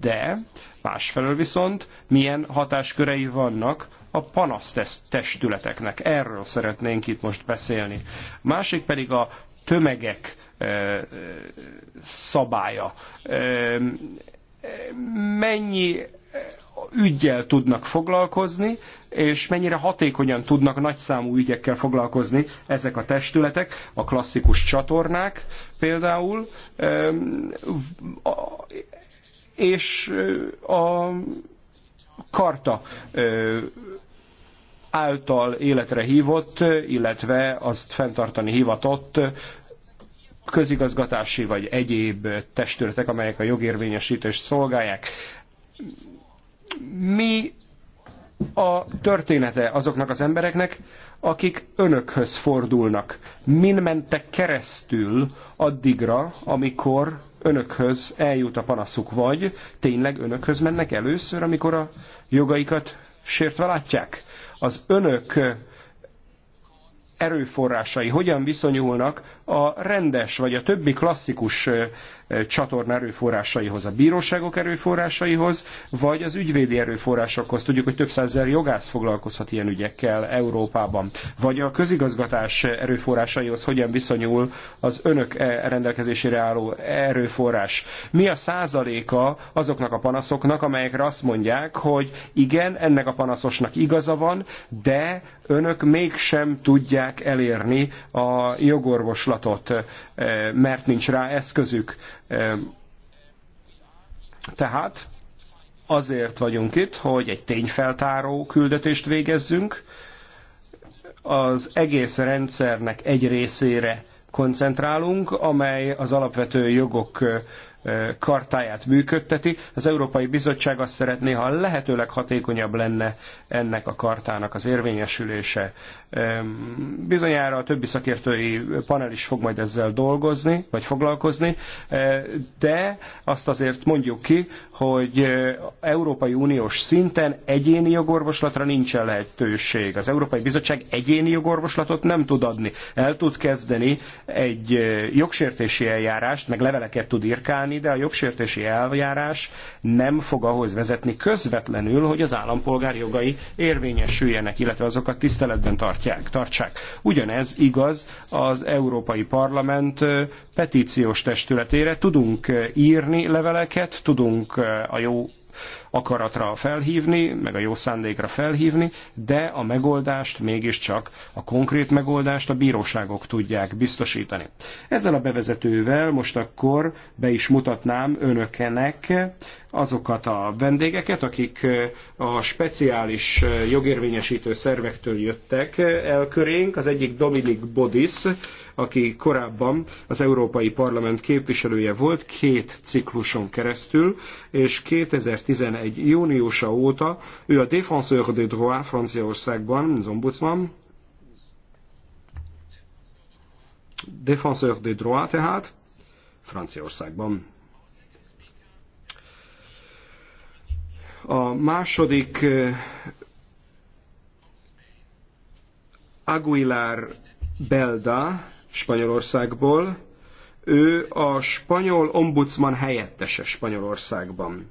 De másfelől viszont milyen hatáskörei vannak a testületeknek. Erről szeretnénk itt most beszélni. Másik pedig a tömegek eh, eh, szabálya. Mennyi ügyjel tudnak foglalkozni, és mennyire hatékonyan tudnak nagyszámú ügyekkel foglalkozni ezek a testületek, a klasszikus csatornák például, és a karta által életre hívott, illetve azt fenntartani hivatott közigazgatási vagy egyéb testületek, amelyek a jogérvényesítést szolgálják mi a története azoknak az embereknek, akik önökhöz fordulnak? Min mentek keresztül addigra, amikor önökhöz eljut a panaszuk, vagy tényleg önökhöz mennek először, amikor a jogaikat sértve látják? Az önök erőforrásai hogyan viszonyulnak a rendes vagy a többi klasszikus csatorna erőforrásaihoz, a bíróságok erőforrásaihoz, vagy az ügyvédi erőforrásokhoz. Tudjuk, hogy több százezer jogász foglalkozhat ilyen ügyekkel Európában. Vagy a közigazgatás erőforrásaihoz hogyan viszonyul az önök e rendelkezésére álló erőforrás. Mi a százaléka azoknak a panaszoknak, amelyekre azt mondják, hogy igen, ennek a panaszosnak igaza van, de önök mégsem tudják elérni a jogorvoslatot. Eh, mert nincs rá eszközük. Eh, tehát azért vagyunk itt, hogy egy tényfeltáró küldetést végezzünk, az egész rendszernek egy részére koncentrálunk, amely az alapvető jogok eh, kartáját működteti. Az Európai Bizottság azt szeretné, ha lehetőleg hatékonyabb lenne ennek a kartának az érvényesülése. Bizonyára a többi szakértői panel is fog majd ezzel dolgozni, vagy foglalkozni, de azt azért mondjuk ki, hogy Európai Uniós szinten egyéni jogorvoslatra nincsen lehetőség. Az Európai Bizottság egyéni jogorvoslatot nem tud adni. El tud kezdeni egy jogsértési eljárást, meg leveleket tud írkálni, állni, de a jogsértési eljárás nem fog ahhoz vezetni közvetlenül, hogy az állampolgár jogai érvényesüljenek, illetve azokat tiszteletben tartják, tartsák. Ugyanez igaz az Európai Parlament petíciós testületére. Tudunk írni leveleket, tudunk a jó akaratra felhívni, meg a jó szándékra felhívni, de a megoldást mégiscsak, a konkrét megoldást a bíróságok tudják biztosítani. Ezzel a bevezetővel most akkor be is mutatnám önökenek azokat a vendégeket, akik a speciális jogérvényesítő szervektől jöttek el körénk. Az egyik Dominik Bodis, aki korábban az Európai Parlament képviselője volt két cikluson keresztül, és 2011 egy júniusa óta, ő a Défenseur de Droit Franciaországban, az ombudsman, Défenseur de Droit tehát, Franciaországban. A második eh, Aguilar Belda Spanyolországból, ő a spanyol ombudsman helyettese Spanyolországban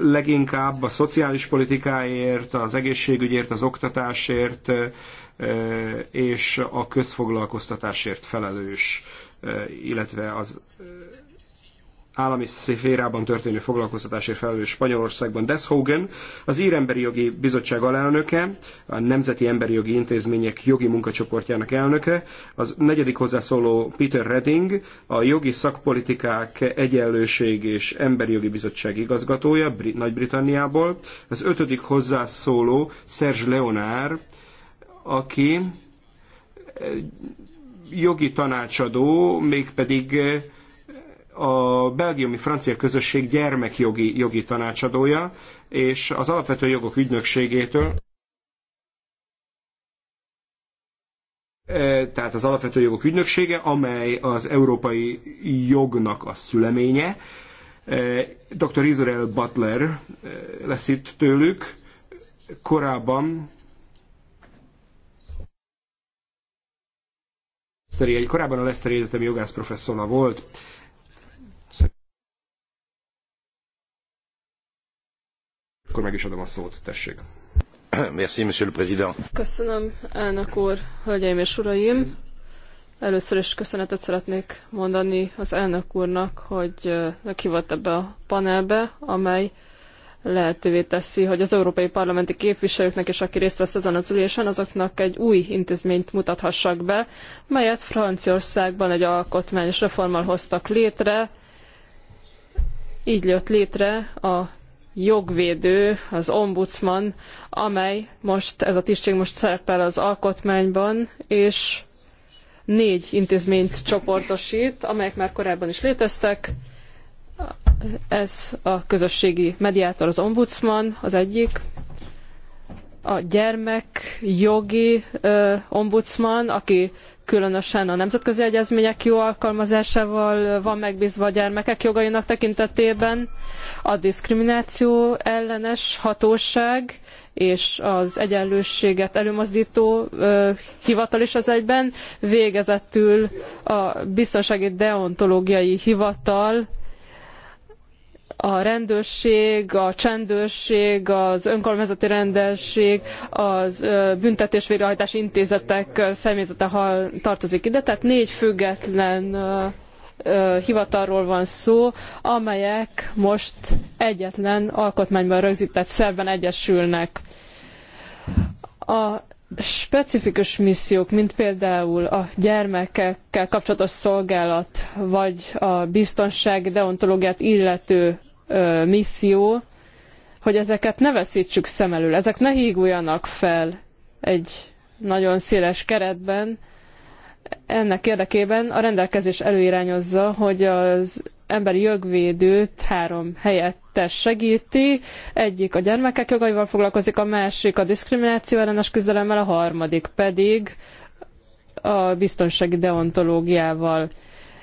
leginkább a szociális politikáért, az egészségügyért, az oktatásért és a közfoglalkoztatásért felelős, illetve az állami szférában történő foglalkoztatásért felelős Spanyolországban Des Hogan, az Ír Emberi Jogi Bizottság alelnöke, a Nemzeti Emberi Jogi Intézmények jogi munkacsoportjának elnöke, az negyedik hozzászóló Peter Redding, a Jogi Szakpolitikák Egyenlőség és Emberi Jogi Bizottság igazgatója Nagy-Britanniából, az ötödik hozzászóló Serge Leonár, aki eh, jogi tanácsadó, mégpedig pedig eh, a belgiumi francia közösség gyermekjogi jogi tanácsadója, és az alapvető jogok ügynökségétől e, tehát az alapvető jogok ügynöksége, amely az európai jognak a szüleménye. E, Dr. Israel Butler e, lesz itt tőlük. Korábban Leszteri, egy korábban a Leszteri Egyetemi jogász professzora volt, Akkor meg is adom a szót, tessék. Merci, monsieur le président. Köszönöm, elnök úr, hölgyeim és uraim. Először is köszönetet szeretnék mondani az elnök úrnak, hogy meghívott ebbe a panelbe, amely lehetővé teszi, hogy az európai parlamenti képviselőknek és aki részt vesz ezen az ülésen, azoknak egy új intézményt mutathassak be, melyet Franciaországban egy alkotmányos reformmal hoztak létre. Így jött létre a jogvédő, az ombudsman, amely most, ez a tisztség most szerepel az alkotmányban, és négy intézményt csoportosít, amelyek már korábban is léteztek. Ez a közösségi mediátor, az ombudsman az egyik, a gyermekjogi ö, ombudsman, aki különösen a nemzetközi egyezmények jó alkalmazásával van megbízva a gyermekek jogainak tekintetében, a diszkrimináció ellenes hatóság és az egyenlőséget előmozdító ö, hivatal is az egyben, végezetül a biztonsági deontológiai hivatal a rendőrség, a csendőrség, az önkormányzati rendőrség, az büntetésvégrehajtási intézetek személyzete tartozik ide, tehát négy független hivatalról van szó, amelyek most egyetlen alkotmányban rögzített szerben egyesülnek. A specifikus missziók, mint például a gyermekekkel kapcsolatos szolgálat, vagy a biztonság deontológiát illető misszió, hogy ezeket ne veszítsük szem elől, ezek ne híguljanak fel egy nagyon széles keretben. Ennek érdekében a rendelkezés előirányozza, hogy az emberi jogvédőt három helyettes segíti. Egyik a gyermekek jogaival foglalkozik, a másik a diszkrimináció ellenes küzdelemmel, a harmadik pedig a biztonsági deontológiával.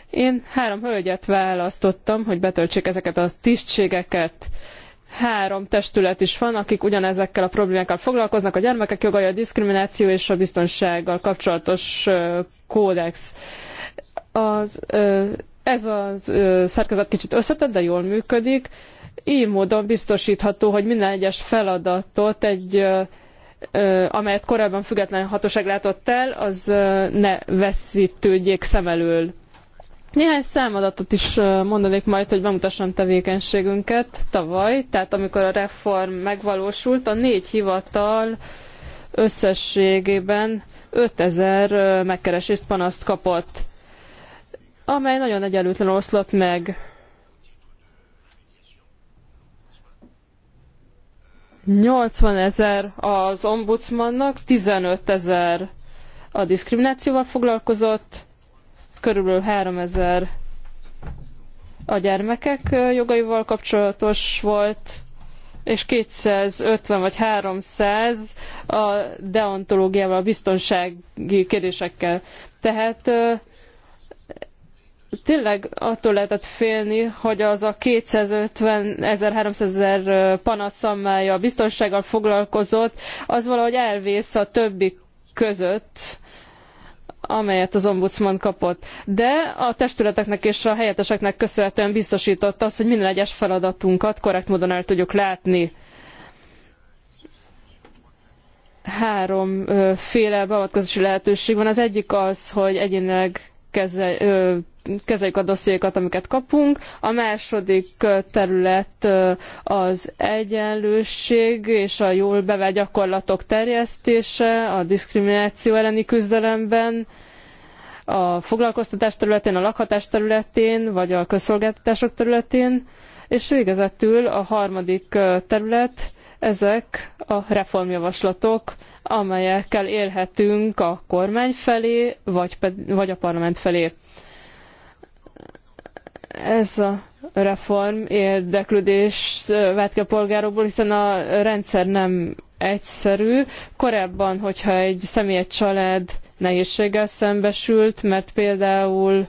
Én három hölgyet választottam, hogy betöltsék ezeket a tisztségeket. Három testület is van, akik ugyanezekkel a problémákkal foglalkoznak, a gyermekek jogai, a diszkrimináció és a biztonsággal kapcsolatos kódex. Az, ez a szerkezet kicsit összetett, de jól működik. Így módon biztosítható, hogy minden egyes feladatot egy amelyet korábban független hatóság látott el, az ne veszítődjék szem elől. Néhány számadatot is mondanék majd, hogy bemutassam tevékenységünket tavaly, tehát amikor a reform megvalósult, a négy hivatal összességében 5000 megkeresést panaszt kapott, amely nagyon egyenlőtlen oszlott meg. Nyolcvan ezer az ombudsmannak, 15 ezer a diszkriminációval foglalkozott, körülbelül 3000 a gyermekek jogaival kapcsolatos volt, és 250 vagy 300 a deontológiával, a biztonsági kérdésekkel. Tehát tényleg attól lehetett félni, hogy az a 250 ezer, 300 ezer panasz, amely a biztonsággal foglalkozott, az valahogy elvész a többi között amelyet az ombudsman kapott. De a testületeknek és a helyetteseknek köszönhetően biztosította azt, hogy minden egyes feladatunkat korrekt módon el tudjuk látni. Háromféle beavatkozási lehetőség van. Az egyik az, hogy egyénileg kezel, kezeljük a dossziékat, amiket kapunk. A második terület az egyenlőség és a jól bevált gyakorlatok terjesztése a diszkrimináció elleni küzdelemben a foglalkoztatás területén, a lakhatás területén, vagy a közszolgáltatások területén, és végezetül a harmadik terület, ezek a reformjavaslatok, amelyekkel élhetünk a kormány felé, vagy, vagy a parlament felé. Ez a reform érdeklődés vált ki a polgárokból, hiszen a rendszer nem egyszerű. Korábban, hogyha egy személy, egy család nehézséggel szembesült, mert például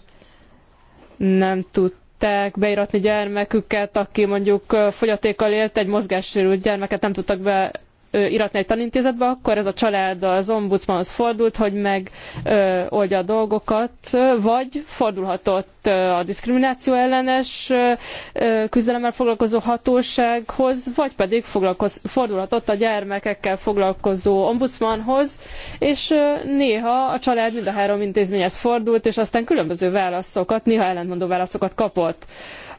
nem tudták beiratni gyermeküket, aki mondjuk fogyatékkal élt, egy mozgássérült gyermeket nem tudtak be iratni egy tanintézetbe, akkor ez a család az ombudsmanhoz fordult, hogy megoldja a dolgokat, vagy fordulhatott a diszkrimináció ellenes küzdelemmel foglalkozó hatósághoz, vagy pedig fordulhatott a gyermekekkel foglalkozó ombudsmanhoz, és néha a család mind a három intézményhez fordult, és aztán különböző válaszokat, néha ellentmondó válaszokat kapott.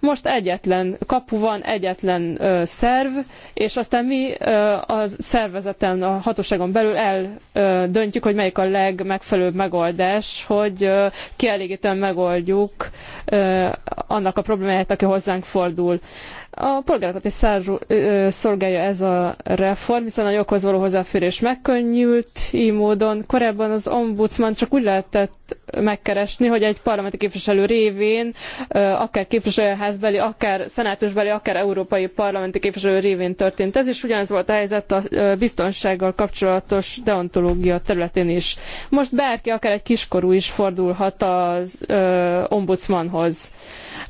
Most egyetlen kapu van, egyetlen ö, szerv, és aztán mi ö, a szervezeten, a hatóságon belül eldöntjük, hogy melyik a legmegfelelőbb megoldás, hogy ö, kielégítően megoldjuk ö, annak a problémáját, aki hozzánk fordul. Ö, a polgárokat is szárul, ö, szolgálja ez a reform, hiszen a joghoz való hozzáférés megkönnyült így módon. Korábban az ombudsman csak úgy lehetett megkeresni, hogy egy parlamenti képviselő révén, ö, akár képviselőházbeli, akár szenátusbeli, akár európai parlamenti képviselő révén történt. Ez is ugyanez volt a helyzet a biztonsággal kapcsolatos deontológia területén is. Most bárki, akár egy kiskorú is fordulhat az ö, ombudsmanhoz.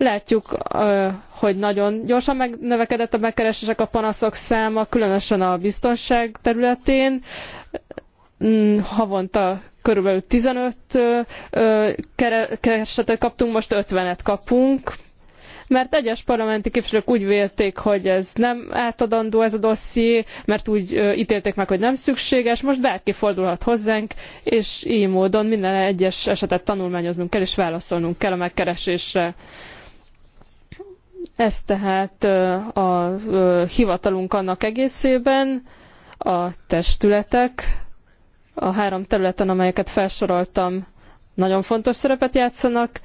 Látjuk, hogy nagyon gyorsan megnövekedett a megkeresések, a panaszok száma, különösen a biztonság területén mm, havonta körülbelül 15 keresetet kaptunk, most 50-et kapunk, mert egyes parlamenti képviselők úgy vélték, hogy ez nem átadandó ez a dosszié, mert úgy ítélték meg, hogy nem szükséges, most bárki fordulhat hozzánk, és így módon minden egyes esetet tanulmányoznunk kell, és válaszolnunk kell a megkeresésre. Ez tehát a hivatalunk annak egészében, a testületek, a három területen, amelyeket felsoroltam, nagyon fontos szerepet játszanak,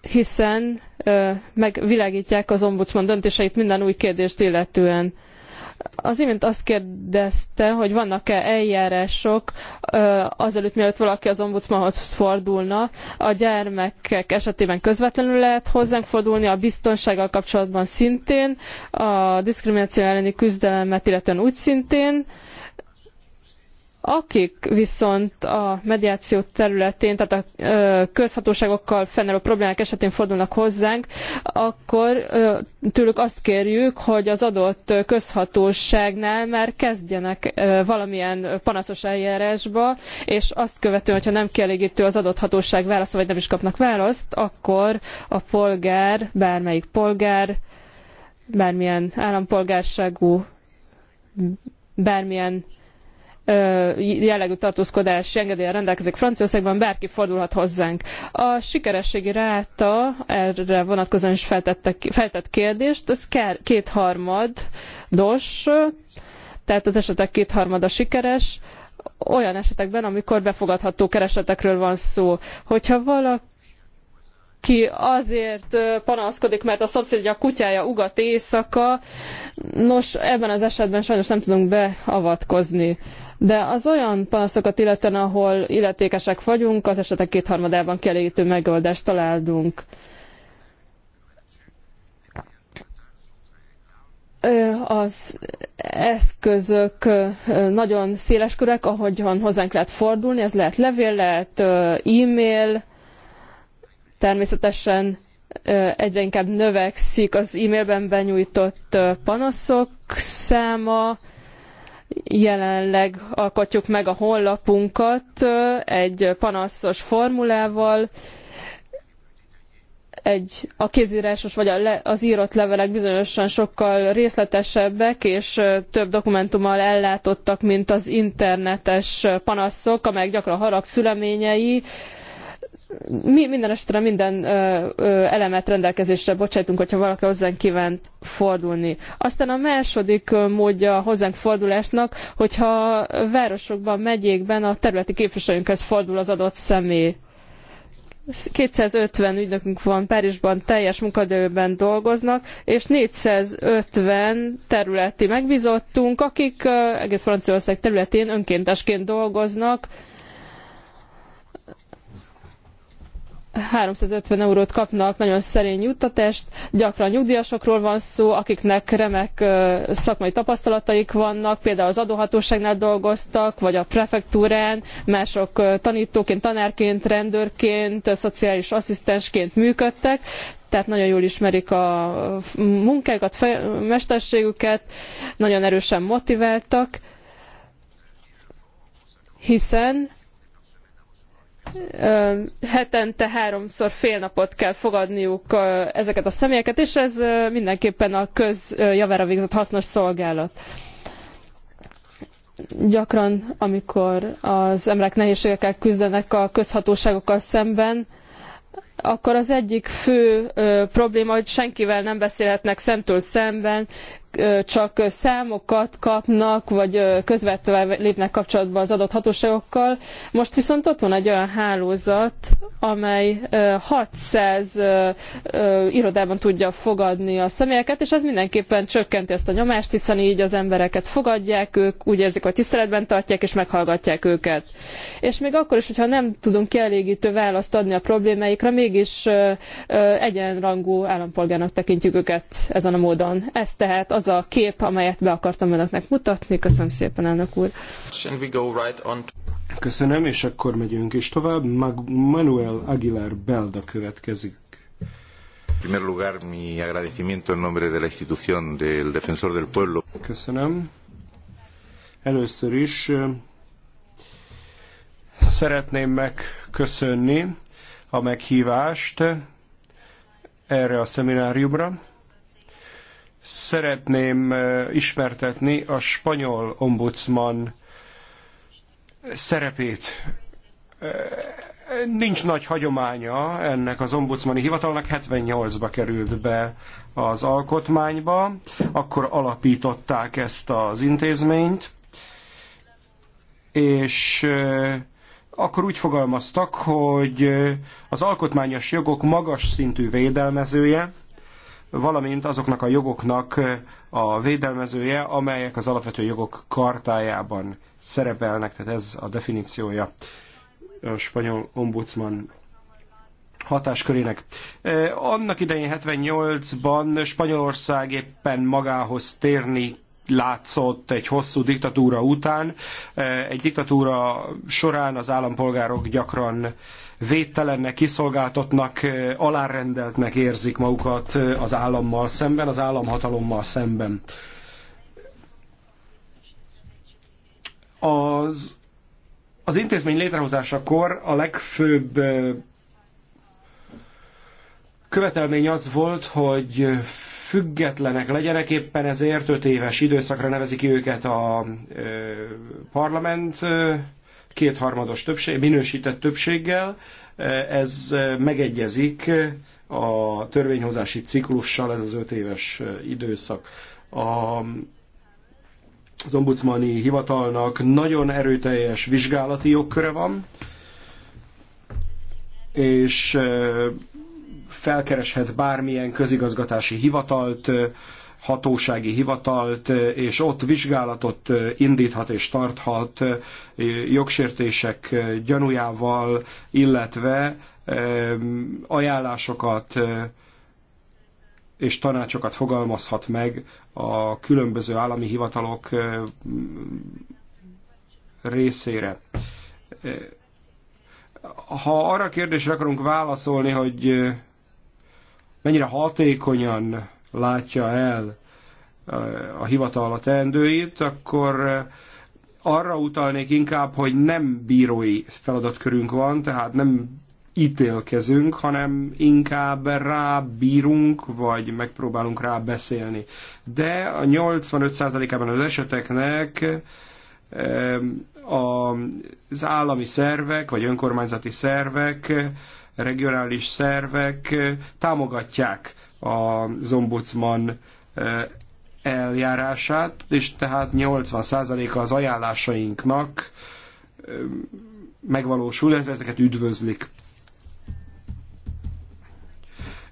hiszen megvilágítják az ombudsman döntéseit minden új kérdést illetően. Az imént azt kérdezte, hogy vannak-e eljárások azelőtt, mielőtt valaki az ombudsmanhoz fordulna. A gyermekek esetében közvetlenül lehet hozzánk fordulni, a biztonsággal kapcsolatban szintén, a diszkrimináció elleni küzdelemet illetően úgy szintén, akik viszont a mediáció területén, tehát a közhatóságokkal fennálló problémák esetén fordulnak hozzánk, akkor tőlük azt kérjük, hogy az adott közhatóságnál már kezdjenek valamilyen panaszos eljárásba, és azt követően, hogyha nem kielégítő az adott hatóság válasza, vagy nem is kapnak választ, akkor a polgár, bármelyik polgár, bármilyen állampolgárságú, bármilyen jellegű tartózkodás engedélye rendelkezik Franciaországban, bárki fordulhat hozzánk. A sikerességi ráta, erre vonatkozóan is feltett kérdést, ez kétharmados, tehát az esetek kétharmada sikeres, olyan esetekben, amikor befogadható keresetekről van szó. Hogyha valaki azért panaszkodik, mert a szomszédja kutyája ugat éjszaka. Nos, ebben az esetben sajnos nem tudunk beavatkozni. De az olyan panaszokat illetően, ahol illetékesek vagyunk, az esetek kétharmadában kielégítő megoldást találunk. az eszközök nagyon széles ahogyan hozzánk lehet fordulni, ez lehet levél, lehet e-mail, természetesen egyre inkább növekszik az e-mailben benyújtott panaszok száma, jelenleg alkotjuk meg a honlapunkat egy panaszos formulával, egy, a kézírásos vagy a le, az írott levelek bizonyosan sokkal részletesebbek és több dokumentummal ellátottak, mint az internetes panaszok, amelyek gyakran harag szüleményei, mi minden esetre minden ö, ö, elemet rendelkezésre bocsájtunk, hogyha valaki hozzánk kívánt fordulni. Aztán a második módja a hozzánk fordulásnak, hogyha városokban, megyékben a területi képviselőnkhez fordul az adott személy. 250 ügynökünk van Párizsban, teljes munkadőben dolgoznak, és 450 területi megbizottunk, akik egész Franciaország területén önkéntesként dolgoznak, 350 eurót kapnak nagyon szerény juttatást, gyakran nyugdíjasokról van szó, akiknek remek szakmai tapasztalataik vannak, például az adóhatóságnál dolgoztak, vagy a prefektúrán, mások tanítóként, tanárként, rendőrként, szociális asszisztensként működtek, tehát nagyon jól ismerik a munkájukat, mesterségüket, nagyon erősen motiváltak, hiszen hetente háromszor fél napot kell fogadniuk ezeket a személyeket, és ez mindenképpen a köz végzett hasznos szolgálat. Gyakran, amikor az emberek nehézségekkel küzdenek a közhatóságokkal szemben, akkor az egyik fő ö, probléma, hogy senkivel nem beszélhetnek szemtől szemben, csak számokat kapnak, vagy közvetve lépnek kapcsolatba az adott hatóságokkal. Most viszont ott van egy olyan hálózat, amely 600 irodában tudja fogadni a személyeket, és ez mindenképpen csökkenti ezt a nyomást, hiszen így az embereket fogadják, ők úgy érzik, hogy tiszteletben tartják, és meghallgatják őket. És még akkor is, hogyha nem tudunk kielégítő választ adni a problémáikra, mégis egyenrangú állampolgárnak tekintjük őket ezen a módon. Ez tehát az az a kép, amelyet be akartam önöknek mutatni. Köszönöm szépen, elnök úr. Köszönöm, és akkor megyünk is tovább. Manuel Aguilar Belda következik. primer lugar, mi agradecimiento en nombre de la institución del Defensor del Pueblo. Köszönöm. Először is szeretném megköszönni a meghívást erre a szemináriumra szeretném ismertetni a spanyol ombudsman szerepét. Nincs nagy hagyománya ennek az ombudsmani hivatalnak, 78-ba került be az alkotmányba, akkor alapították ezt az intézményt, és akkor úgy fogalmaztak, hogy az alkotmányos jogok magas szintű védelmezője, valamint azoknak a jogoknak a védelmezője, amelyek az alapvető jogok kartájában szerepelnek, tehát ez a definíciója a spanyol ombudsman hatáskörének. Eh, annak idején 78-ban Spanyolország éppen magához térni látszott egy hosszú diktatúra után. Egy diktatúra során az állampolgárok gyakran védtelennek, kiszolgáltatnak, alárendeltnek érzik magukat az állammal szemben, az államhatalommal szemben. Az, az intézmény létrehozásakor a legfőbb követelmény az volt, hogy függetlenek legyenek, éppen ezért öt éves időszakra nevezi ki őket a parlament kétharmados többség, minősített többséggel. Ez megegyezik a törvényhozási ciklussal, ez az öt éves időszak. A, az ombudsmani hivatalnak nagyon erőteljes vizsgálati jogköre van, és felkereshet bármilyen közigazgatási hivatalt, hatósági hivatalt, és ott vizsgálatot indíthat és tarthat jogsértések gyanújával, illetve ajánlásokat és tanácsokat fogalmazhat meg a különböző állami hivatalok részére. Ha arra a kérdésre akarunk válaszolni, hogy mennyire hatékonyan látja el eh, a hivatal a teendőit, akkor eh, arra utalnék inkább, hogy nem bírói feladatkörünk van, tehát nem ítélkezünk, hanem inkább rá bírunk vagy megpróbálunk rá beszélni. De a 85%-ában az eseteknek eh, az állami szervek, vagy önkormányzati szervek regionális szervek támogatják az ombudsman eljárását, és tehát 80%-a az ajánlásainknak megvalósul, illetve ezeket üdvözlik.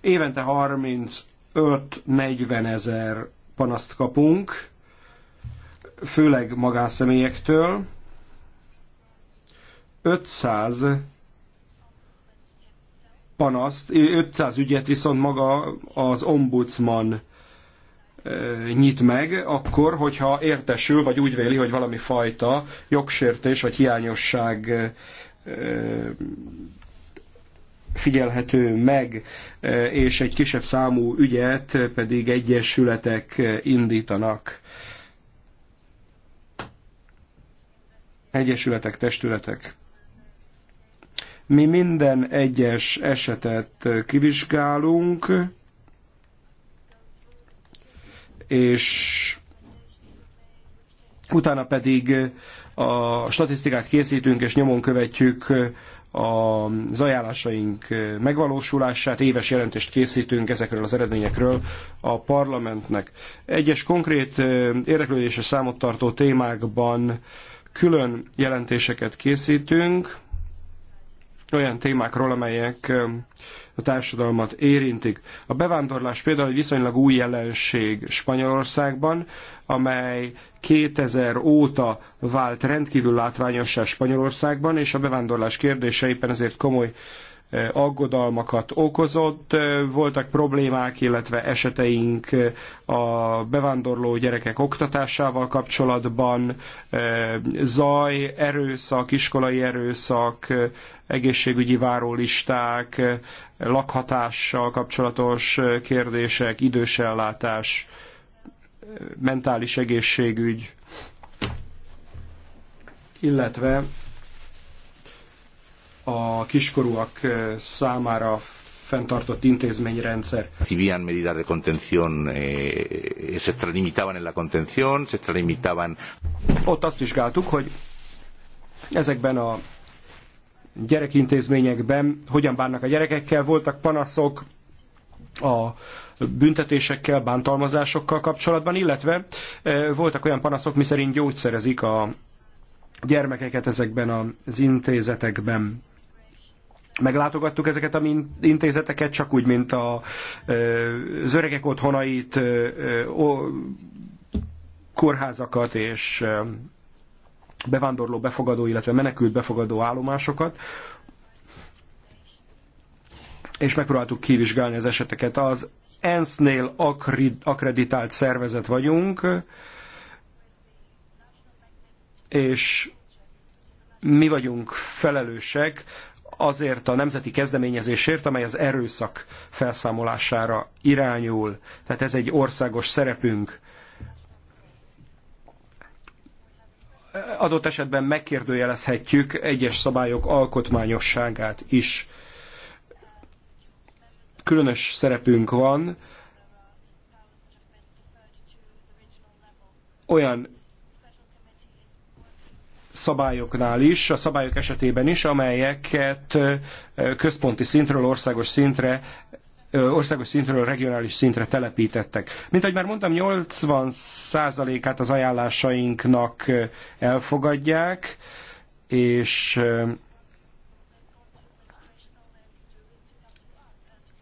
Évente 35-40 ezer panaszt kapunk, főleg magánszemélyektől. 500 panaszt, 500 ügyet viszont maga az ombudsman nyit meg, akkor, hogyha értesül, vagy úgy véli, hogy valami fajta jogsértés vagy hiányosság figyelhető meg, és egy kisebb számú ügyet pedig egyesületek indítanak. Egyesületek, testületek. Mi minden egyes esetet kivizsgálunk, és utána pedig a statisztikát készítünk és nyomon követjük az ajánlásaink megvalósulását, éves jelentést készítünk ezekről az eredményekről a parlamentnek. Egyes konkrét érdeklődésre számot tartó témákban külön jelentéseket készítünk, olyan témákról, amelyek a társadalmat érintik. A bevándorlás például egy viszonylag új jelenség Spanyolországban, amely 2000 óta vált rendkívül látványossá Spanyolországban, és a bevándorlás kérdése éppen ezért komoly Eh, aggodalmakat okozott. Eh, voltak problémák, illetve eseteink eh, a bevándorló gyerekek oktatásával kapcsolatban, zaj, erőszak, iskolai erőszak, egészségügyi várólisták, lakhatással kapcsolatos kérdések, idősellátás, mentális egészségügy, illetve a kiskorúak eh, számára fenntartott intézményrendszer. Si bien medidas de contención eh, se extralimitaban en la contención, se extralimitaban... Ott azt vizsgáltuk, hogy ezekben a gyerekintézményekben hogyan bánnak a gyerekekkel, voltak panaszok a büntetésekkel, bántalmazásokkal kapcsolatban, illetve eh, voltak olyan panaszok, miszerint gyógyszerezik a gyermekeket ezekben az intézetekben meglátogattuk ezeket a intézeteket, csak úgy, mint a, az öregek otthonait, kórházakat és bevándorló befogadó, illetve menekült befogadó állomásokat, és megpróbáltuk kivizsgálni az eseteket. Az ENSZ-nél akreditált szervezet vagyunk, és mi vagyunk felelősek azért a nemzeti kezdeményezésért, amely az erőszak felszámolására irányul. Tehát ez egy országos szerepünk. Adott esetben megkérdőjelezhetjük egyes szabályok alkotmányosságát is. Különös szerepünk van olyan szabályoknál is, a szabályok esetében is, amelyeket központi szintről országos szintre országos szintről regionális szintre telepítettek. Mint ahogy már mondtam, 80%-át az ajánlásainknak elfogadják, és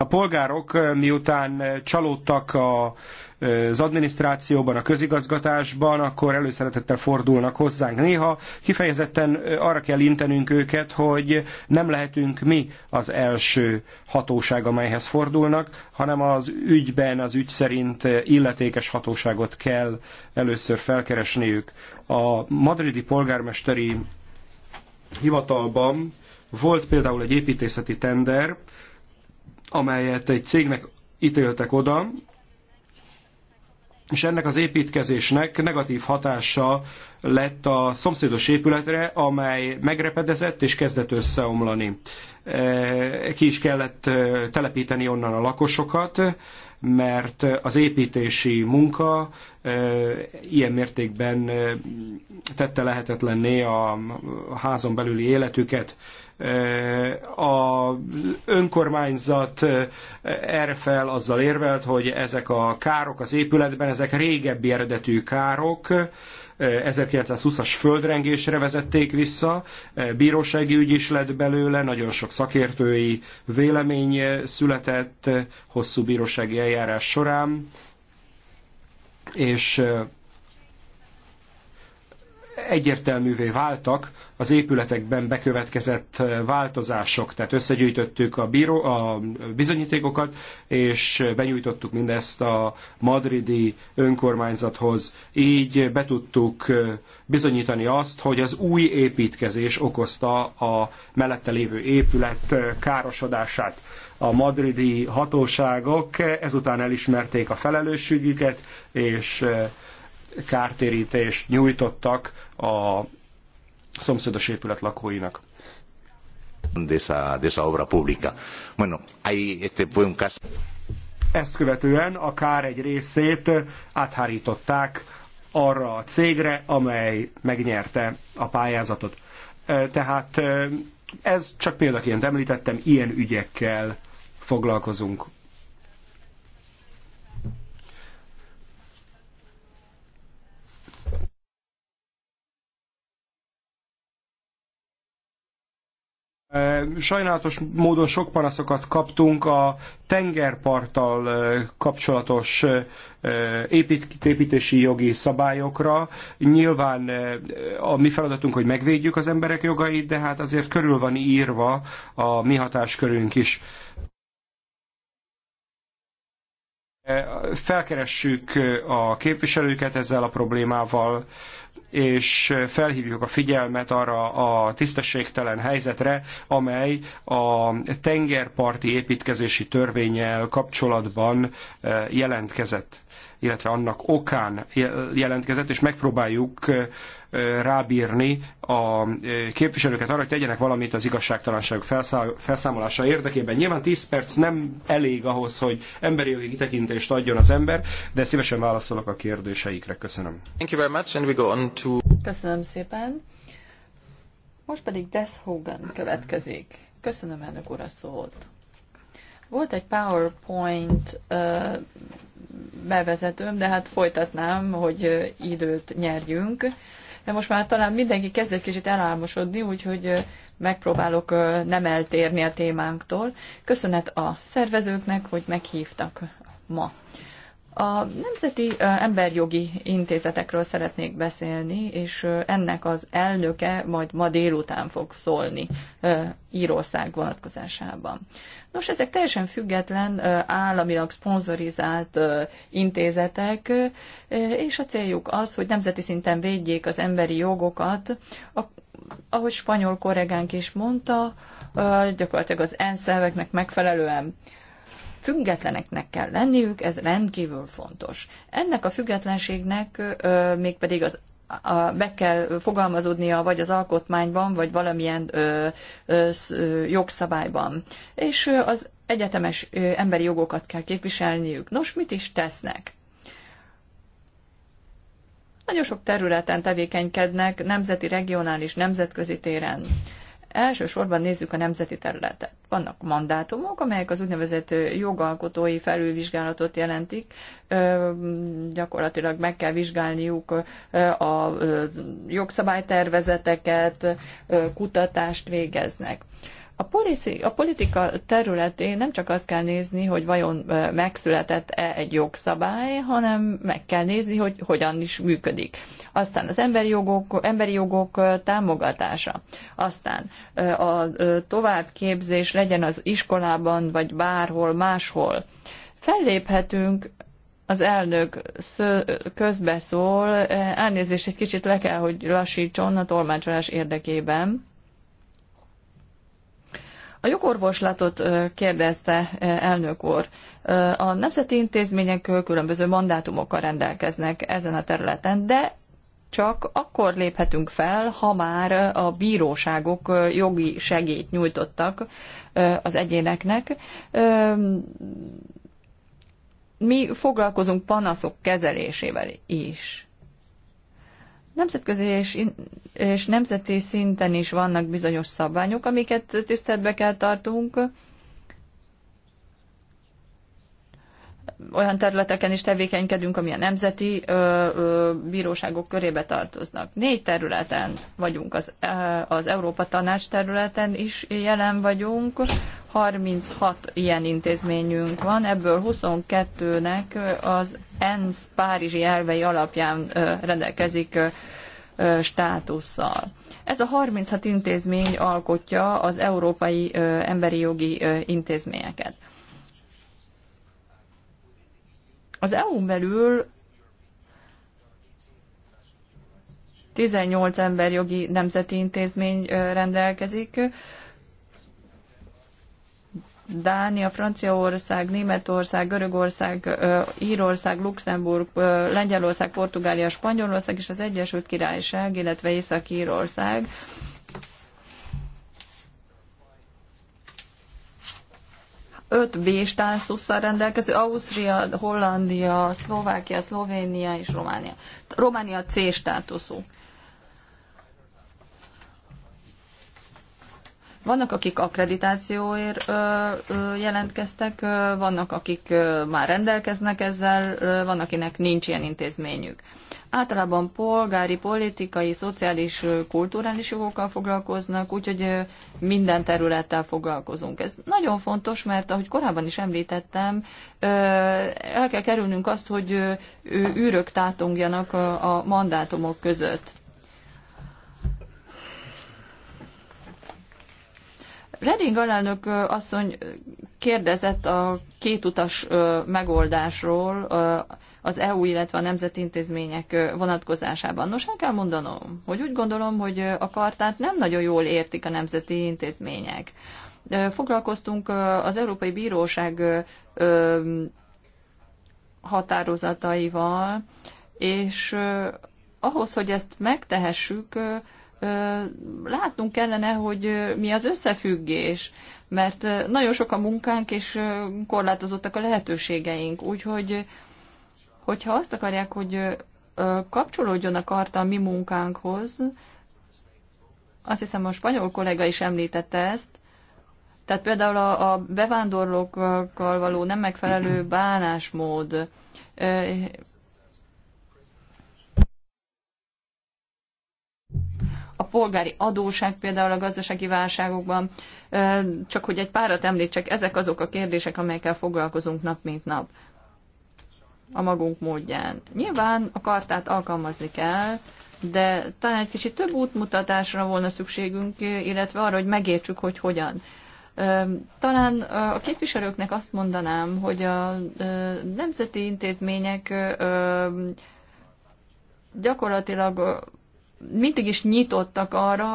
a polgárok eh, miután eh, csalódtak a, eh, az adminisztrációban, a közigazgatásban, akkor előszeretettel fordulnak hozzánk. Néha kifejezetten arra kell intenünk őket, hogy nem lehetünk mi az első hatóság, amelyhez fordulnak, hanem az ügyben, az ügy szerint illetékes hatóságot kell először felkeresniük. A madridi polgármesteri hivatalban volt például egy építészeti tender, amelyet egy cégnek ítéltek oda, és ennek az építkezésnek negatív hatása lett a szomszédos épületre, amely megrepedezett és kezdett összeomlani. E, ki is kellett e, telepíteni onnan a lakosokat, mert az építési munka e, ilyen mértékben tette lehetetlenné a házon belüli életüket. A önkormányzat erre fel azzal érvelt, hogy ezek a károk az épületben, ezek régebbi eredetű károk, 1920-as földrengésre vezették vissza, bírósági ügy is lett belőle, nagyon sok szakértői vélemény született hosszú bírósági eljárás során, és egyértelművé váltak az épületekben bekövetkezett változások. Tehát összegyűjtöttük a, bíró, a bizonyítékokat, és benyújtottuk mindezt a madridi önkormányzathoz. Így be tudtuk bizonyítani azt, hogy az új építkezés okozta a mellette lévő épület károsodását a madridi hatóságok ezután elismerték a felelősségüket, és kártérítést nyújtottak a szomszédos épület lakóinak. De esa, de esa obra pública. Bueno, ahí este fue un caso. Ezt követően a kár egy részét áthárították arra a cégre, amely megnyerte a pályázatot. Tehát ez csak példaként említettem, ilyen ügyekkel foglalkozunk. Sajnálatos módon sok panaszokat kaptunk a tengerparttal kapcsolatos építési jogi szabályokra. Nyilván a mi feladatunk, hogy megvédjük az emberek jogait, de hát azért körül van írva a mi hatáskörünk is. Felkeressük a képviselőket ezzel a problémával, és felhívjuk a figyelmet arra a tisztességtelen helyzetre, amely a tengerparti építkezési törvényel kapcsolatban eh, jelentkezett illetve annak okán jelentkezett, és megpróbáljuk rábírni a képviselőket arra, hogy tegyenek valamit az igazságtalanság felszámolása érdekében. Nyilván 10 perc nem elég ahhoz, hogy emberi jogi kitekintést adjon az ember, de szívesen válaszolok a kérdéseikre. Köszönöm. Thank you very much, and we go on to... Köszönöm szépen. Most pedig Des Hogan következik. Köszönöm elnök úr a szót. Volt egy PowerPoint uh, bevezetőm, de hát folytatnám, hogy időt nyerjünk. De most már talán mindenki kezd egy kicsit elálmosodni, úgyhogy megpróbálok nem eltérni a témánktól. Köszönet a szervezőknek, hogy meghívtak ma. A Nemzeti Emberjogi Intézetekről szeretnék beszélni, és ennek az elnöke majd ma délután fog szólni Írország vonatkozásában. Nos, ezek teljesen független, államilag szponzorizált intézetek, és a céljuk az, hogy nemzeti szinten védjék az emberi jogokat. Ahogy spanyol korregánk is mondta, gyakorlatilag az ENSZ elveknek megfelelően függetleneknek kell lenniük, ez rendkívül fontos. Ennek a függetlenségnek mégpedig az meg kell fogalmazódnia vagy az alkotmányban, vagy valamilyen ö, ö, jogszabályban. És az egyetemes ö, emberi jogokat kell képviselniük. Nos, mit is tesznek? Nagyon sok területen tevékenykednek, nemzeti, regionális, nemzetközi téren elsősorban nézzük a nemzeti területet. Vannak mandátumok, amelyek az úgynevezett jogalkotói felülvizsgálatot jelentik. Gyakorlatilag meg kell vizsgálniuk a jogszabálytervezeteket, kutatást végeznek. A, policy, a politika területén nem csak azt kell nézni, hogy vajon megszületett-e egy jogszabály, hanem meg kell nézni, hogy hogyan is működik. Aztán az emberi jogok, emberi jogok támogatása. Aztán a továbbképzés legyen az iskolában, vagy bárhol máshol. Felléphetünk az elnök közbeszól, elnézést egy kicsit le kell, hogy lassítson a tolmácsolás érdekében. A jogorvoslatot kérdezte elnök úr. A nemzeti intézmények különböző mandátumokkal rendelkeznek ezen a területen, de csak akkor léphetünk fel, ha már a bíróságok jogi segélyt nyújtottak az egyéneknek. Mi foglalkozunk panaszok kezelésével is. Nemzetközi és, és nemzeti szinten is vannak bizonyos szabványok, amiket tiszteletbe kell tartunk, olyan területeken is tevékenykedünk, ami a nemzeti ö, ö, bíróságok körébe tartoznak. Négy területen vagyunk, az, az Európa Tanács területen is jelen vagyunk, 36 ilyen intézményünk van, ebből 22-nek az ENSZ Párizsi elvei alapján rendelkezik státusszal. Ez a 36 intézmény alkotja az európai emberi jogi intézményeket. Az EU-n belül 18 emberjogi nemzeti intézmény rendelkezik, Dánia, Franciaország, Németország, Görögország, Írország, Luxemburg, Lengyelország, Portugália, Spanyolország és az Egyesült Királyság, illetve Észak-Írország öt B státuszzal rendelkező, Ausztria, Hollandia, Szlovákia, Szlovénia és Románia. Románia C státuszú. Vannak, akik akkreditációért ö, ö, jelentkeztek, ö, vannak, akik ö, már rendelkeznek ezzel, ö, van, akinek nincs ilyen intézményük általában polgári, politikai, szociális, kulturális jogokkal foglalkoznak, úgyhogy minden területtel foglalkozunk. Ez nagyon fontos, mert ahogy korábban is említettem, el kell kerülnünk azt, hogy űrök tátongjanak a mandátumok között. Reding alelnök asszony kérdezett a kétutas megoldásról, az EU, illetve a nemzeti intézmények vonatkozásában. Nos, el kell mondanom, hogy úgy gondolom, hogy a kartát nem nagyon jól értik a nemzeti intézmények. Foglalkoztunk az Európai Bíróság határozataival, és ahhoz, hogy ezt megtehessük, látnunk kellene, hogy mi az összefüggés, mert nagyon sok a munkánk, és korlátozottak a lehetőségeink, úgyhogy hogyha azt akarják, hogy kapcsolódjon a karta a mi munkánkhoz, azt hiszem a spanyol kollega is említette ezt, tehát például a, a bevándorlókkal való nem megfelelő bánásmód, a polgári adóság például a gazdasági válságokban, csak hogy egy párat említsek, ezek azok a kérdések, amelyekkel foglalkozunk nap mint nap a magunk módján. Nyilván a kartát alkalmazni kell, de talán egy kicsit több útmutatásra volna szükségünk, illetve arra, hogy megértsük, hogy hogyan. Talán a képviselőknek azt mondanám, hogy a nemzeti intézmények gyakorlatilag mindig is nyitottak arra,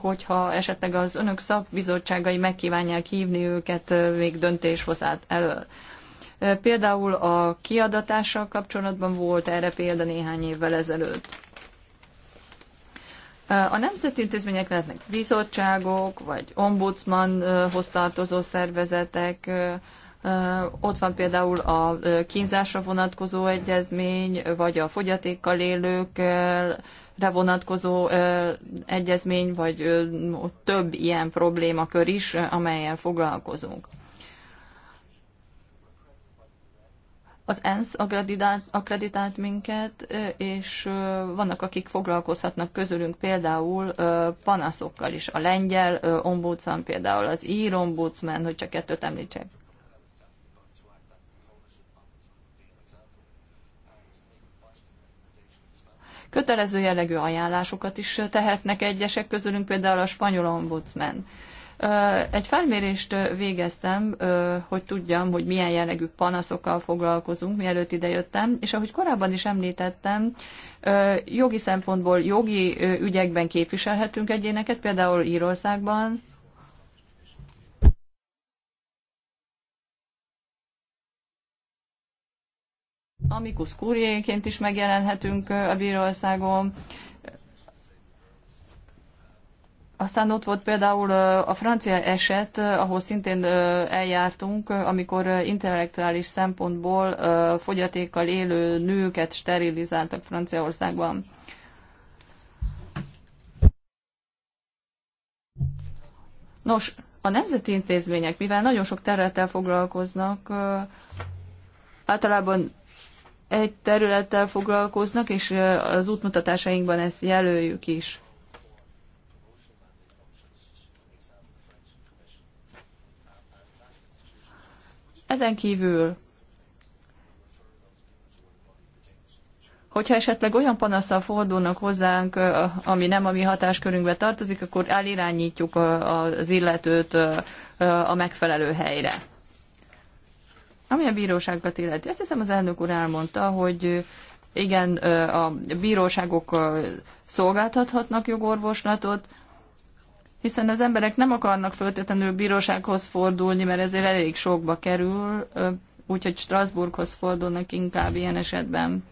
hogyha esetleg az önök szakbizottságai megkívánják hívni őket még döntéshozát elől. Például a kiadatással kapcsolatban volt erre példa néhány évvel ezelőtt. A nemzeti intézmények lehetnek bizottságok, vagy ombudsmanhoz tartozó szervezetek, ott van például a kínzásra vonatkozó egyezmény, vagy a fogyatékkal élőkre vonatkozó egyezmény, vagy több ilyen problémakör is, amelyen foglalkozunk. az ENSZ akreditált, akreditált minket, és vannak, akik foglalkozhatnak közülünk például panaszokkal is. A lengyel ombudsman, például az ír ombudsman, hogy csak kettőt említsek. Kötelező jellegű ajánlásokat is tehetnek egyesek közülünk, például a spanyol ombudsman. Egy felmérést végeztem, hogy tudjam, hogy milyen jellegű panaszokkal foglalkozunk, mielőtt idejöttem, és ahogy korábban is említettem, jogi szempontból jogi ügyekben képviselhetünk egyéneket, például Írországban, Amikus kurjéként is megjelenhetünk a bíróországon, aztán ott volt például a francia eset, ahol szintén eljártunk, amikor intellektuális szempontból fogyatékkal élő nőket sterilizáltak Franciaországban. Nos, a nemzeti intézmények, mivel nagyon sok területtel foglalkoznak, általában egy területtel foglalkoznak, és az útmutatásainkban ezt jelöljük is. Ezen kívül, hogyha esetleg olyan panaszsal fordulnak hozzánk, ami nem a mi hatáskörünkbe tartozik, akkor elirányítjuk az illetőt a megfelelő helyre. Ami a bíróságokat illeti, azt hiszem az elnök úr elmondta, hogy igen, a bíróságok szolgáltathatnak jogorvoslatot, hiszen az emberek nem akarnak föltétlenül bírósághoz fordulni, mert ezért elég sokba kerül, úgyhogy Strasbourghoz fordulnak inkább ilyen esetben.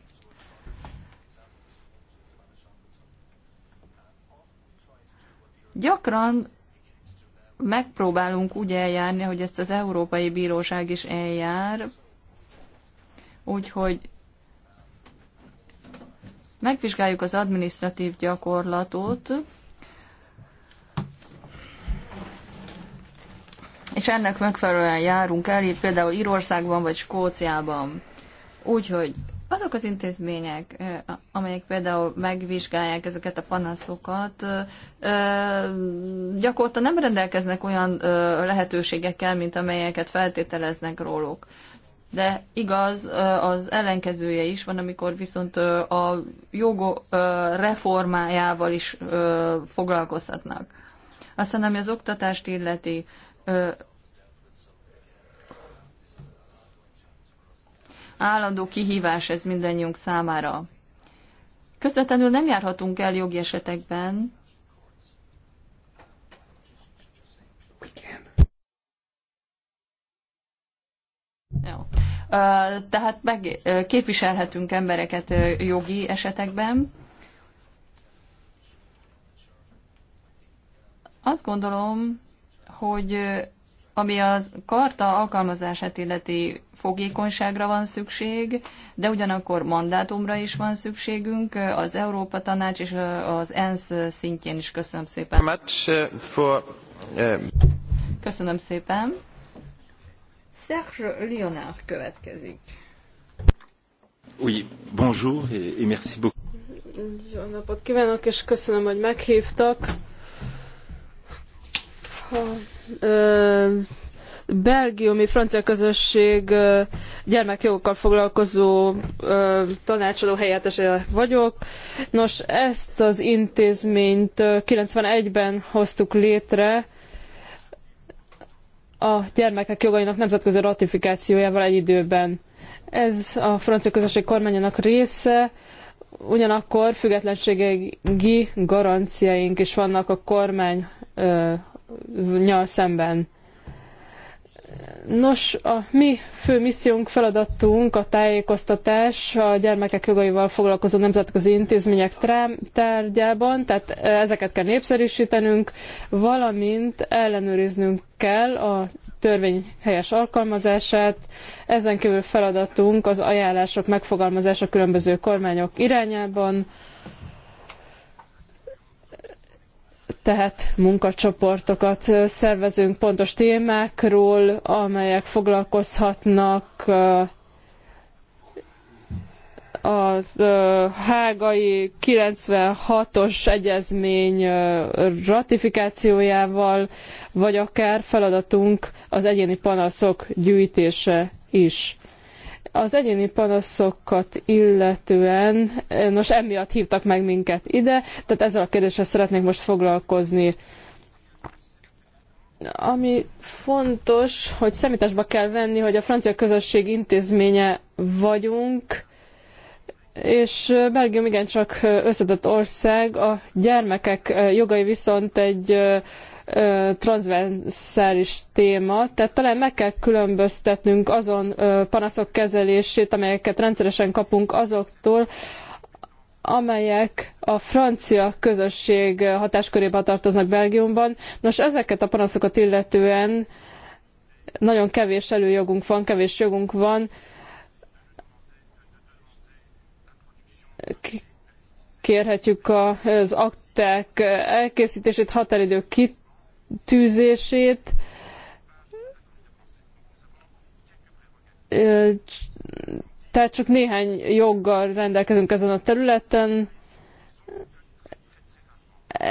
Gyakran megpróbálunk úgy eljárni, hogy ezt az Európai Bíróság is eljár, úgyhogy megvizsgáljuk az administratív gyakorlatot, és ennek megfelelően járunk el, például Írországban vagy Skóciában. Úgyhogy azok az intézmények, amelyek például megvizsgálják ezeket a panaszokat, gyakorta nem rendelkeznek olyan lehetőségekkel, mint amelyeket feltételeznek róluk. De igaz, az ellenkezője is van, amikor viszont a jogo reformájával is foglalkozhatnak. Aztán, ami az oktatást illeti, állandó kihívás ez mindannyiunk számára. Közvetlenül nem járhatunk el jogi esetekben. Jó. Tehát meg képviselhetünk embereket jogi esetekben. Azt gondolom, hogy ami az karta alkalmazását illeti fogékonyságra van szükség, de ugyanakkor mandátumra is van szükségünk az Európa Tanács és az ENSZ szintjén is. Köszönöm szépen. Köszönöm szépen. Serge Léonard következik. Oui, bonjour et merci beaucoup. Jó napot kívánok, és köszönöm, hogy meghívtak belgiumi francia közösség gyermekjogokkal foglalkozó tanácsadó helyettese vagyok. Nos, ezt az intézményt 91-ben hoztuk létre a gyermekek jogainak nemzetközi ratifikációjával egy időben. Ez a francia közösség kormányának része, ugyanakkor függetlenségi garanciáink is vannak a kormány nyal szemben. Nos, a mi fő missziónk, feladatunk a tájékoztatás a gyermekek jogaival foglalkozó nemzetközi intézmények tárgyában, tehát e, ezeket kell népszerűsítenünk, valamint ellenőriznünk kell a törvény helyes alkalmazását. Ezen kívül feladatunk az ajánlások megfogalmazása különböző kormányok irányában, tehát munkacsoportokat szervezünk pontos témákról, amelyek foglalkozhatnak az hágai 96-os egyezmény ratifikációjával, vagy akár feladatunk az egyéni panaszok gyűjtése is. Az egyéni panaszokat illetően, eh, nos emiatt hívtak meg minket ide, tehát ezzel a kérdéssel szeretnék most foglalkozni. Ami fontos, hogy szemításba kell venni, hogy a francia közösség intézménye vagyunk, és eh, Belgium igencsak eh, összetett ország, a gyermekek jogai viszont egy transzverszális téma, tehát talán meg kell különböztetnünk azon panaszok kezelését, amelyeket rendszeresen kapunk azoktól, amelyek a francia közösség hatáskörébe tartoznak Belgiumban. Nos, ezeket a panaszokat illetően nagyon kevés előjogunk van, kevés jogunk van. Kérhetjük az akták elkészítését, határidők kit tűzését Tehát csak néhány joggal rendelkezünk ezen a területen,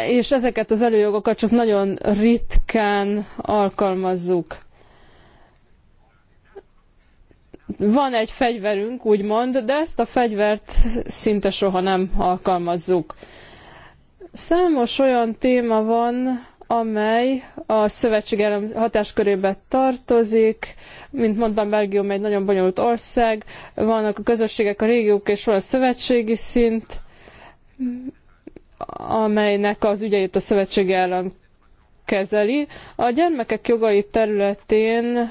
és ezeket az előjogokat csak nagyon ritkán alkalmazzuk van egy fegyverünk, úgymond, de ezt a fegyvert szinte soha nem alkalmazzuk. Számos olyan téma van, amely a szövetség hatáskörébe tartozik. Mint mondtam, Belgium egy nagyon bonyolult ország, vannak a közösségek, a régiók és van a szövetségi szint, amelynek az ügyeit a szövetség ellen kezeli. A gyermekek jogai területén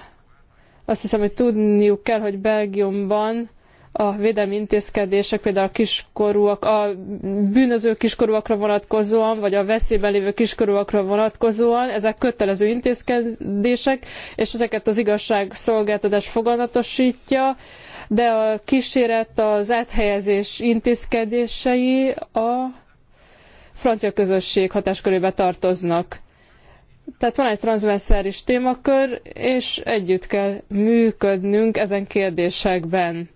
azt hiszem, hogy tudniuk kell, hogy Belgiumban a védelmi intézkedések, például a kiskorúak, a bűnöző kiskorúakra vonatkozóan, vagy a veszélyben lévő kiskorúakra vonatkozóan, ezek kötelező intézkedések, és ezeket az igazságszolgáltatás foganatosítja, de a kíséret az áthelyezés intézkedései a francia közösség hatáskörébe tartoznak. Tehát van egy transzverszális témakör, és együtt kell működnünk ezen kérdésekben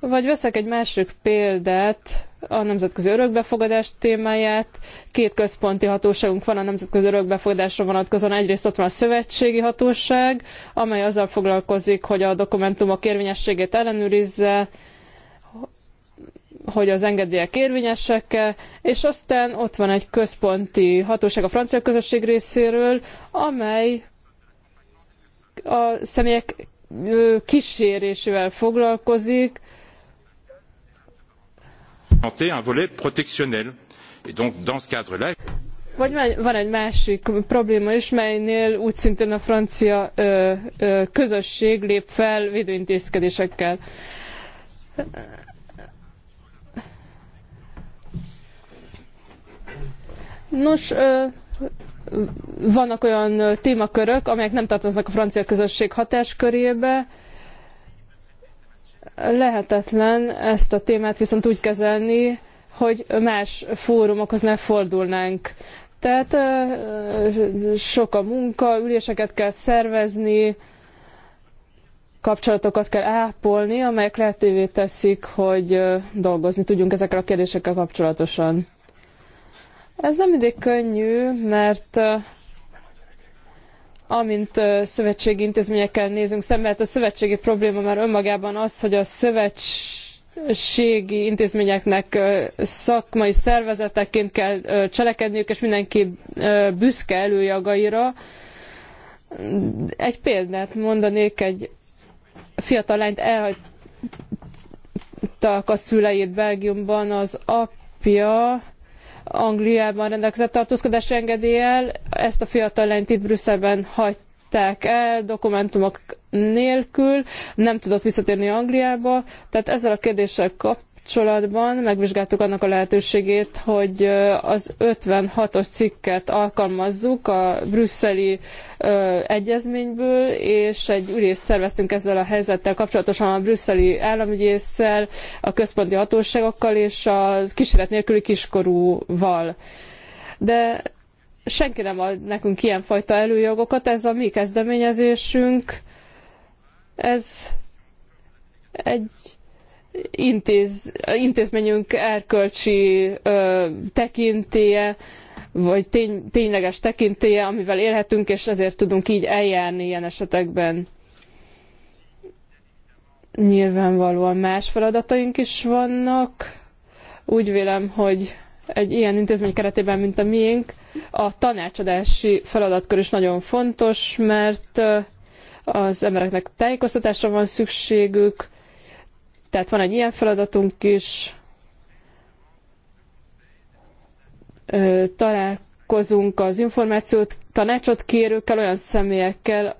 vagy veszek egy másik példát, a nemzetközi örökbefogadás témáját. Két központi hatóságunk van a nemzetközi örökbefogadásra vonatkozóan. Egyrészt ott van a szövetségi hatóság, amely azzal foglalkozik, hogy a dokumentumok érvényességét ellenőrizze, hogy az engedélyek érvényesek -e, és aztán ott van egy központi hatóság a francia közösség részéről, amely a személyek kísérésével foglalkozik, un volet protectionnel. Et donc, dans ce cadre-là... Vagy van egy másik probléma is, melynél úgy szintén a francia ö, ö, közösség lép fel védőintézkedésekkel. Nos, ö, vannak olyan témakörök, amelyek nem tartoznak a francia közösség hatáskörébe, Lehetetlen ezt a témát viszont úgy kezelni, hogy más fórumokhoz ne fordulnánk. Tehát sok a munka, üléseket kell szervezni, kapcsolatokat kell ápolni, amelyek lehetővé teszik, hogy dolgozni tudjunk ezekkel a kérdésekkel kapcsolatosan. Ez nem mindig könnyű, mert amint szövetségi intézményekkel nézünk szembe, hát a szövetségi probléma már önmagában az, hogy a szövetségi intézményeknek szakmai szervezetekként kell cselekedniük, és mindenki büszke előjagaira. Egy példát mondanék, egy fiatal lányt elhagytak a szüleit Belgiumban, az apja Angliában rendelkezett tartózkodási engedéllyel. Ezt a fiatal lányt itt Brüsszelben hagyták el, dokumentumok nélkül, nem tudott visszatérni Angliába. Tehát ezzel a kérdéssel kap kapcsolatban megvizsgáltuk annak a lehetőségét, hogy az 56-os cikket alkalmazzuk a brüsszeli ö, egyezményből, és egy ülést szerveztünk ezzel a helyzettel kapcsolatosan a brüsszeli államügyésszel, a központi hatóságokkal és a kísérlet nélküli kiskorúval. De senki nem ad nekünk ilyenfajta előjogokat, ez a mi kezdeményezésünk, ez egy intéz, intézményünk erkölcsi ö, tekintéje, vagy tény, tényleges tekintéje, amivel élhetünk, és ezért tudunk így eljárni ilyen esetekben. Nyilvánvalóan más feladataink is vannak. Úgy vélem, hogy egy ilyen intézmény keretében, mint a miénk, a tanácsadási feladatkör is nagyon fontos, mert az embereknek tájékoztatásra van szükségük, tehát van egy ilyen feladatunk is, találkozunk az információt, tanácsot kérőkkel, olyan személyekkel,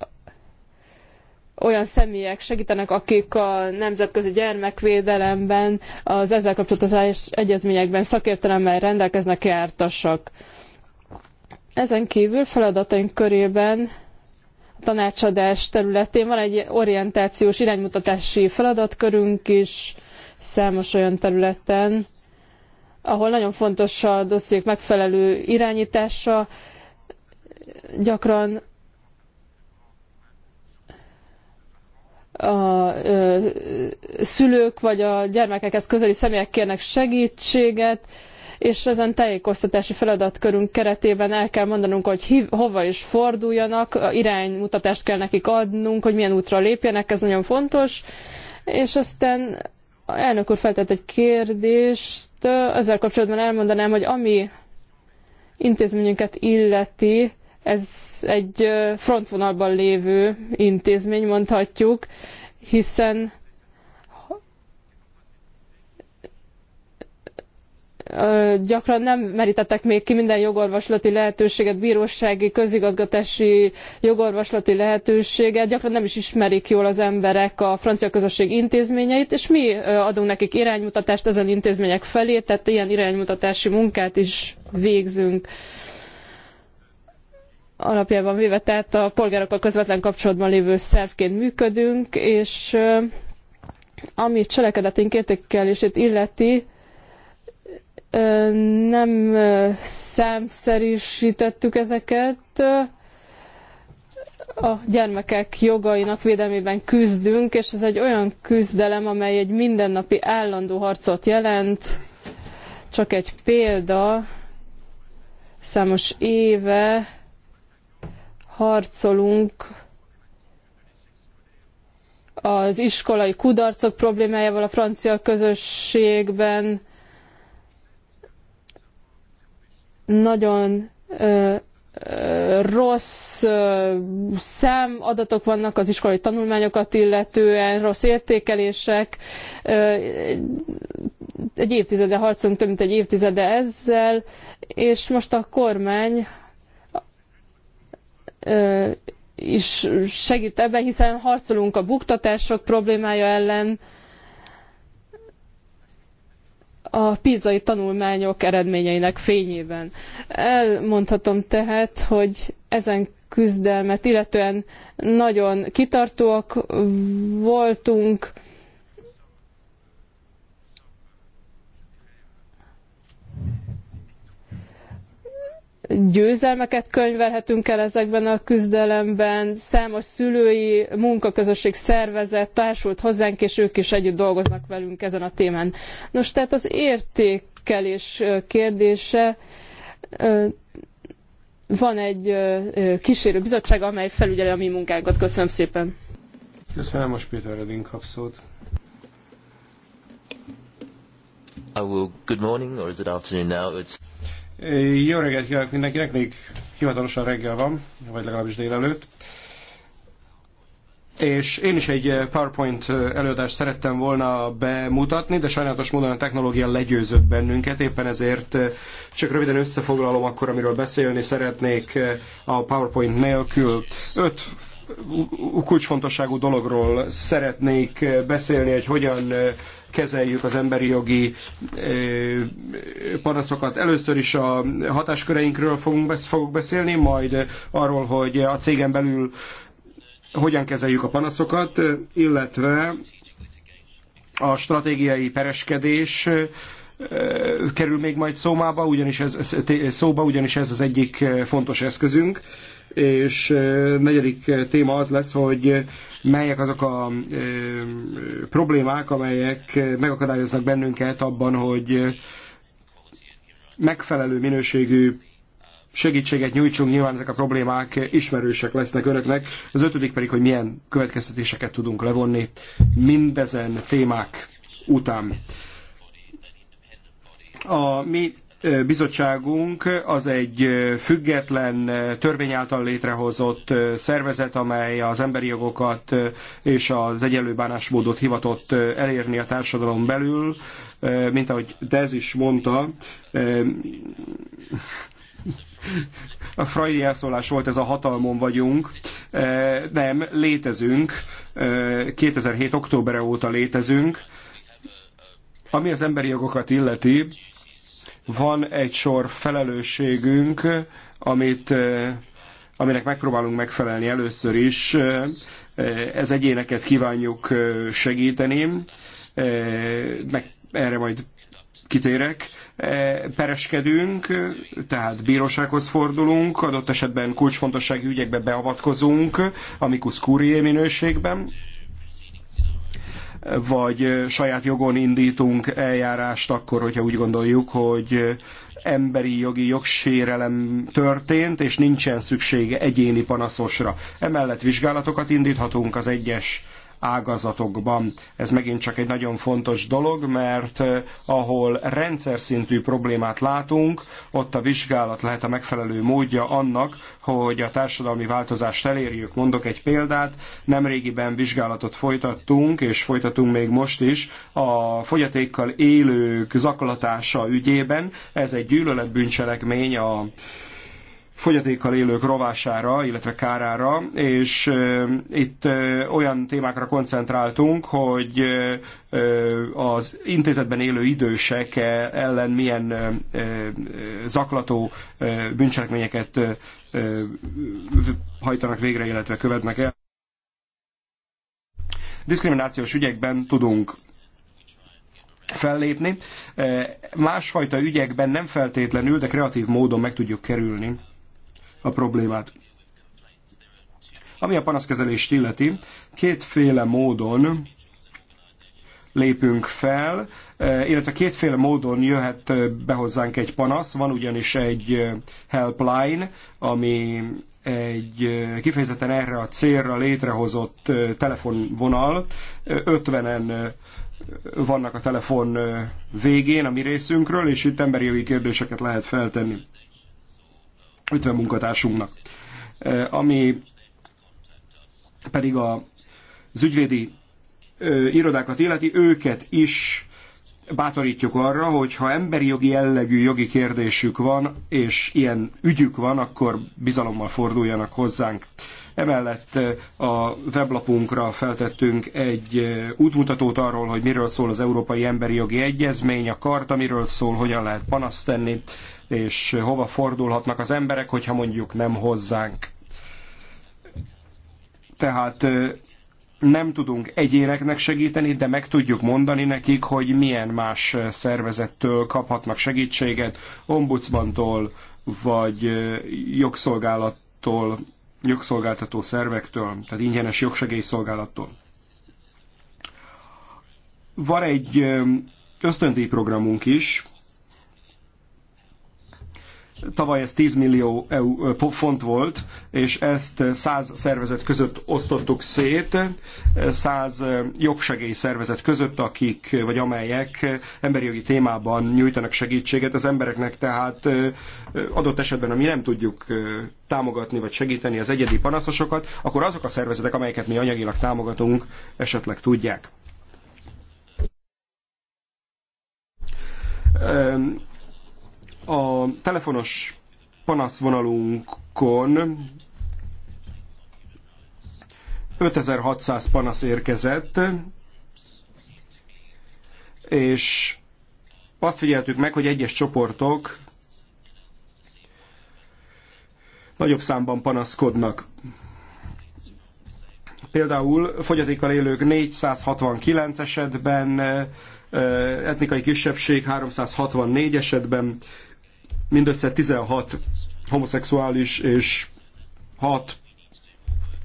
olyan személyek segítenek, akik a nemzetközi gyermekvédelemben, az ezzel kapcsolatos egyezményekben szakértelemmel rendelkeznek jártasak. Ezen kívül feladataink körében tanácsadás területén. Van egy orientációs iránymutatási feladatkörünk is számos olyan területen, ahol nagyon fontos a dossziék megfelelő irányítása. Gyakran a szülők vagy a gyermekekhez közeli személyek kérnek segítséget, és ezen tájékoztatási feladatkörünk keretében el kell mondanunk, hogy hova is forduljanak, iránymutatást kell nekik adnunk, hogy milyen útra lépjenek, ez nagyon fontos. És aztán elnök úr feltett egy kérdést, ezzel kapcsolatban elmondanám, hogy ami intézményünket illeti, ez egy frontvonalban lévő intézmény, mondhatjuk, hiszen gyakran nem merítettek még ki minden jogorvoslati lehetőséget, bírósági, közigazgatási jogorvoslati lehetőséget, gyakran nem is ismerik jól az emberek a francia közösség intézményeit, és mi adunk nekik iránymutatást ezen intézmények felé, tehát ilyen iránymutatási munkát is végzünk alapjában véve, tehát a polgárokkal közvetlen kapcsolatban lévő szervként működünk, és ami cselekedetünk értékelését illeti, nem számszerűsítettük ezeket. A gyermekek jogainak védelmében küzdünk, és ez egy olyan küzdelem, amely egy mindennapi állandó harcot jelent. Csak egy példa, számos éve harcolunk az iskolai kudarcok problémájával a francia közösségben, nagyon ö, rossz számadatok vannak az iskolai tanulmányokat illetően, rossz értékelések. Egy évtizede harcolunk, több mint egy évtizede ezzel, és most a kormány is segít ebben, hiszen harcolunk a buktatások problémája ellen, a pizzai tanulmányok eredményeinek fényében. Elmondhatom tehát, hogy ezen küzdelmet, illetően nagyon kitartóak voltunk, győzelmeket könyvelhetünk el ezekben a küzdelemben. Számos szülői munkaközösség szervezet társult hozzánk, és ők is együtt dolgoznak velünk ezen a témán. Nos, tehát az értékelés kérdése van egy kísérő bizottság, amely felügyeli a mi munkánkat. Köszönöm szépen. Köszönöm, most Péter Redin kap szót. Oh, good morning, or is it afternoon now? It's... Jó reggelt kívánok mindenkinek, még hivatalosan reggel van, vagy legalábbis délelőtt. És én is egy PowerPoint előadást szerettem volna bemutatni, de sajnálatos módon a technológia legyőzött bennünket, éppen ezért csak röviden összefoglalom akkor, amiről beszélni szeretnék a PowerPoint nélkül. Öt kulcsfontosságú dologról szeretnék beszélni, hogy hogyan kezeljük az emberi jogi panaszokat. Először is a hatásköreinkről fogunk, fogok beszélni, majd arról, hogy a cégen belül hogyan kezeljük a panaszokat, illetve a stratégiai pereskedés kerül még majd szómába, ugyanis ez, szóba, ugyanis ez az egyik fontos eszközünk és negyedik téma az lesz, hogy melyek azok a problémák, amelyek megakadályoznak bennünket abban, hogy megfelelő minőségű segítséget nyújtsunk, nyilván ezek a problémák ismerősek lesznek önöknek. Az ötödik pedig, hogy milyen következtetéseket tudunk levonni mindezen témák után. A mi bizottságunk az egy független, törvény által létrehozott szervezet, amely az emberi jogokat és az egyenlő bánásmódot hivatott elérni a társadalom belül, mint ahogy Dez is mondta, a Freudi elszólás volt, ez a hatalmon vagyunk. Nem, létezünk. 2007. október óta létezünk. Ami az emberi jogokat illeti, van egy sor felelősségünk, amit, eh, aminek megpróbálunk megfelelni először is. Eh, ez egyéneket kívánjuk eh, segíteni, meg erre majd kitérek, pereskedünk, tehát bírósághoz fordulunk, adott esetben kulcsfontosságú ügyekbe beavatkozunk, amikus kurié minőségben, vagy saját jogon indítunk eljárást akkor, hogyha úgy gondoljuk, hogy emberi jogi jogsérelem történt, és nincsen szüksége egyéni panaszosra. Emellett vizsgálatokat indíthatunk az egyes ágazatokban. Ez megint csak egy nagyon fontos dolog, mert eh, ahol rendszer szintű problémát látunk, ott a vizsgálat lehet a megfelelő módja annak, hogy a társadalmi változást elérjük. Mondok egy példát, nemrégiben vizsgálatot folytattunk, és folytatunk még most is, a fogyatékkal élők zaklatása ügyében. Ez egy gyűlöletbűncselekmény a fogyatékkal élők rovására, illetve kárára, és itt olyan témákra koncentráltunk, hogy az intézetben élő idősek e, ellen milyen zaklató bűncselekményeket hajtanak végre, illetve követnek el. Diszkriminációs ügyekben tudunk fellépni. Másfajta ügyekben nem feltétlenül, de kreatív módon meg tudjuk kerülni a problémát. Ami a panaszkezelést illeti, kétféle módon lépünk fel, eh, illetve kétféle módon jöhet eh, be hozzánk egy panasz. Van ugyanis egy eh, helpline, ami egy kifejezetten erre a célra létrehozott telefonvonal. 50-en vannak a telefon végén a mi részünkről, és itt emberi jogi kérdéseket lehet feltenni. 50 munkatársunknak. E, ami pedig a, az ügyvédi ö, irodákat illeti, őket is bátorítjuk arra, hogy ha emberi jogi jellegű jogi kérdésük van, és ilyen ügyük van, akkor bizalommal forduljanak hozzánk. Emellett a weblapunkra feltettünk egy útmutatót arról, hogy miről szól az Európai Emberi Jogi Egyezmény, a karta miről szól, hogyan lehet panaszt tenni, és hova fordulhatnak az emberek, hogyha mondjuk nem hozzánk. Tehát nem tudunk egyéneknek segíteni, de meg tudjuk mondani nekik, hogy milyen más szervezettől kaphatnak segítséget, ombudsmantól, vagy jogszolgálattól, jogszolgáltató szervektől, tehát ingyenes jogsegélyszolgálattól. Van egy ösztöndíjprogramunk is, Tavaly ez 10 millió EU, font volt, és ezt 100 szervezet között osztottuk szét, 100 jogsegély szervezet között, akik vagy amelyek emberi jogi témában nyújtanak segítséget az embereknek, tehát adott esetben, ami nem tudjuk támogatni vagy segíteni az egyedi panaszosokat, akkor azok a szervezetek, amelyeket mi anyagilag támogatunk, esetleg tudják a telefonos panaszvonalunkon 5600 panasz érkezett, és azt figyeltük meg, hogy egyes csoportok nagyobb számban panaszkodnak. Például fogyatékkal élők 469 esetben, etnikai kisebbség 364 esetben, mindössze 16 homoszexuális és 6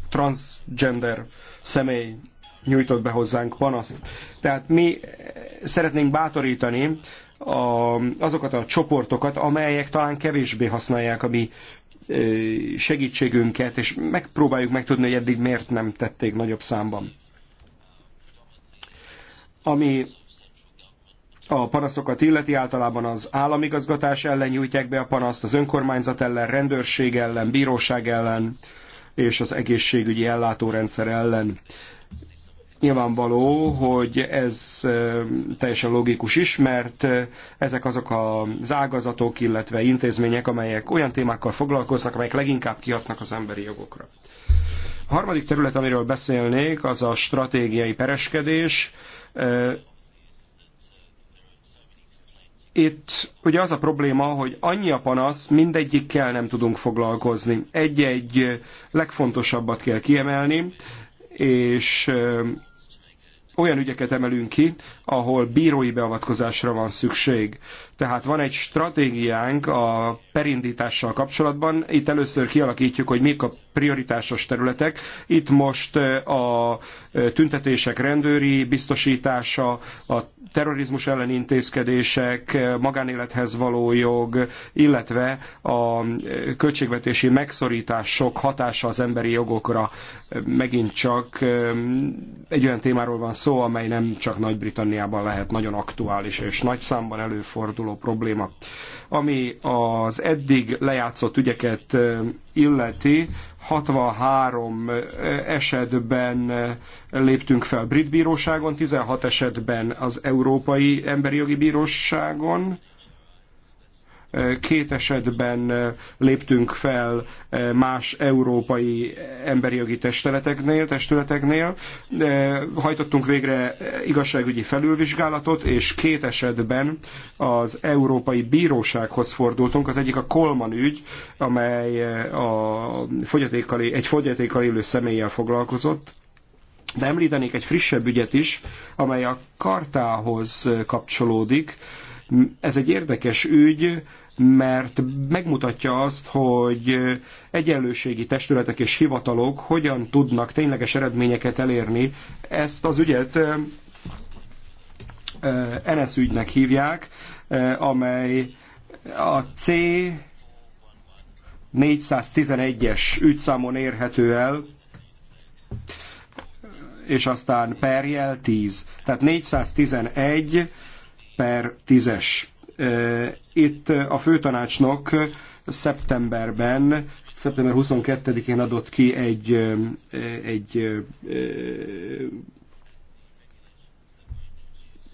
transgender személy nyújtott be hozzánk panaszt. Tehát mi szeretnénk bátorítani a, azokat a csoportokat, amelyek talán kevésbé használják a mi segítségünket, és megpróbáljuk megtudni, hogy eddig miért nem tették nagyobb számban. Ami a panaszokat illeti, általában az államigazgatás ellen nyújtják be a panaszt, az önkormányzat ellen, rendőrség ellen, bíróság ellen és az egészségügyi ellátórendszer ellen. Nyilvánvaló, hogy ez teljesen logikus is, mert ezek azok az ágazatok, illetve intézmények, amelyek olyan témákkal foglalkoznak, amelyek leginkább kihatnak az emberi jogokra. A harmadik terület, amiről beszélnék, az a stratégiai pereskedés itt ugye az a probléma, hogy annyi a panasz, mindegyikkel nem tudunk foglalkozni. Egy-egy legfontosabbat kell kiemelni, és olyan ügyeket emelünk ki, ahol bírói beavatkozásra van szükség. Tehát van egy stratégiánk a perindítással kapcsolatban, itt először kialakítjuk, hogy mik a prioritásos területek. Itt most eh, a eh, tüntetések rendőri biztosítása, a terrorizmus elleni intézkedések, eh, magánélethez való jog, illetve a költségvetési megszorítások hatása az emberi jogokra megint csak egy olyan témáról van szó, amely nem csak Nagy-Britanniában lehet nagyon aktuális és nagy számban előforduló probléma. Ami az eddig lejátszott ügyeket illeti, 63 esetben léptünk fel brit bíróságon, 16 esetben az Európai Emberi Jogi Bíróságon, Két esetben léptünk fel más európai emberi jogi testületeknél, testületeknél. Hajtottunk végre igazságügyi felülvizsgálatot, és két esetben az Európai Bírósághoz fordultunk. Az egyik a Kolman ügy, amely a fogyatékkal, egy fogyatékkal élő személlyel foglalkozott, de említenék egy frissebb ügyet is, amely a kartához kapcsolódik. Ez egy érdekes ügy, mert megmutatja azt, hogy egyenlőségi testületek és hivatalok hogyan tudnak tényleges eredményeket elérni. Ezt az ügyet NS ügynek hívják, amely a C 411-es ügyszámon érhető el, és aztán perjel 10. Tehát 411 per 10-es. Itt a főtanácsnok szeptemberben, szeptember 22-én adott ki egy, egy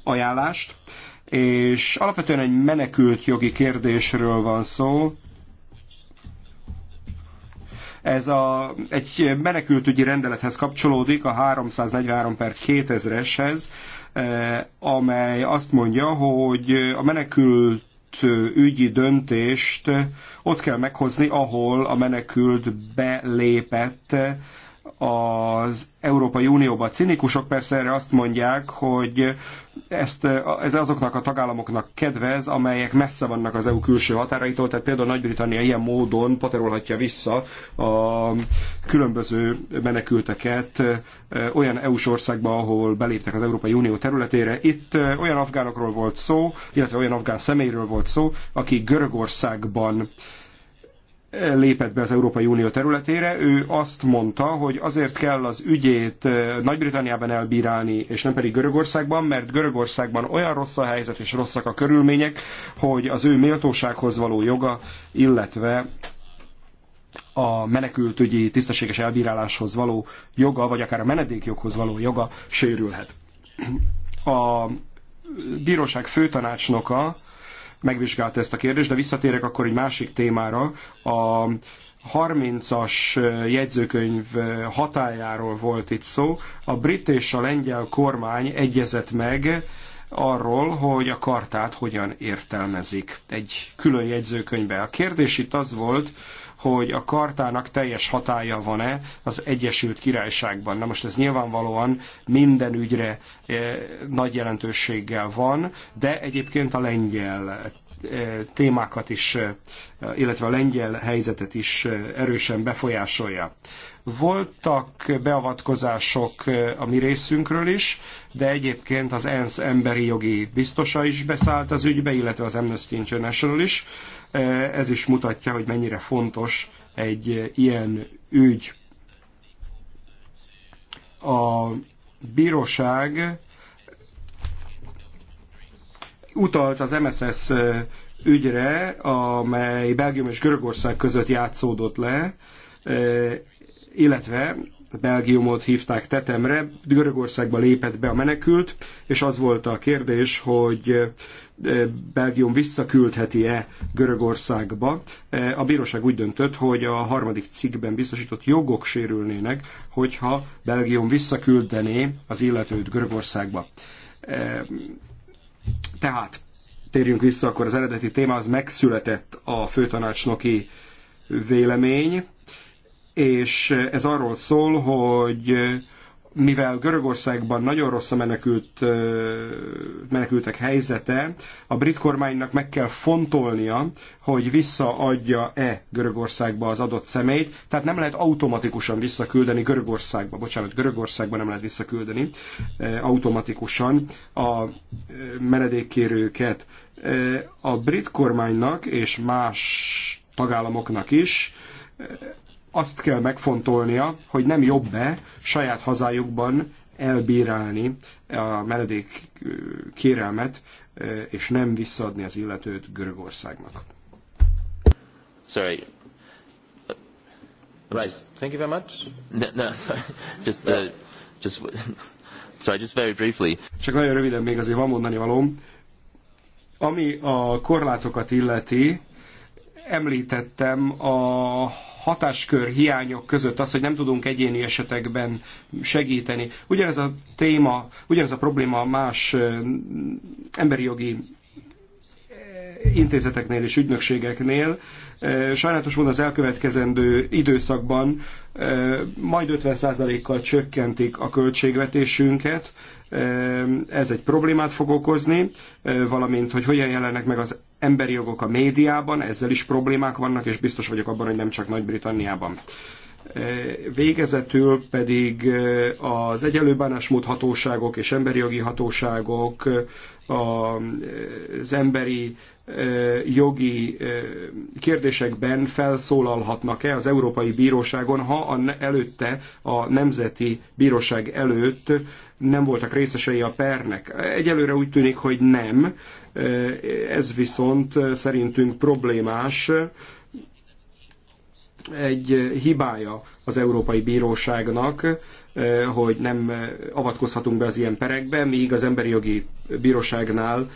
ajánlást, és alapvetően egy menekült jogi kérdésről van szó. Ez a, egy menekültügyi rendelethez kapcsolódik, a 343 per 2000-eshez, Eh, amely azt mondja, hogy a menekült eh, ügyi döntést ott kell meghozni, ahol a menekült belépett az Európai Unióba. cinikusok persze erre azt mondják, hogy ezt, ez azoknak a tagállamoknak kedvez, amelyek messze vannak az EU külső határaitól, tehát például Nagy-Britannia ilyen módon paterolhatja vissza a különböző menekülteket eh, olyan EU-s országba, ahol beléptek az Európai Unió területére. Itt eh, olyan afgánokról volt szó, illetve olyan afgán személyről volt szó, aki Görögországban lépett be az Európai Unió területére, ő azt mondta, hogy azért kell az ügyét eh, Nagy-Britanniában elbírálni, és nem pedig Görögországban, mert Görögországban olyan rossz a helyzet és rosszak a körülmények, hogy az ő méltósághoz való joga, illetve a menekültügyi tisztességes elbíráláshoz való joga, vagy akár a menedékjoghoz való joga sérülhet. A bíróság főtanácsnoka megvizsgálta ezt a kérdést, de visszatérek akkor egy másik témára. A 30-as jegyzőkönyv hatájáról volt itt szó. A brit és a lengyel kormány egyezett meg arról, hogy a kartát hogyan értelmezik egy külön jegyzőkönyvbe. A kérdés itt az volt, hogy a kartának teljes hatája van-e az Egyesült Királyságban. Na most ez nyilvánvalóan minden ügyre e, nagy jelentőséggel van, de egyébként a lengyel e, témákat is, e, illetve a lengyel helyzetet is erősen befolyásolja. Voltak beavatkozások a mi részünkről is, de egyébként az ENSZ emberi jogi biztosa is beszállt az ügybe, illetve az Amnesty International is. Ez is mutatja, hogy mennyire fontos egy ilyen ügy. A bíróság utalt az MSS ügyre, amely Belgium és Görögország között játszódott le, illetve Belgiumot hívták tetemre, Görögországba lépett be a menekült, és az volt a kérdés, hogy Belgium visszaküldheti-e Görögországba. A bíróság úgy döntött, hogy a harmadik cikkben biztosított jogok sérülnének, hogyha Belgium visszaküldené az illetőt Görögországba. Tehát térjünk vissza, akkor az eredeti téma az megszületett a főtanácsnoki vélemény, és ez arról szól, hogy mivel Görögországban nagyon rossz a menekült, menekültek helyzete, a brit kormánynak meg kell fontolnia, hogy visszaadja-e Görögországba az adott személyt, tehát nem lehet automatikusan visszaküldeni Görögországba, bocsánat, Görögországba nem lehet visszaküldeni automatikusan a menedékkérőket. A brit kormánynak és más tagállamoknak is azt kell megfontolnia, hogy nem jobb-e saját hazájukban elbírálni a menedék kérelmet, és nem visszaadni az illetőt Görögországnak. Sorry. Right. Thank you very much. No, no sorry. Just, uh, just, sorry, just very briefly. Csak nagyon röviden még azért van mondani valóm. Ami a korlátokat illeti, említettem a hatáskör hiányok között az, hogy nem tudunk egyéni esetekben segíteni. Ugyanez a téma, ugyanez a probléma más emberi jogi intézeteknél és ügynökségeknél. Sajnálatos módon az elkövetkezendő időszakban majd 50%-kal csökkentik a költségvetésünket. Ez egy problémát fog okozni, valamint, hogy hogyan jelennek meg az emberi jogok a médiában, ezzel is problémák vannak, és biztos vagyok abban, hogy nem csak Nagy-Britanniában. E, végezetül pedig e, az egyenlő bánásmód hatóságok és emberi jogi hatóságok e, az emberi jogi kérdésekben felszólalhatnak-e az Európai Bíróságon, ha előtte a Nemzeti Bíróság előtt nem voltak részesei a pernek. Egyelőre úgy tűnik, hogy nem. Ez viszont szerintünk problémás egy hibája az Európai Bíróságnak, hogy nem avatkozhatunk be az ilyen perekbe, míg az Emberi Jogi Bíróságnál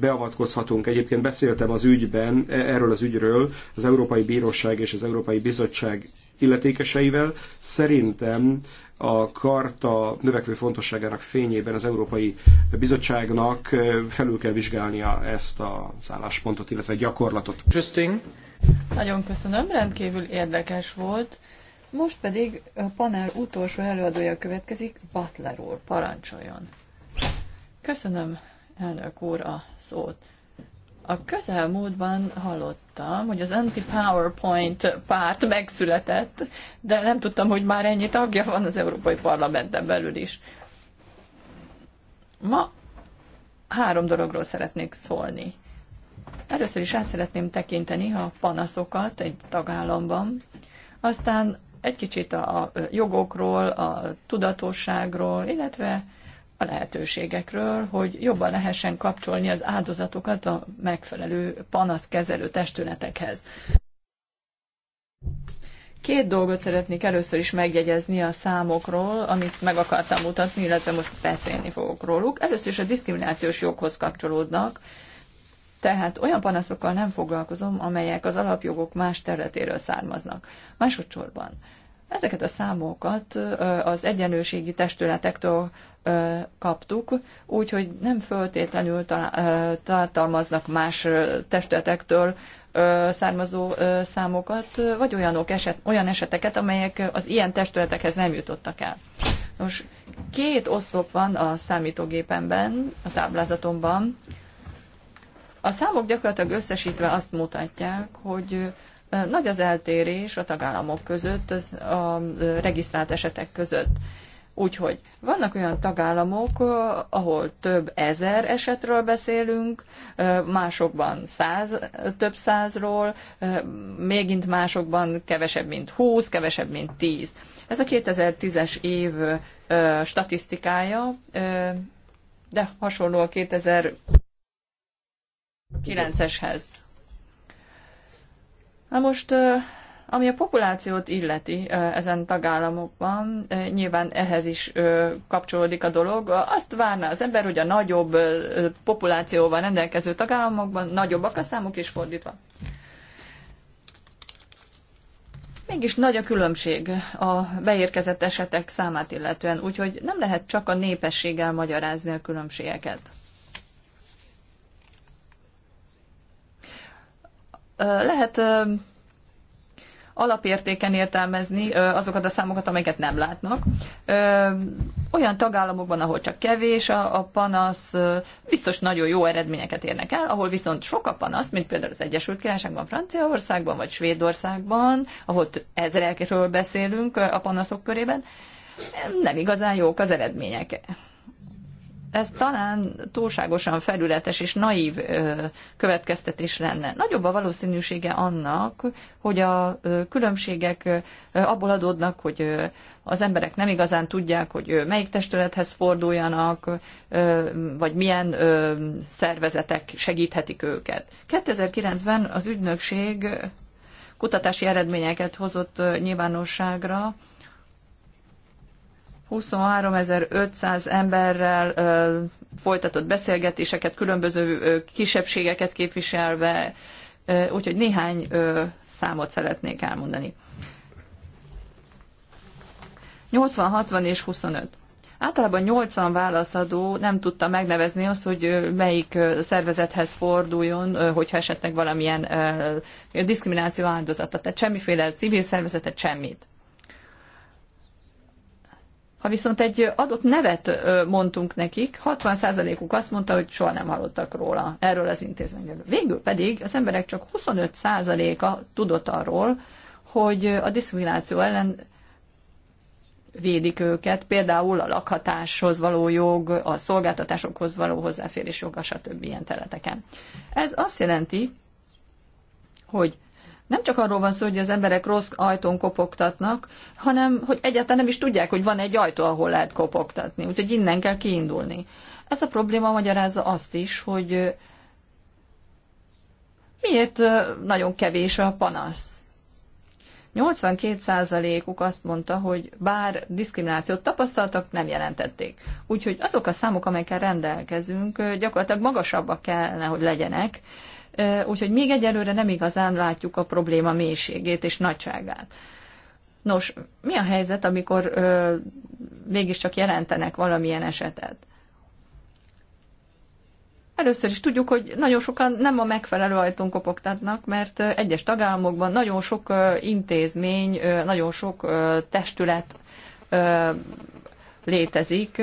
beavatkozhatunk. Egyébként beszéltem az ügyben, erről az ügyről, az Európai Bíróság és az Európai Bizottság illetékeseivel. Szerintem a karta növekvő fontosságának fényében az Európai Bizottságnak felül kell vizsgálnia ezt az álláspontot, illetve gyakorlatot. Interesting. Nagyon köszönöm, rendkívül érdekes volt. Most pedig a panel utolsó előadója következik, Butler úr, parancsoljon. Köszönöm, elnök úr, a szót. A közelmúltban hallottam, hogy az anti-PowerPoint párt megszületett, de nem tudtam, hogy már ennyi tagja van az Európai Parlamenten belül is. Ma három dologról szeretnék szólni. Először is át szeretném tekinteni a panaszokat egy tagállamban, aztán egy kicsit a jogokról, a tudatosságról, illetve a lehetőségekről, hogy jobban lehessen kapcsolni az áldozatokat a megfelelő panaszkezelő testületekhez. Két dolgot szeretnék először is megjegyezni a számokról, amit meg akartam mutatni, illetve most beszélni fogok róluk. Először is a diszkriminációs joghoz kapcsolódnak, tehát olyan panaszokkal nem foglalkozom, amelyek az alapjogok más területéről származnak. Másodszorban Ezeket a számokat az egyenlőségi testületektől kaptuk, úgyhogy nem föltétlenül tartalmaznak más testületektől származó számokat, vagy olyanok eset, olyan eseteket, amelyek az ilyen testületekhez nem jutottak el. Nos, két oszlop van a számítógépemben, a táblázatomban. A számok gyakorlatilag összesítve azt mutatják, hogy nagy az eltérés a tagállamok között, az a regisztrált esetek között. Úgyhogy vannak olyan tagállamok, ahol több ezer esetről beszélünk, másokban száz, több százról, mégint másokban kevesebb, mint húsz, kevesebb, mint tíz. Ez a 2010-es év statisztikája, de hasonló a 2009-eshez. Na most, ami a populációt illeti ezen tagállamokban, nyilván ehhez is kapcsolódik a dolog. Azt várna az ember, hogy a nagyobb populációval rendelkező tagállamokban nagyobbak a számuk is fordítva. Mégis nagy a különbség a beérkezett esetek számát illetően, úgyhogy nem lehet csak a népességgel magyarázni a különbségeket. lehet alapértéken értelmezni azokat a számokat, amelyeket nem látnak. Olyan tagállamokban, ahol csak kevés a panasz, biztos nagyon jó eredményeket érnek el, ahol viszont sok a panasz, mint például az Egyesült Királyságban, Franciaországban vagy Svédországban, ahol ezrekről beszélünk a panaszok körében, nem igazán jók az eredmények ez talán túlságosan felületes és naív következtetés lenne. Nagyobb a valószínűsége annak, hogy a különbségek abból adódnak, hogy az emberek nem igazán tudják, hogy melyik testülethez forduljanak, vagy milyen szervezetek segíthetik őket. 2009-ben az ügynökség kutatási eredményeket hozott nyilvánosságra, 23.500 emberrel folytatott beszélgetéseket, különböző kisebbségeket képviselve, úgyhogy néhány számot szeretnék elmondani. 80, 60 és 25. Általában 80 válaszadó nem tudta megnevezni azt, hogy melyik szervezethez forduljon, hogyha esetleg valamilyen diszkrimináció áldozata. Tehát semmiféle civil szervezetet, semmit. Ha viszont egy adott nevet mondtunk nekik, 60%-uk azt mondta, hogy soha nem hallottak róla, erről az intézményről. Végül pedig az emberek csak 25%-a tudott arról, hogy a diszkrimináció ellen védik őket, például a lakhatáshoz való jog, a szolgáltatásokhoz való hozzáférés joga, stb. ilyen területeken. Ez azt jelenti, hogy nem csak arról van szó, hogy az emberek rossz ajtón kopogtatnak, hanem hogy egyáltalán nem is tudják, hogy van egy ajtó, ahol lehet kopogtatni. Úgyhogy innen kell kiindulni. Ez a probléma magyarázza azt is, hogy miért nagyon kevés a panasz. 82%-uk azt mondta, hogy bár diszkriminációt tapasztaltak, nem jelentették. Úgyhogy azok a számok, amelyekkel rendelkezünk, gyakorlatilag magasabbak kellene, hogy legyenek, úgyhogy még egyelőre nem igazán látjuk a probléma mélységét és nagyságát. Nos, mi a helyzet, amikor ö, mégiscsak jelentenek valamilyen esetet? Először is tudjuk, hogy nagyon sokan nem a megfelelő ajtón kopogtatnak, mert egyes tagállamokban nagyon sok intézmény, nagyon sok testület létezik,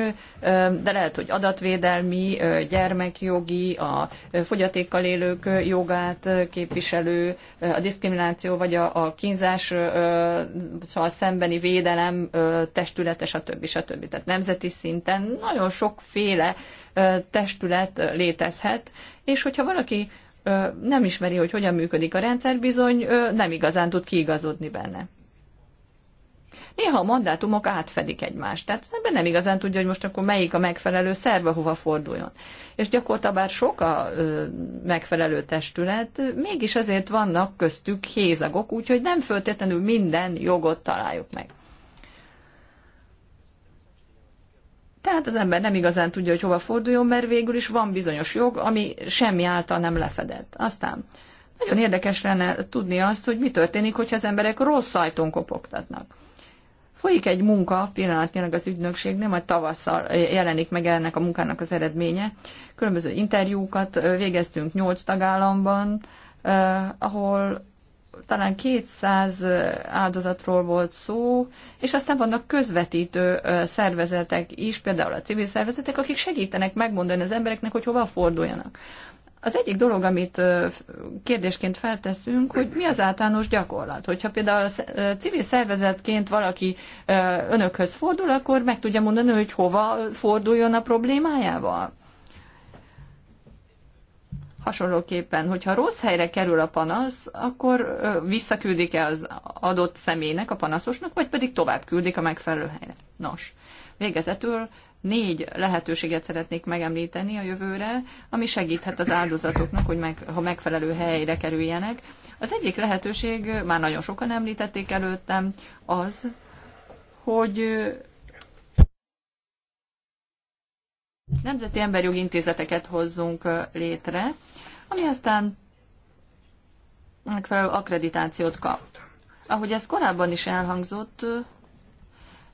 de lehet, hogy adatvédelmi, gyermekjogi, a fogyatékkal élők jogát képviselő, a diszkrimináció vagy a kínzás szóval szembeni védelem testülete, stb. stb. Tehát nemzeti szinten nagyon sokféle testület létezhet, és hogyha valaki nem ismeri, hogy hogyan működik a rendszer, bizony nem igazán tud kiigazodni benne. Néha a mandátumok átfedik egymást, tehát ebben nem igazán tudja, hogy most akkor melyik a megfelelő szerve, hova forduljon. És gyakorta bár sok a ö, megfelelő testület, mégis azért vannak köztük hézagok, úgyhogy nem föltétlenül minden jogot találjuk meg. Tehát az ember nem igazán tudja, hogy hova forduljon, mert végül is van bizonyos jog, ami semmi által nem lefedett. Aztán nagyon érdekes lenne tudni azt, hogy mi történik, hogyha az emberek rossz ajtón kopogtatnak. Folyik egy munka, pillanatnyilag az ügynökség, nem a tavasszal jelenik meg ennek a munkának az eredménye. Különböző interjúkat végeztünk nyolc tagállamban, ahol talán 200 áldozatról volt szó, és aztán vannak közvetítő szervezetek is, például a civil szervezetek, akik segítenek megmondani az embereknek, hogy hova forduljanak. Az egyik dolog, amit kérdésként felteszünk, hogy mi az általános gyakorlat. Hogyha például civil szervezetként valaki önökhöz fordul, akkor meg tudja mondani, hogy hova forduljon a problémájával? Hasonlóképpen, hogyha rossz helyre kerül a panasz, akkor visszaküldik-e az adott személynek, a panaszosnak, vagy pedig tovább küldik a megfelelő helyre. Nos, végezetül négy lehetőséget szeretnék megemlíteni a jövőre, ami segíthet az áldozatoknak, hogy meg, ha megfelelő helyre kerüljenek. Az egyik lehetőség, már nagyon sokan említették előttem, az, hogy nemzeti emberjogi intézeteket hozzunk létre, ami aztán megfelelő akkreditációt kap. Ahogy ez korábban is elhangzott,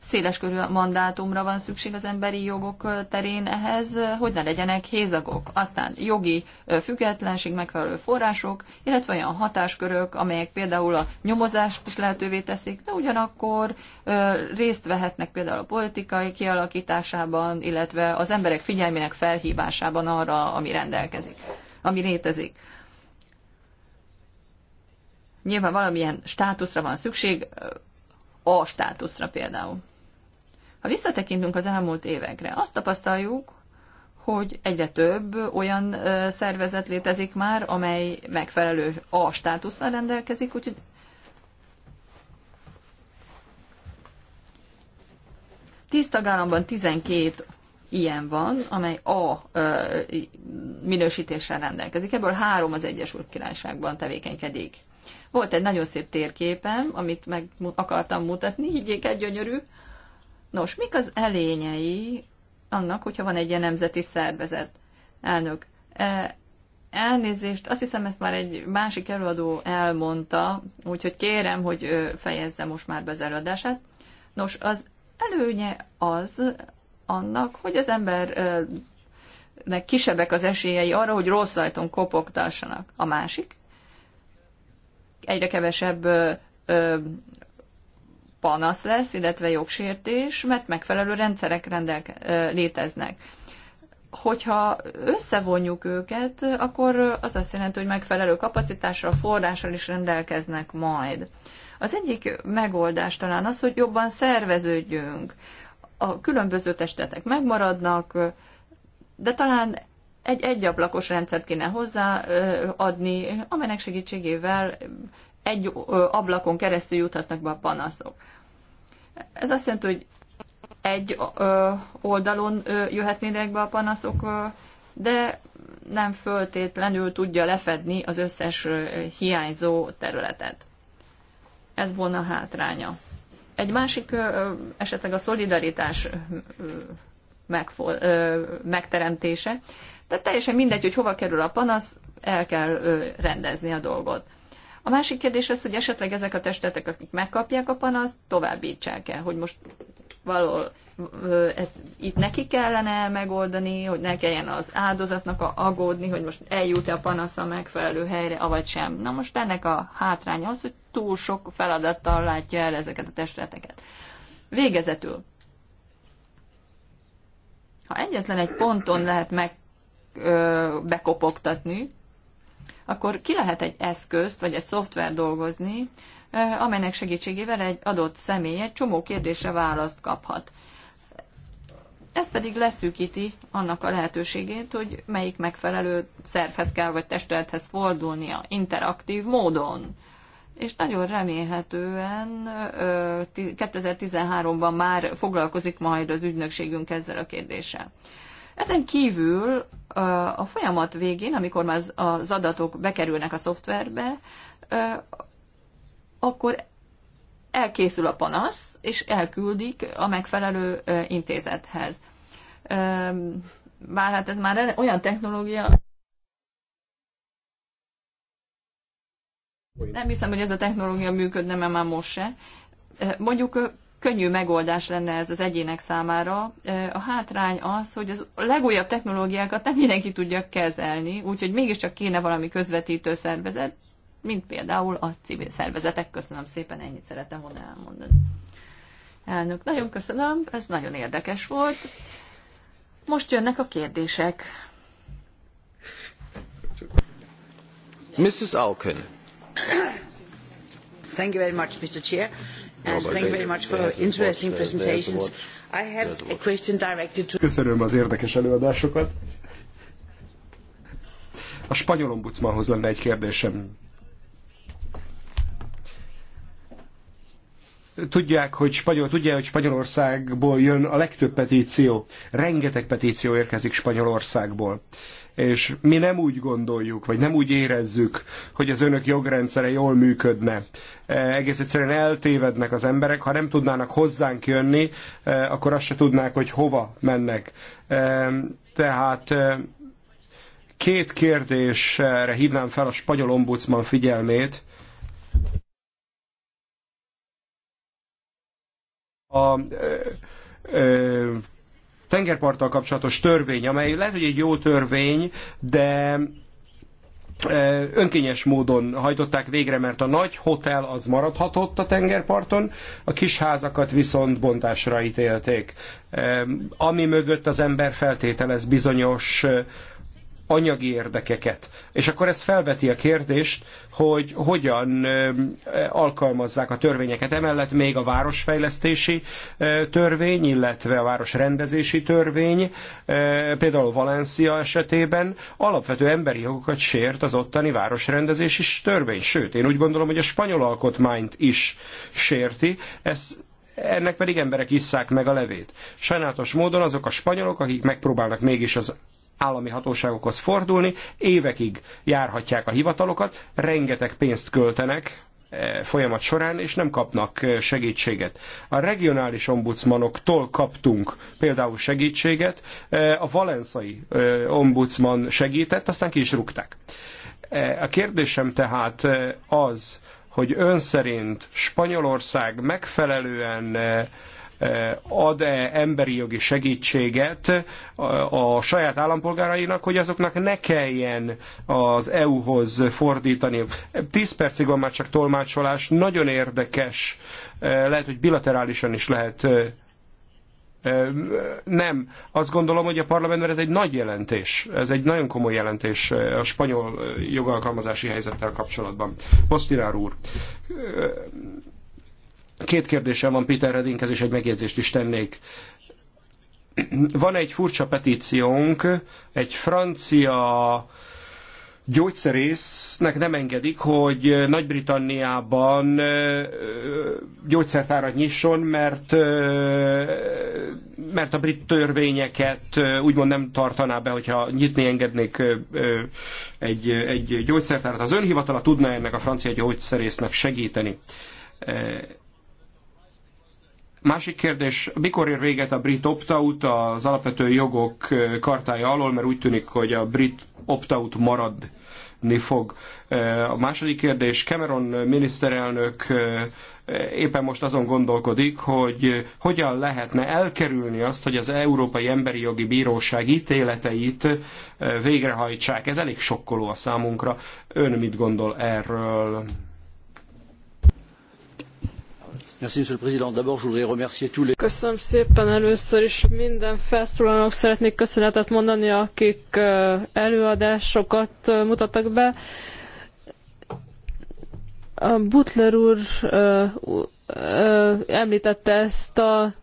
széleskörű mandátumra van szükség az emberi jogok terén ehhez, hogy ne legyenek hézagok. Aztán jogi függetlenség, megfelelő források, illetve olyan hatáskörök, amelyek például a nyomozást is lehetővé teszik, de ugyanakkor részt vehetnek például a politikai kialakításában, illetve az emberek figyelmének felhívásában arra, ami rendelkezik, ami létezik. Nyilván valamilyen státuszra van szükség, a státuszra például. Ha visszatekintünk az elmúlt évekre, azt tapasztaljuk, hogy egyre több olyan szervezet létezik már, amely megfelelő A státusszal rendelkezik, úgyhogy Tíz tagállamban 12 ilyen van, amely A ö, minősítéssel rendelkezik. Ebből három az Egyesült Királyságban tevékenykedik. Volt egy nagyon szép térképem, amit meg akartam mutatni, higgyék el, gyönyörű. Nos, mik az elényei annak, hogyha van egy ilyen nemzeti szervezet? Elnök, e, elnézést, azt hiszem ezt már egy másik előadó elmondta, úgyhogy kérem, hogy fejezze most már be az előadását. Nos, az előnye az annak, hogy az embernek e, kisebbek az esélyei arra, hogy rossz ajtón kopogtassanak. A másik, egyre kevesebb e, panasz lesz, illetve jogsértés, mert megfelelő rendszerek rendelke, léteznek. Hogyha összevonjuk őket, akkor az azt jelenti, hogy megfelelő kapacitásra, forrással is rendelkeznek majd. Az egyik megoldás talán az, hogy jobban szerveződjünk. A különböző testetek megmaradnak, de talán egy egyablakos rendszert kéne hozzáadni, amelynek segítségével egy ablakon keresztül juthatnak be a panaszok. Ez azt jelenti, hogy egy oldalon jöhetnének be a panaszok, de nem föltétlenül tudja lefedni az összes hiányzó területet. Ez volna a hátránya. Egy másik esetleg a szolidaritás megteremtése. Tehát teljesen mindegy, hogy hova kerül a panasz, el kell rendezni a dolgot. A másik kérdés az, hogy esetleg ezek a testetek, akik megkapják a panaszt, továbbítsák el, hogy most való ezt itt neki kellene megoldani, hogy ne kelljen az áldozatnak aggódni, hogy most eljut-e a panasz a megfelelő helyre, avagy sem. Na most ennek a hátránya az, hogy túl sok feladattal látja el ezeket a testületeket. Végezetül, ha egyetlen egy ponton lehet meg ö, bekopogtatni, akkor ki lehet egy eszközt vagy egy szoftver dolgozni, eh, amelynek segítségével egy adott személy egy csomó kérdésre választ kaphat. Ez pedig leszűkíti annak a lehetőségét, hogy melyik megfelelő szervhez kell vagy testülethez fordulnia interaktív módon. És nagyon remélhetően 2013-ban eh, már foglalkozik majd az ügynökségünk ezzel a kérdéssel. Ezen kívül a folyamat végén, amikor már az adatok bekerülnek a szoftverbe, akkor elkészül a panasz, és elküldik a megfelelő intézethez. Bár hát ez már olyan technológia, nem hiszem, hogy ez a technológia működne, mert már most se. Mondjuk könnyű megoldás lenne ez az egyének számára. A hátrány az, hogy az legújabb technológiákat nem mindenki tudja kezelni, úgyhogy mégiscsak kéne valami közvetítő szervezet, mint például a civil szervezetek. Köszönöm szépen, ennyit szeretem volna elmondani. Elnök, nagyon köszönöm, ez nagyon érdekes volt. Most jönnek a kérdések. Mrs. Alkin. Thank you very much, Mr. Chair. Köszönöm az érdekes előadásokat. A spanyol ombudsmanhoz lenne egy kérdésem. Tudják, hogy Spanyol, tudják, hogy Spanyolországból jön a legtöbb petíció. Rengeteg petíció érkezik Spanyolországból. Uh, és mi nem úgy gondoljuk, vagy nem úgy érezzük, hogy az önök jogrendszere jól működne. E, egész egyszerűen eltévednek az emberek, ha nem tudnának hozzánk jönni, e, akkor azt se tudnák, hogy hova mennek. E, tehát két kérdésre hívnám fel a spanyol ombudsman figyelmét. A, tengerparttal kapcsolatos törvény, amely lehet, hogy egy jó törvény, de e, önkényes módon hajtották végre, mert a nagy hotel az maradhatott a tengerparton, a kis házakat viszont bontásra ítélték. E, ami mögött az ember feltételez bizonyos anyagi érdekeket. És akkor ez felveti a kérdést, hogy hogyan alkalmazzák a törvényeket. Emellett még a városfejlesztési törvény, illetve a városrendezési törvény, például Valencia esetében alapvető emberi jogokat sért az ottani városrendezési törvény. Sőt, én úgy gondolom, hogy a spanyol alkotmányt is sérti. Ezt ennek pedig emberek isszák meg a levét. Sajnálatos módon azok a spanyolok, akik megpróbálnak mégis az állami hatóságokhoz fordulni, évekig járhatják a hivatalokat, rengeteg pénzt költenek eh, folyamat során, és nem kapnak eh, segítséget. A regionális ombudsmanoktól kaptunk például segítséget, eh, a valenszai ombudsman segített, aztán ki is rúgták. A kérdésem tehát az, hogy ön szerint Spanyolország megfelelően ad-e emberi jogi segítséget a saját állampolgárainak, hogy azoknak ne kelljen az EU-hoz fordítani. Tíz percig van már csak tolmácsolás, nagyon érdekes, lehet, hogy bilaterálisan is lehet nem. Azt gondolom, hogy a parlamentben ez egy nagy jelentés. Ez egy nagyon komoly jelentés a spanyol jogalkalmazási helyzettel kapcsolatban. Posztinár úr, Két kérdésem van Peter Redinghez, és egy megjegyzést is tennék. Van egy furcsa petíciónk, egy francia gyógyszerésznek nem engedik, hogy Nagy-Britanniában gyógyszertárat nyisson, mert, mert a brit törvényeket úgymond nem tartaná be, hogyha nyitni engednék egy, egy gyógyszertárat. Az önhivatala tudna ennek a francia gyógyszerésznek segíteni. Másik kérdés, mikor ér véget a brit opt-out az alapvető jogok kartája alól, mert úgy tűnik, hogy a brit opt-out maradni fog. A második kérdés, Cameron miniszterelnök éppen most azon gondolkodik, hogy hogyan lehetne elkerülni azt, hogy az Európai Emberi Jogi Bíróság ítéleteit végrehajtsák. Ez elég sokkoló a számunkra. Ön mit gondol erről? Köszönöm szépen először is minden felszólalónak szeretnék köszönetet mondani, akik előadásokat mutattak be. A Butler úr említette ezt a,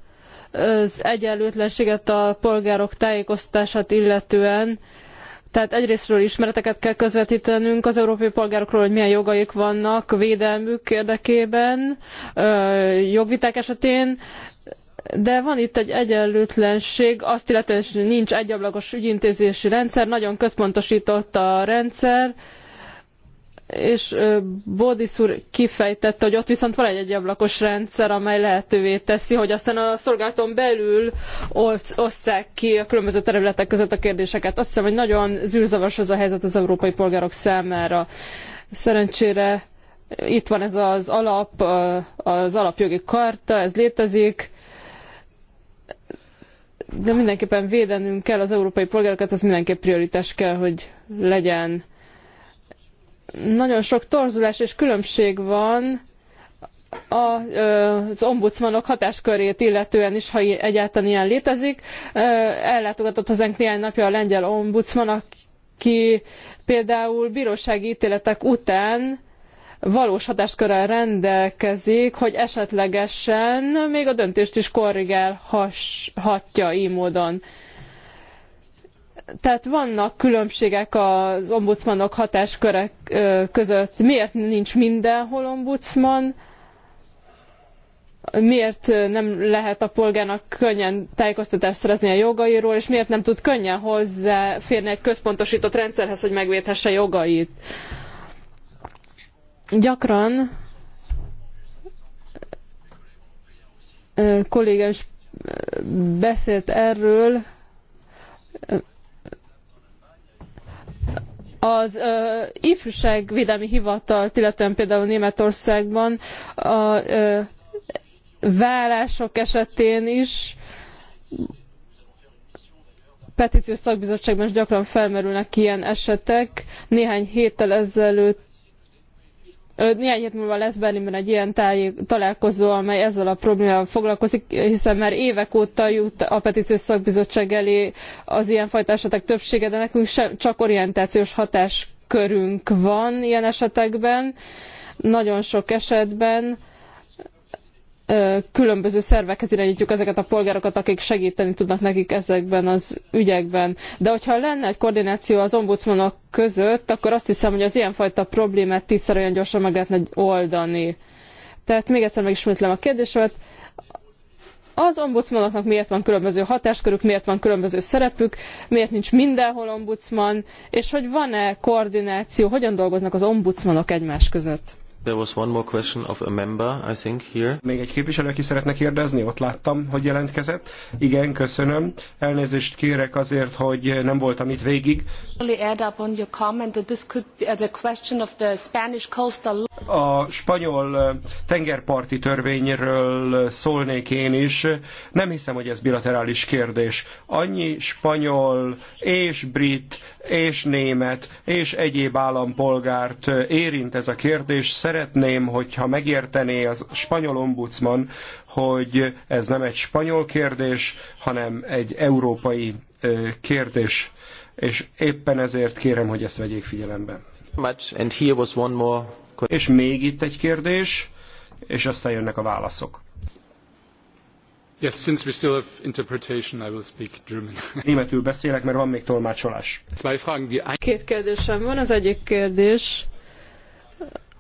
az egyenlőtlenséget a polgárok tájékoztatását illetően. Tehát egyrésztről ismereteket kell közvetítenünk az európai polgárokról, hogy milyen jogaik vannak védelmük érdekében, jogviták esetén, de van itt egy egyenlőtlenség, azt illetően, hogy nincs egyablakos ügyintézési rendszer, nagyon központosított a rendszer, és Bodis úr kifejtette, hogy ott viszont van egy egyablakos rendszer, amely lehetővé teszi, hogy aztán a szolgálaton belül osszák ki a különböző területek között a kérdéseket. Azt hiszem, hogy nagyon zűrzavas az a helyzet az európai polgárok számára. Szerencsére itt van ez az alap, az alapjogi karta, ez létezik, de mindenképpen védenünk kell az európai polgárokat, ez mindenképp prioritás kell, hogy legyen nagyon sok torzulás és különbség van az ombudsmanok hatáskörét illetően is, ha egyáltalán ilyen létezik. Ellátogatott hozzánk néhány napja a lengyel ombudsman, aki például bírósági ítéletek után valós hatáskörrel rendelkezik, hogy esetlegesen még a döntést is korrigálhatja így módon tehát vannak különbségek az ombudsmanok hatáskörek között. Miért nincs mindenhol ombudsman? Miért nem lehet a polgárnak könnyen tájékoztatást szerezni a jogairól, és miért nem tud könnyen hozzáférni egy központosított rendszerhez, hogy megvédhesse jogait? Gyakran kollégám beszélt erről, az ö, ifjúságvédelmi hivatalt, illetően például Németországban a ö, vállások esetén is petíciós szakbizottságban is gyakran felmerülnek ilyen esetek. Néhány héttel ezelőtt néhány hét múlva lesz Berlinben egy ilyen táj, találkozó, amely ezzel a problémával foglalkozik, hiszen már évek óta jut a petíciós szakbizottság elé az ilyen fajta esetek többsége, de nekünk sem, csak orientációs hatáskörünk van ilyen esetekben. Nagyon sok esetben különböző szervekhez irányítjuk ezeket a polgárokat, akik segíteni tudnak nekik ezekben az ügyekben. De hogyha lenne egy koordináció az ombudsmanok között, akkor azt hiszem, hogy az ilyenfajta problémát tízszer olyan gyorsan meg lehetne oldani. Tehát még egyszer megismétlem a kérdésemet. Az ombudsmanoknak miért van különböző hatáskörük, miért van különböző szerepük, miért nincs mindenhol ombudsman, és hogy van-e koordináció, hogyan dolgoznak az ombudsmanok egymás között? There was one more question of a member, I think, here. Még egy képviselő, aki szeretne kérdezni, ott láttam, hogy jelentkezett. Igen, köszönöm. Elnézést kérek azért, hogy nem voltam itt végig. Uh, a spanyol uh, tengerparti törvényről uh, szólnék én is. Nem hiszem, hogy ez bilaterális kérdés. Annyi spanyol és brit és német és egyéb állampolgárt érint ez a kérdés. Szeretném, hogyha megértené az spanyol ombudsman, hogy ez nem egy spanyol kérdés, hanem egy európai kérdés, és éppen ezért kérem, hogy ezt vegyék figyelembe. És még itt egy kérdés, és aztán jönnek a válaszok. Yes, since we still have interpretation, I will speak German. [LAUGHS] Németül beszélek, mert van még tolmácsolás. Két kérdésem van. Az egyik kérdés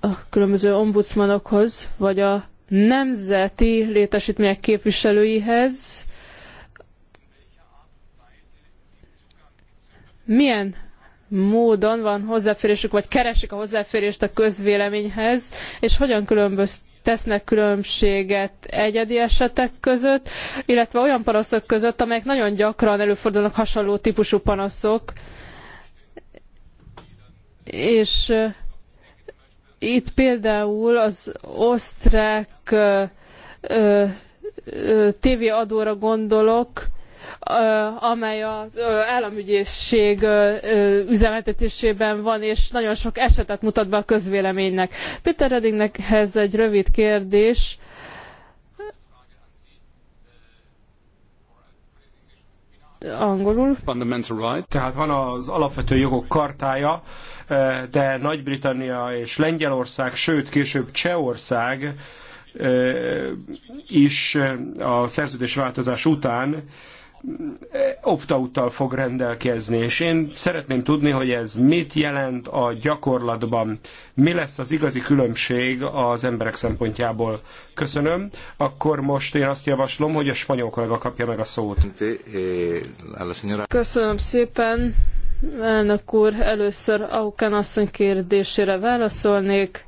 a különböző ombudsmanokhoz, vagy a nemzeti létesítmények képviselőihez. Milyen módon van hozzáférésük, vagy keresik a hozzáférést a közvéleményhez, és hogyan különböztetik tesznek különbséget egyedi esetek között, illetve olyan panaszok között, amelyek nagyon gyakran előfordulnak hasonló típusú panaszok. És itt például az osztrák tévéadóra gondolok, amely az államügyészség üzemeltetésében van, és nagyon sok esetet mutat be a közvéleménynek. Peter Reddinghez egy rövid kérdés. angolul. Tehát van az alapvető jogok kartája, de Nagy-Britannia és Lengyelország, sőt később Csehország is a szerződésváltozás után opt-out-tal fog rendelkezni, és én szeretném tudni, hogy ez mit jelent a gyakorlatban, mi lesz az igazi különbség az emberek szempontjából. Köszönöm. Akkor most én azt javaslom, hogy a spanyol kollega kapja meg a szót. Köszönöm szépen. Elnök úr, először Auken asszony kérdésére válaszolnék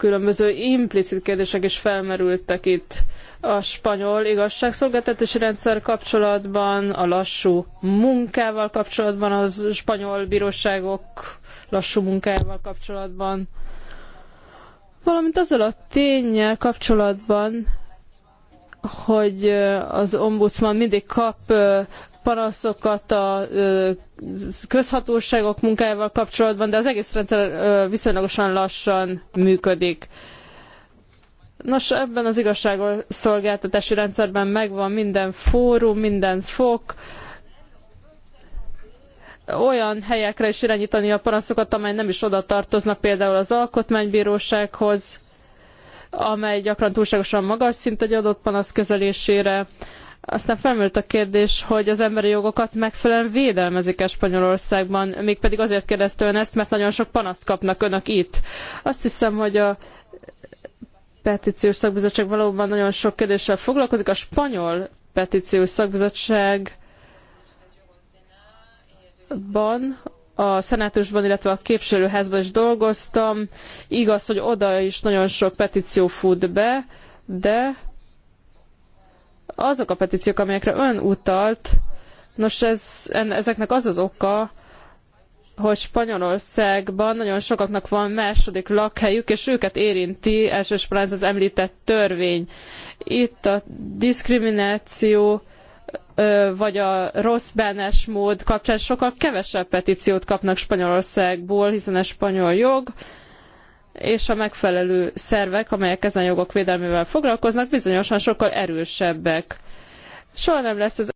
különböző implicit kérdések is felmerültek itt a spanyol igazságszolgáltatási rendszer kapcsolatban, a lassú munkával kapcsolatban, az spanyol bíróságok lassú munkájával kapcsolatban, valamint azzal a tényel kapcsolatban, hogy az ombudsman mindig kap panaszokat a közhatóságok munkájával kapcsolatban, de az egész rendszer viszonylagosan lassan működik. Nos, ebben az igazságszolgáltatási rendszerben megvan minden fórum, minden fok, olyan helyekre is irányítani a panaszokat, amely nem is oda tartoznak, például az alkotmánybírósághoz, amely gyakran túlságosan magas szint egy adott panasz kezelésére. Aztán felmerült a kérdés, hogy az emberi jogokat megfelelően védelmezik-e Spanyolországban, mégpedig azért kérdezte ön ezt, mert nagyon sok panaszt kapnak önök itt. Azt hiszem, hogy a petíciós szakbizottság valóban nagyon sok kérdéssel foglalkozik. A spanyol petíciós szakbizottságban a szenátusban, illetve a képviselőházban is dolgoztam. Igaz, hogy oda is nagyon sok petíció fut be, de azok a petíciók, amelyekre ön utalt, nos ez, en, ezeknek az az oka, hogy Spanyolországban nagyon sokaknak van második lakhelyük, és őket érinti elsősorban ez az említett törvény. Itt a diszkrimináció vagy a rossz bánásmód kapcsán sokkal kevesebb petíciót kapnak Spanyolországból, hiszen a spanyol jog, és a megfelelő szervek, amelyek ezen jogok védelmével foglalkoznak, bizonyosan sokkal erősebbek. Soha nem lesz az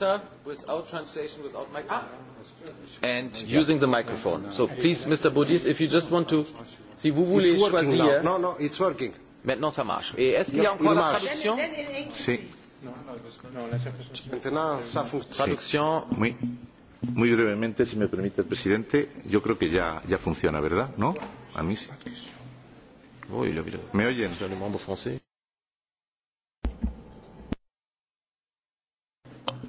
sir, without translation, without Ah. And yeah. using the microphone. So please, Mr. Boudis, if you just want to... Si vous voulez it's working choisir... Now. No, no, it's working. Maintenant, ça marche. Et est-ce qu'il y a encore la traduction Si. Maintenant, ça fonctionne. Traduction. Oui. Muy brevemente, si me permite el presidente, yo creo que ya, ya funciona, ¿verdad? ¿No? A mí sí. Oui, il a... ¿Me oyen? Le membre français.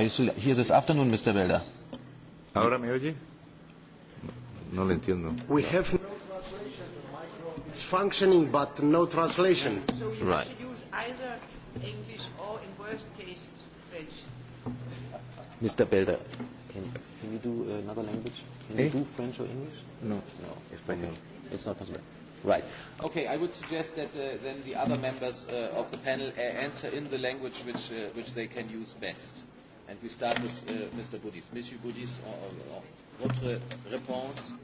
you still here this afternoon, Mr. Belda. Ahora me oye? No le entiendo. We have no translation. it's functioning, but no translation. So right. use either English or, in worst case, French. Mr. Belda, can, can you do another language? Can eh? you do French or English? No. No. Español. Okay. It's not possible. Right. Okay, I would suggest that uh, then the other members uh, of the panel uh, answer in the language which, uh, which they can use best. And we start with uh, Mr. Boudis. Monsieur Boudis, uh, uh, votre réponse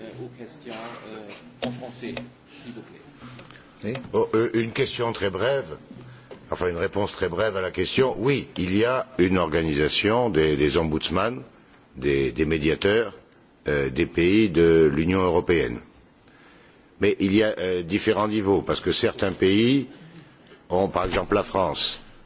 uh, aux questions uh, en français, s'il vous plaît. Oui. Bon, oh, euh, une question très brève, enfin une réponse très brève à la question. Oui, il y a une organisation des, des ombudsman, des, des médiateurs euh, des pays de l'Union européenne. Mais il y a euh, différents niveaux, parce que certains pays ont, par exemple la France, euh,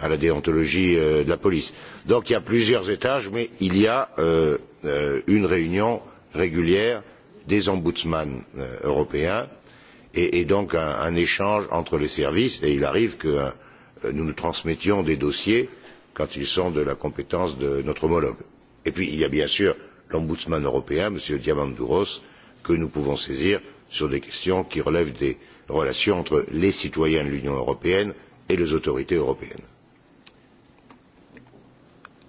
à la déontologie euh, de la police. Donc il y a plusieurs étages, mais il y a euh, euh, une réunion régulière des ombudsman euh, européens et, et donc un, un échange entre les services et il arrive que euh, nous nous transmettions des dossiers quand ils sont de la compétence de notre homologue. Et puis il y a bien sûr l'ombudsman européen, M. Diamandouros, que nous pouvons saisir sur des questions qui relèvent des relations entre les citoyens de l'Union européenne et les autorités européennes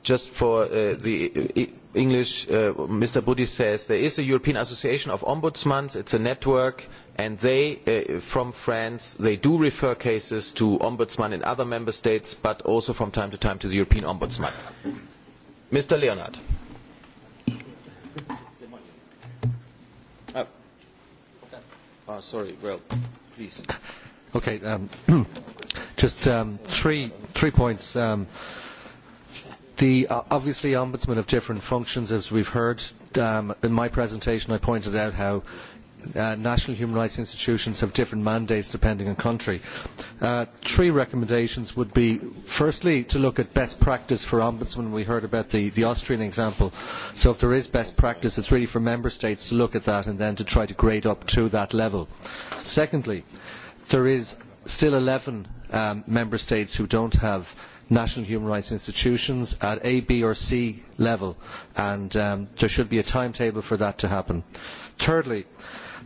just for uh, the uh, e-, English, uh, Mr. Budi says there is a European Association of Ombudsmen. It's a network, and they, uh, from France, they do refer cases to ombudsman in other member states, but also from time to time to the European Ombudsman. Mr. Leonard. Oh. oh sorry. Well, please. Okay. Um, [CLEARS THROAT] just um, three three points. Um, The, uh, obviously, ombudsmen have different functions, as we've heard. Um, in my presentation, I pointed out how uh, national human rights institutions have different mandates depending on country. Uh, three recommendations would be, firstly, to look at best practice for ombudsmen. We heard about the, the Austrian example. So if there is best practice, it's really for member states to look at that and then to try to grade up to that level. Secondly, there is still 11 um, member states who don't have national human rights institutions at A, B or C level and um, there should be a timetable for that to happen. Thirdly,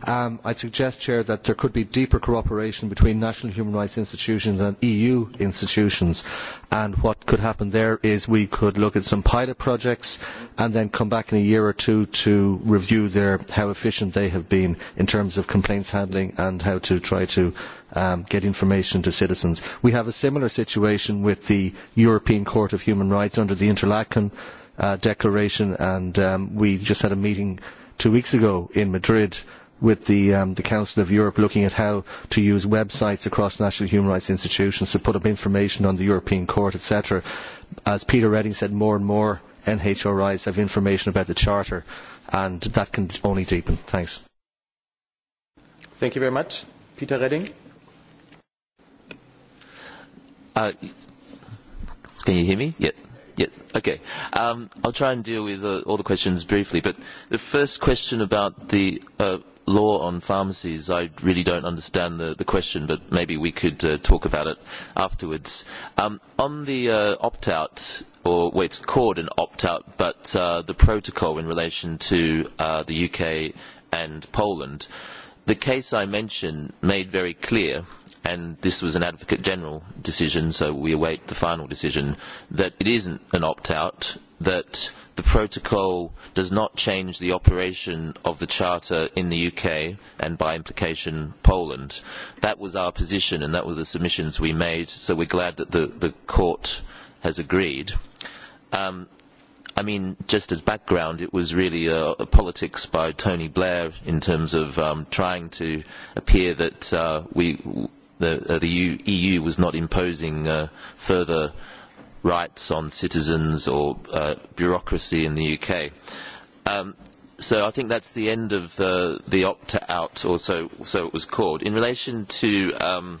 Um, I suggest, Chair, that there could be deeper cooperation between national human rights institutions and EU institutions. And what could happen there is we could look at some pilot projects and then come back in a year or two to review their, how efficient they have been in terms of complaints handling and how to try to um, get information to citizens. We have a similar situation with the European Court of Human Rights under the Interlaken uh, Declaration, and um, we just had a meeting two weeks ago in Madrid with the, um, the Council of Europe looking at how to use websites across national human rights institutions to put up information on the European Court, etc. As Peter Redding said, more and more NHRIs have information about the Charter, and that can only deepen. Thanks. Thank you very much. Peter Redding. Uh, can you hear me? Yeah. Yeah, okay. Um, I'll try and deal with uh, all the questions briefly, but the first question about the uh, law on pharmacies, I really don't understand the, the question, but maybe we could uh, talk about it afterwards. Um, on the uh, opt-out, or well, it's called an opt-out, but uh, the protocol in relation to uh, the UK and Poland, the case I mentioned made very clear and this was an Advocate General decision, so we await the final decision, that it isn't an opt-out, that the protocol does not change the operation of the charter in the UK and by implication Poland. That was our position and that was the submissions we made, so we're glad that the, the court has agreed. Um, I mean, just as background, it was really a, a politics by Tony Blair in terms of um, trying to appear that uh, we, the, uh, the EU e was not imposing uh, further uh, rights on citizens or uh, bureaucracy in the UK. Um, so I think that's the end of uh, the opt-out, or so, so it was called. In relation to... Um,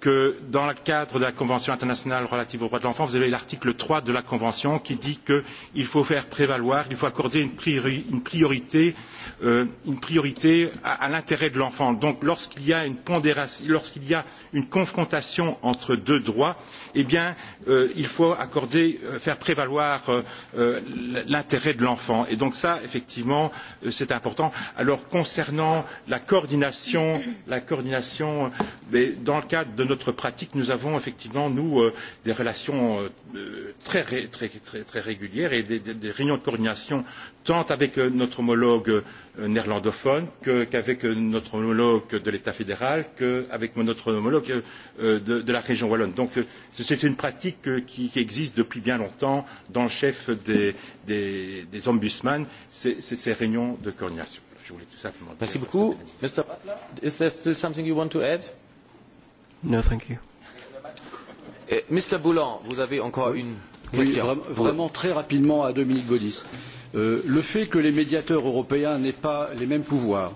que dans le cadre de la Convention internationale relative aux droits de l'enfant, vous avez l'article 3 de la Convention qui dit qu'il faut faire prévaloir, il faut accorder une, priori, une priorité, euh, une priorité à, à l'intérêt de l'enfant. Donc lorsqu'il y a une pondération, lorsqu'il y a une confrontation entre deux droits, eh bien, euh, il faut accorder, euh, faire prévaloir euh, euh, l'intérêt de l'enfant. Et donc ça, effectivement, euh, c'est important. Alors concernant la coordination, la coordination, mais dans le cadre de notre pratique, nous avons effectivement nous euh, des relations euh, très, très, très, très régulières et des, des, des réunions de coordination tant avec euh, notre homologue néerlandophone qu'avec qu notre homologue de l'état fédéral qu'avec notre homologue euh, de, de la région wallonne. donc euh, c'est une pratique euh, qui, qui existe depuis bien longtemps dans le chef des, des, des ombudsman c'est ces réunions de coordination. je voulais tout simplement dire Merci beaucoup. Mr. Butler, is there still something you want to add? No, thank you. Eh, Mr. Boulan, vous avez encore une oui, Vraiment, vraiment très rapidement à Dominique Gaudis. Euh, le fait que les médiateurs européens n'aient pas les mêmes pouvoirs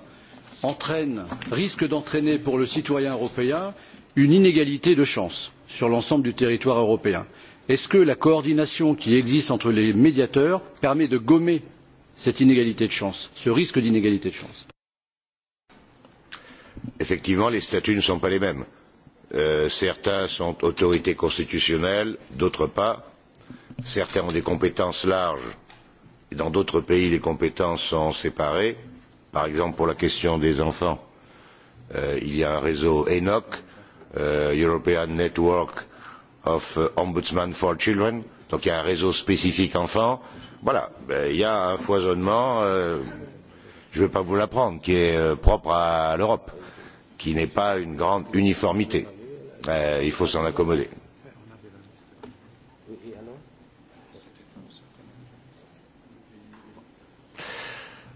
entraîne, risque d'entraîner pour le citoyen européen une inégalité de chance sur l'ensemble du territoire européen. Est-ce que la coordination qui existe entre les médiateurs permet de gommer cette inégalité de chance, ce risque d'inégalité de chance Effectivement, les statuts ne sont pas les mêmes. Euh, certains sont autorités constitutionnelles, d'autres pas. Certains ont des compétences larges dans d'autres pays, les compétences sont séparées. Par exemple, pour la question des enfants, euh, il y a un réseau ENOC, euh, European Network of euh, Ombudsman for Children, donc il y a un réseau spécifique enfants. Voilà, ben, il y a un foisonnement, euh, je ne vais pas vous l'apprendre, qui est euh, propre à l'Europe, qui n'est pas une grande uniformité. Euh, il faut s'en accommoder.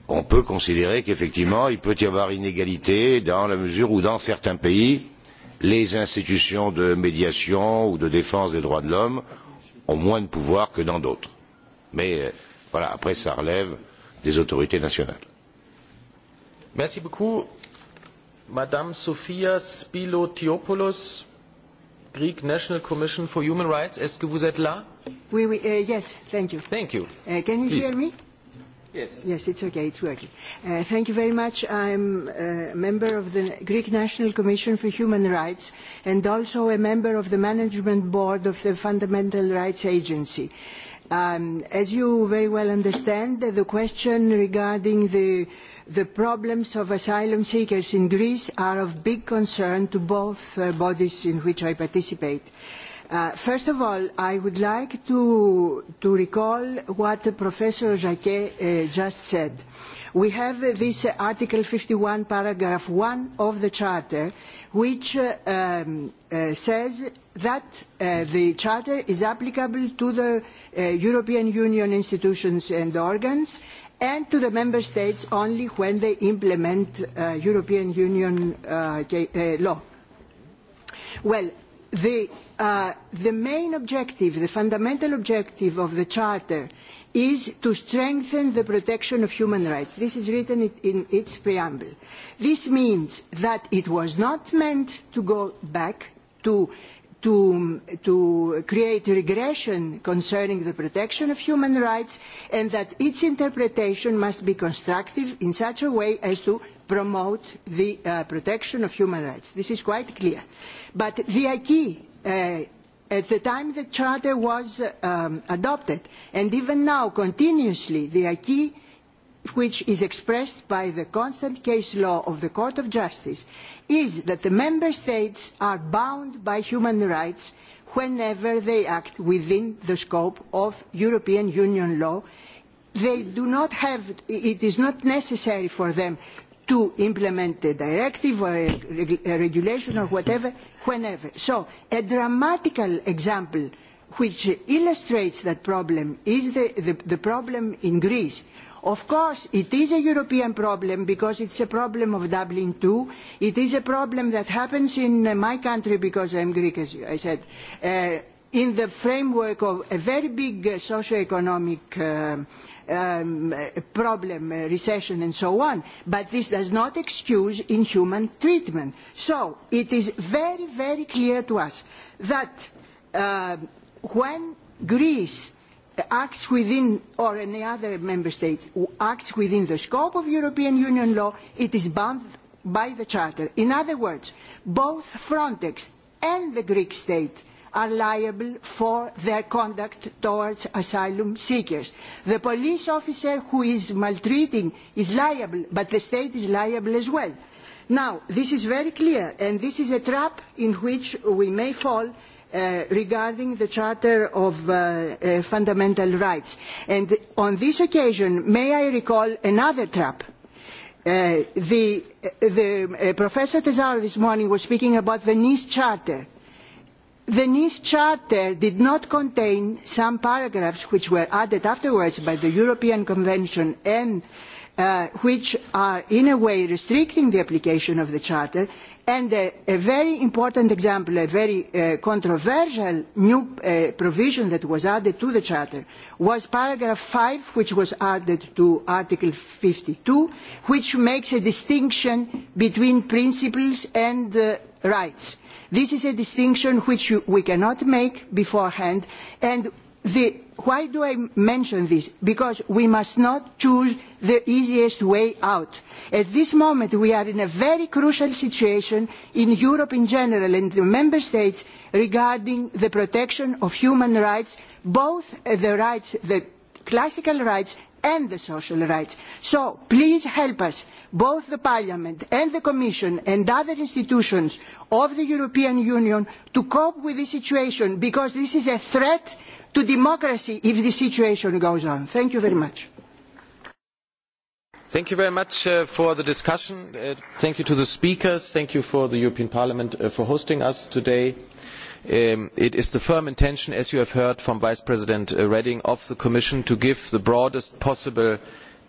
on peut considérer qu'effectivement il peut y avoir inégalité dans la mesure où dans certains pays les institutions de médiation ou de défense des droits de l'homme ont moins de pouvoir que dans d'autres. Mais euh, voilà, après ça relève des autorités nationales. Merci beaucoup. Madame Sophia Spilotiopoulos, Greek National Commission for Human Rights, est-ce que vous êtes là? Oui, oui, uh, yes, thank you. Thank you. Uh, can you Please. hear me? Yes. Yes, it's okay. It's working. Uh, thank you very much. I'm a member of the Greek National Commission for Human Rights and also a member of the Management Board of the Fundamental Rights Agency. Um, as you very well understand, the question regarding the, the problems of asylum seekers in Greece are of big concern to both uh, bodies in which I participate. Uh, Uh, first of all, I would like to, to recall what Professor Jacquet uh, just said. We have uh, this uh, Article 51, paragraph 1 of the Charter, which uh, um, uh, says that uh, the Charter is applicable to the uh, European Union institutions and organs and to the Member States only when they implement uh, European Union uh, uh law. Well, the Uh, the main objective, the fundamental objective of the Charter is to strengthen the protection of human rights. This is written in its preamble. This means that it was not meant to go back to, to, to create regression concerning the protection of human rights and that its interpretation must be constructive in such a way as to promote the uh, protection of human rights. This is quite clear. But the key Uh, at the time the Charter was um, adopted, and even now continuously the acquis which is expressed by the constant case law of the Court of Justice is that the Member States are bound by human rights whenever they act within the scope of European Union law. They do not have, it is not necessary for them to implement a directive or a, a uh, regulation or whatever, whenever. So a dramatical example which illustrates that problem is the, the, the problem in Greece. Of course, it is a European problem because it's a problem of Dublin too. It is a problem that happens in my country because I'm Greek, as I said, uh, in the framework of a very big uh, socio-economic uh, um, problem, uh, recession and so on. But this does not excuse inhuman treatment. So it is very, very clear to us that uh, when Greece acts within, or any other member state acts within the scope of European Union law, it is bound by the Charter. In other words, both Frontex and the Greek state are liable for their conduct towards asylum seekers. The police officer who is maltreating is liable, but the state is liable as well. Now, this is very clear, and this is a trap in which we may fall Uh, regarding the Charter of uh, uh, Fundamental Rights. And on this occasion, may I recall another trap? Uh, the, uh, the uh, Professor Tesaro this morning was speaking about the Nice Charter the nice charter did not contain some paragraphs which were added afterwards by the european convention and uh, which are in a way restricting the application of the charter and a, a very important example a very uh, controversial new uh, provision that was added to the charter was paragraph 5 which was added to article 52 which makes a distinction between principles and uh, rights This is a distinction which you, we cannot make beforehand. And the, why do I mention this? Because we must not choose the easiest way out. At this moment, we are in a very crucial situation in Europe in general and the Member States regarding the protection of human rights, both the rights, the classical rights and the social rights. So please help us, both the Parliament and the Commission and other institutions of the European Union, to cope with this situation because this is a threat to democracy if this situation goes on. Thank you very much. Thank you very much uh, for the discussion. Uh, thank you to the speakers. Thank you for the European Parliament uh, for hosting us today. Um, it is the firm intention, as you have heard from Vice President uh, Reding, of the Commission to give the broadest possible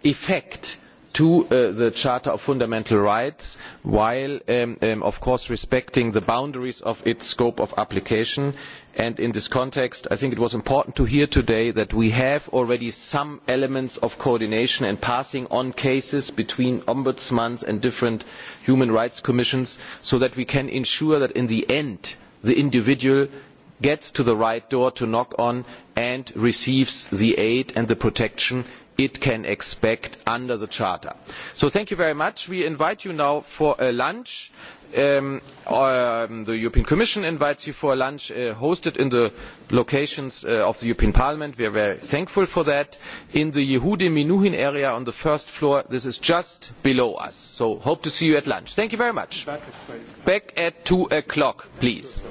effect to uh, the Charter of Fundamental Rights while, um, um, of course, respecting the boundaries of its scope of application. And in this context, I think it was important to hear today that we have already some elements of coordination and passing on cases between ombudsmen and different human rights commissions so that we can ensure that in the end, the individual gets to the right door to knock on and receives the aid and the protection it can expect under the Charter. So thank you very much. We invite you now for a lunch. Um, uh, the European Commission invites you for lunch uh, hosted in the locations uh, of the European Parliament. We are very thankful for that. In the Yehudi Minuhin area on the first floor, this is just below us. So hope to see you at lunch. Thank you very much. Back at 2 o'clock, please.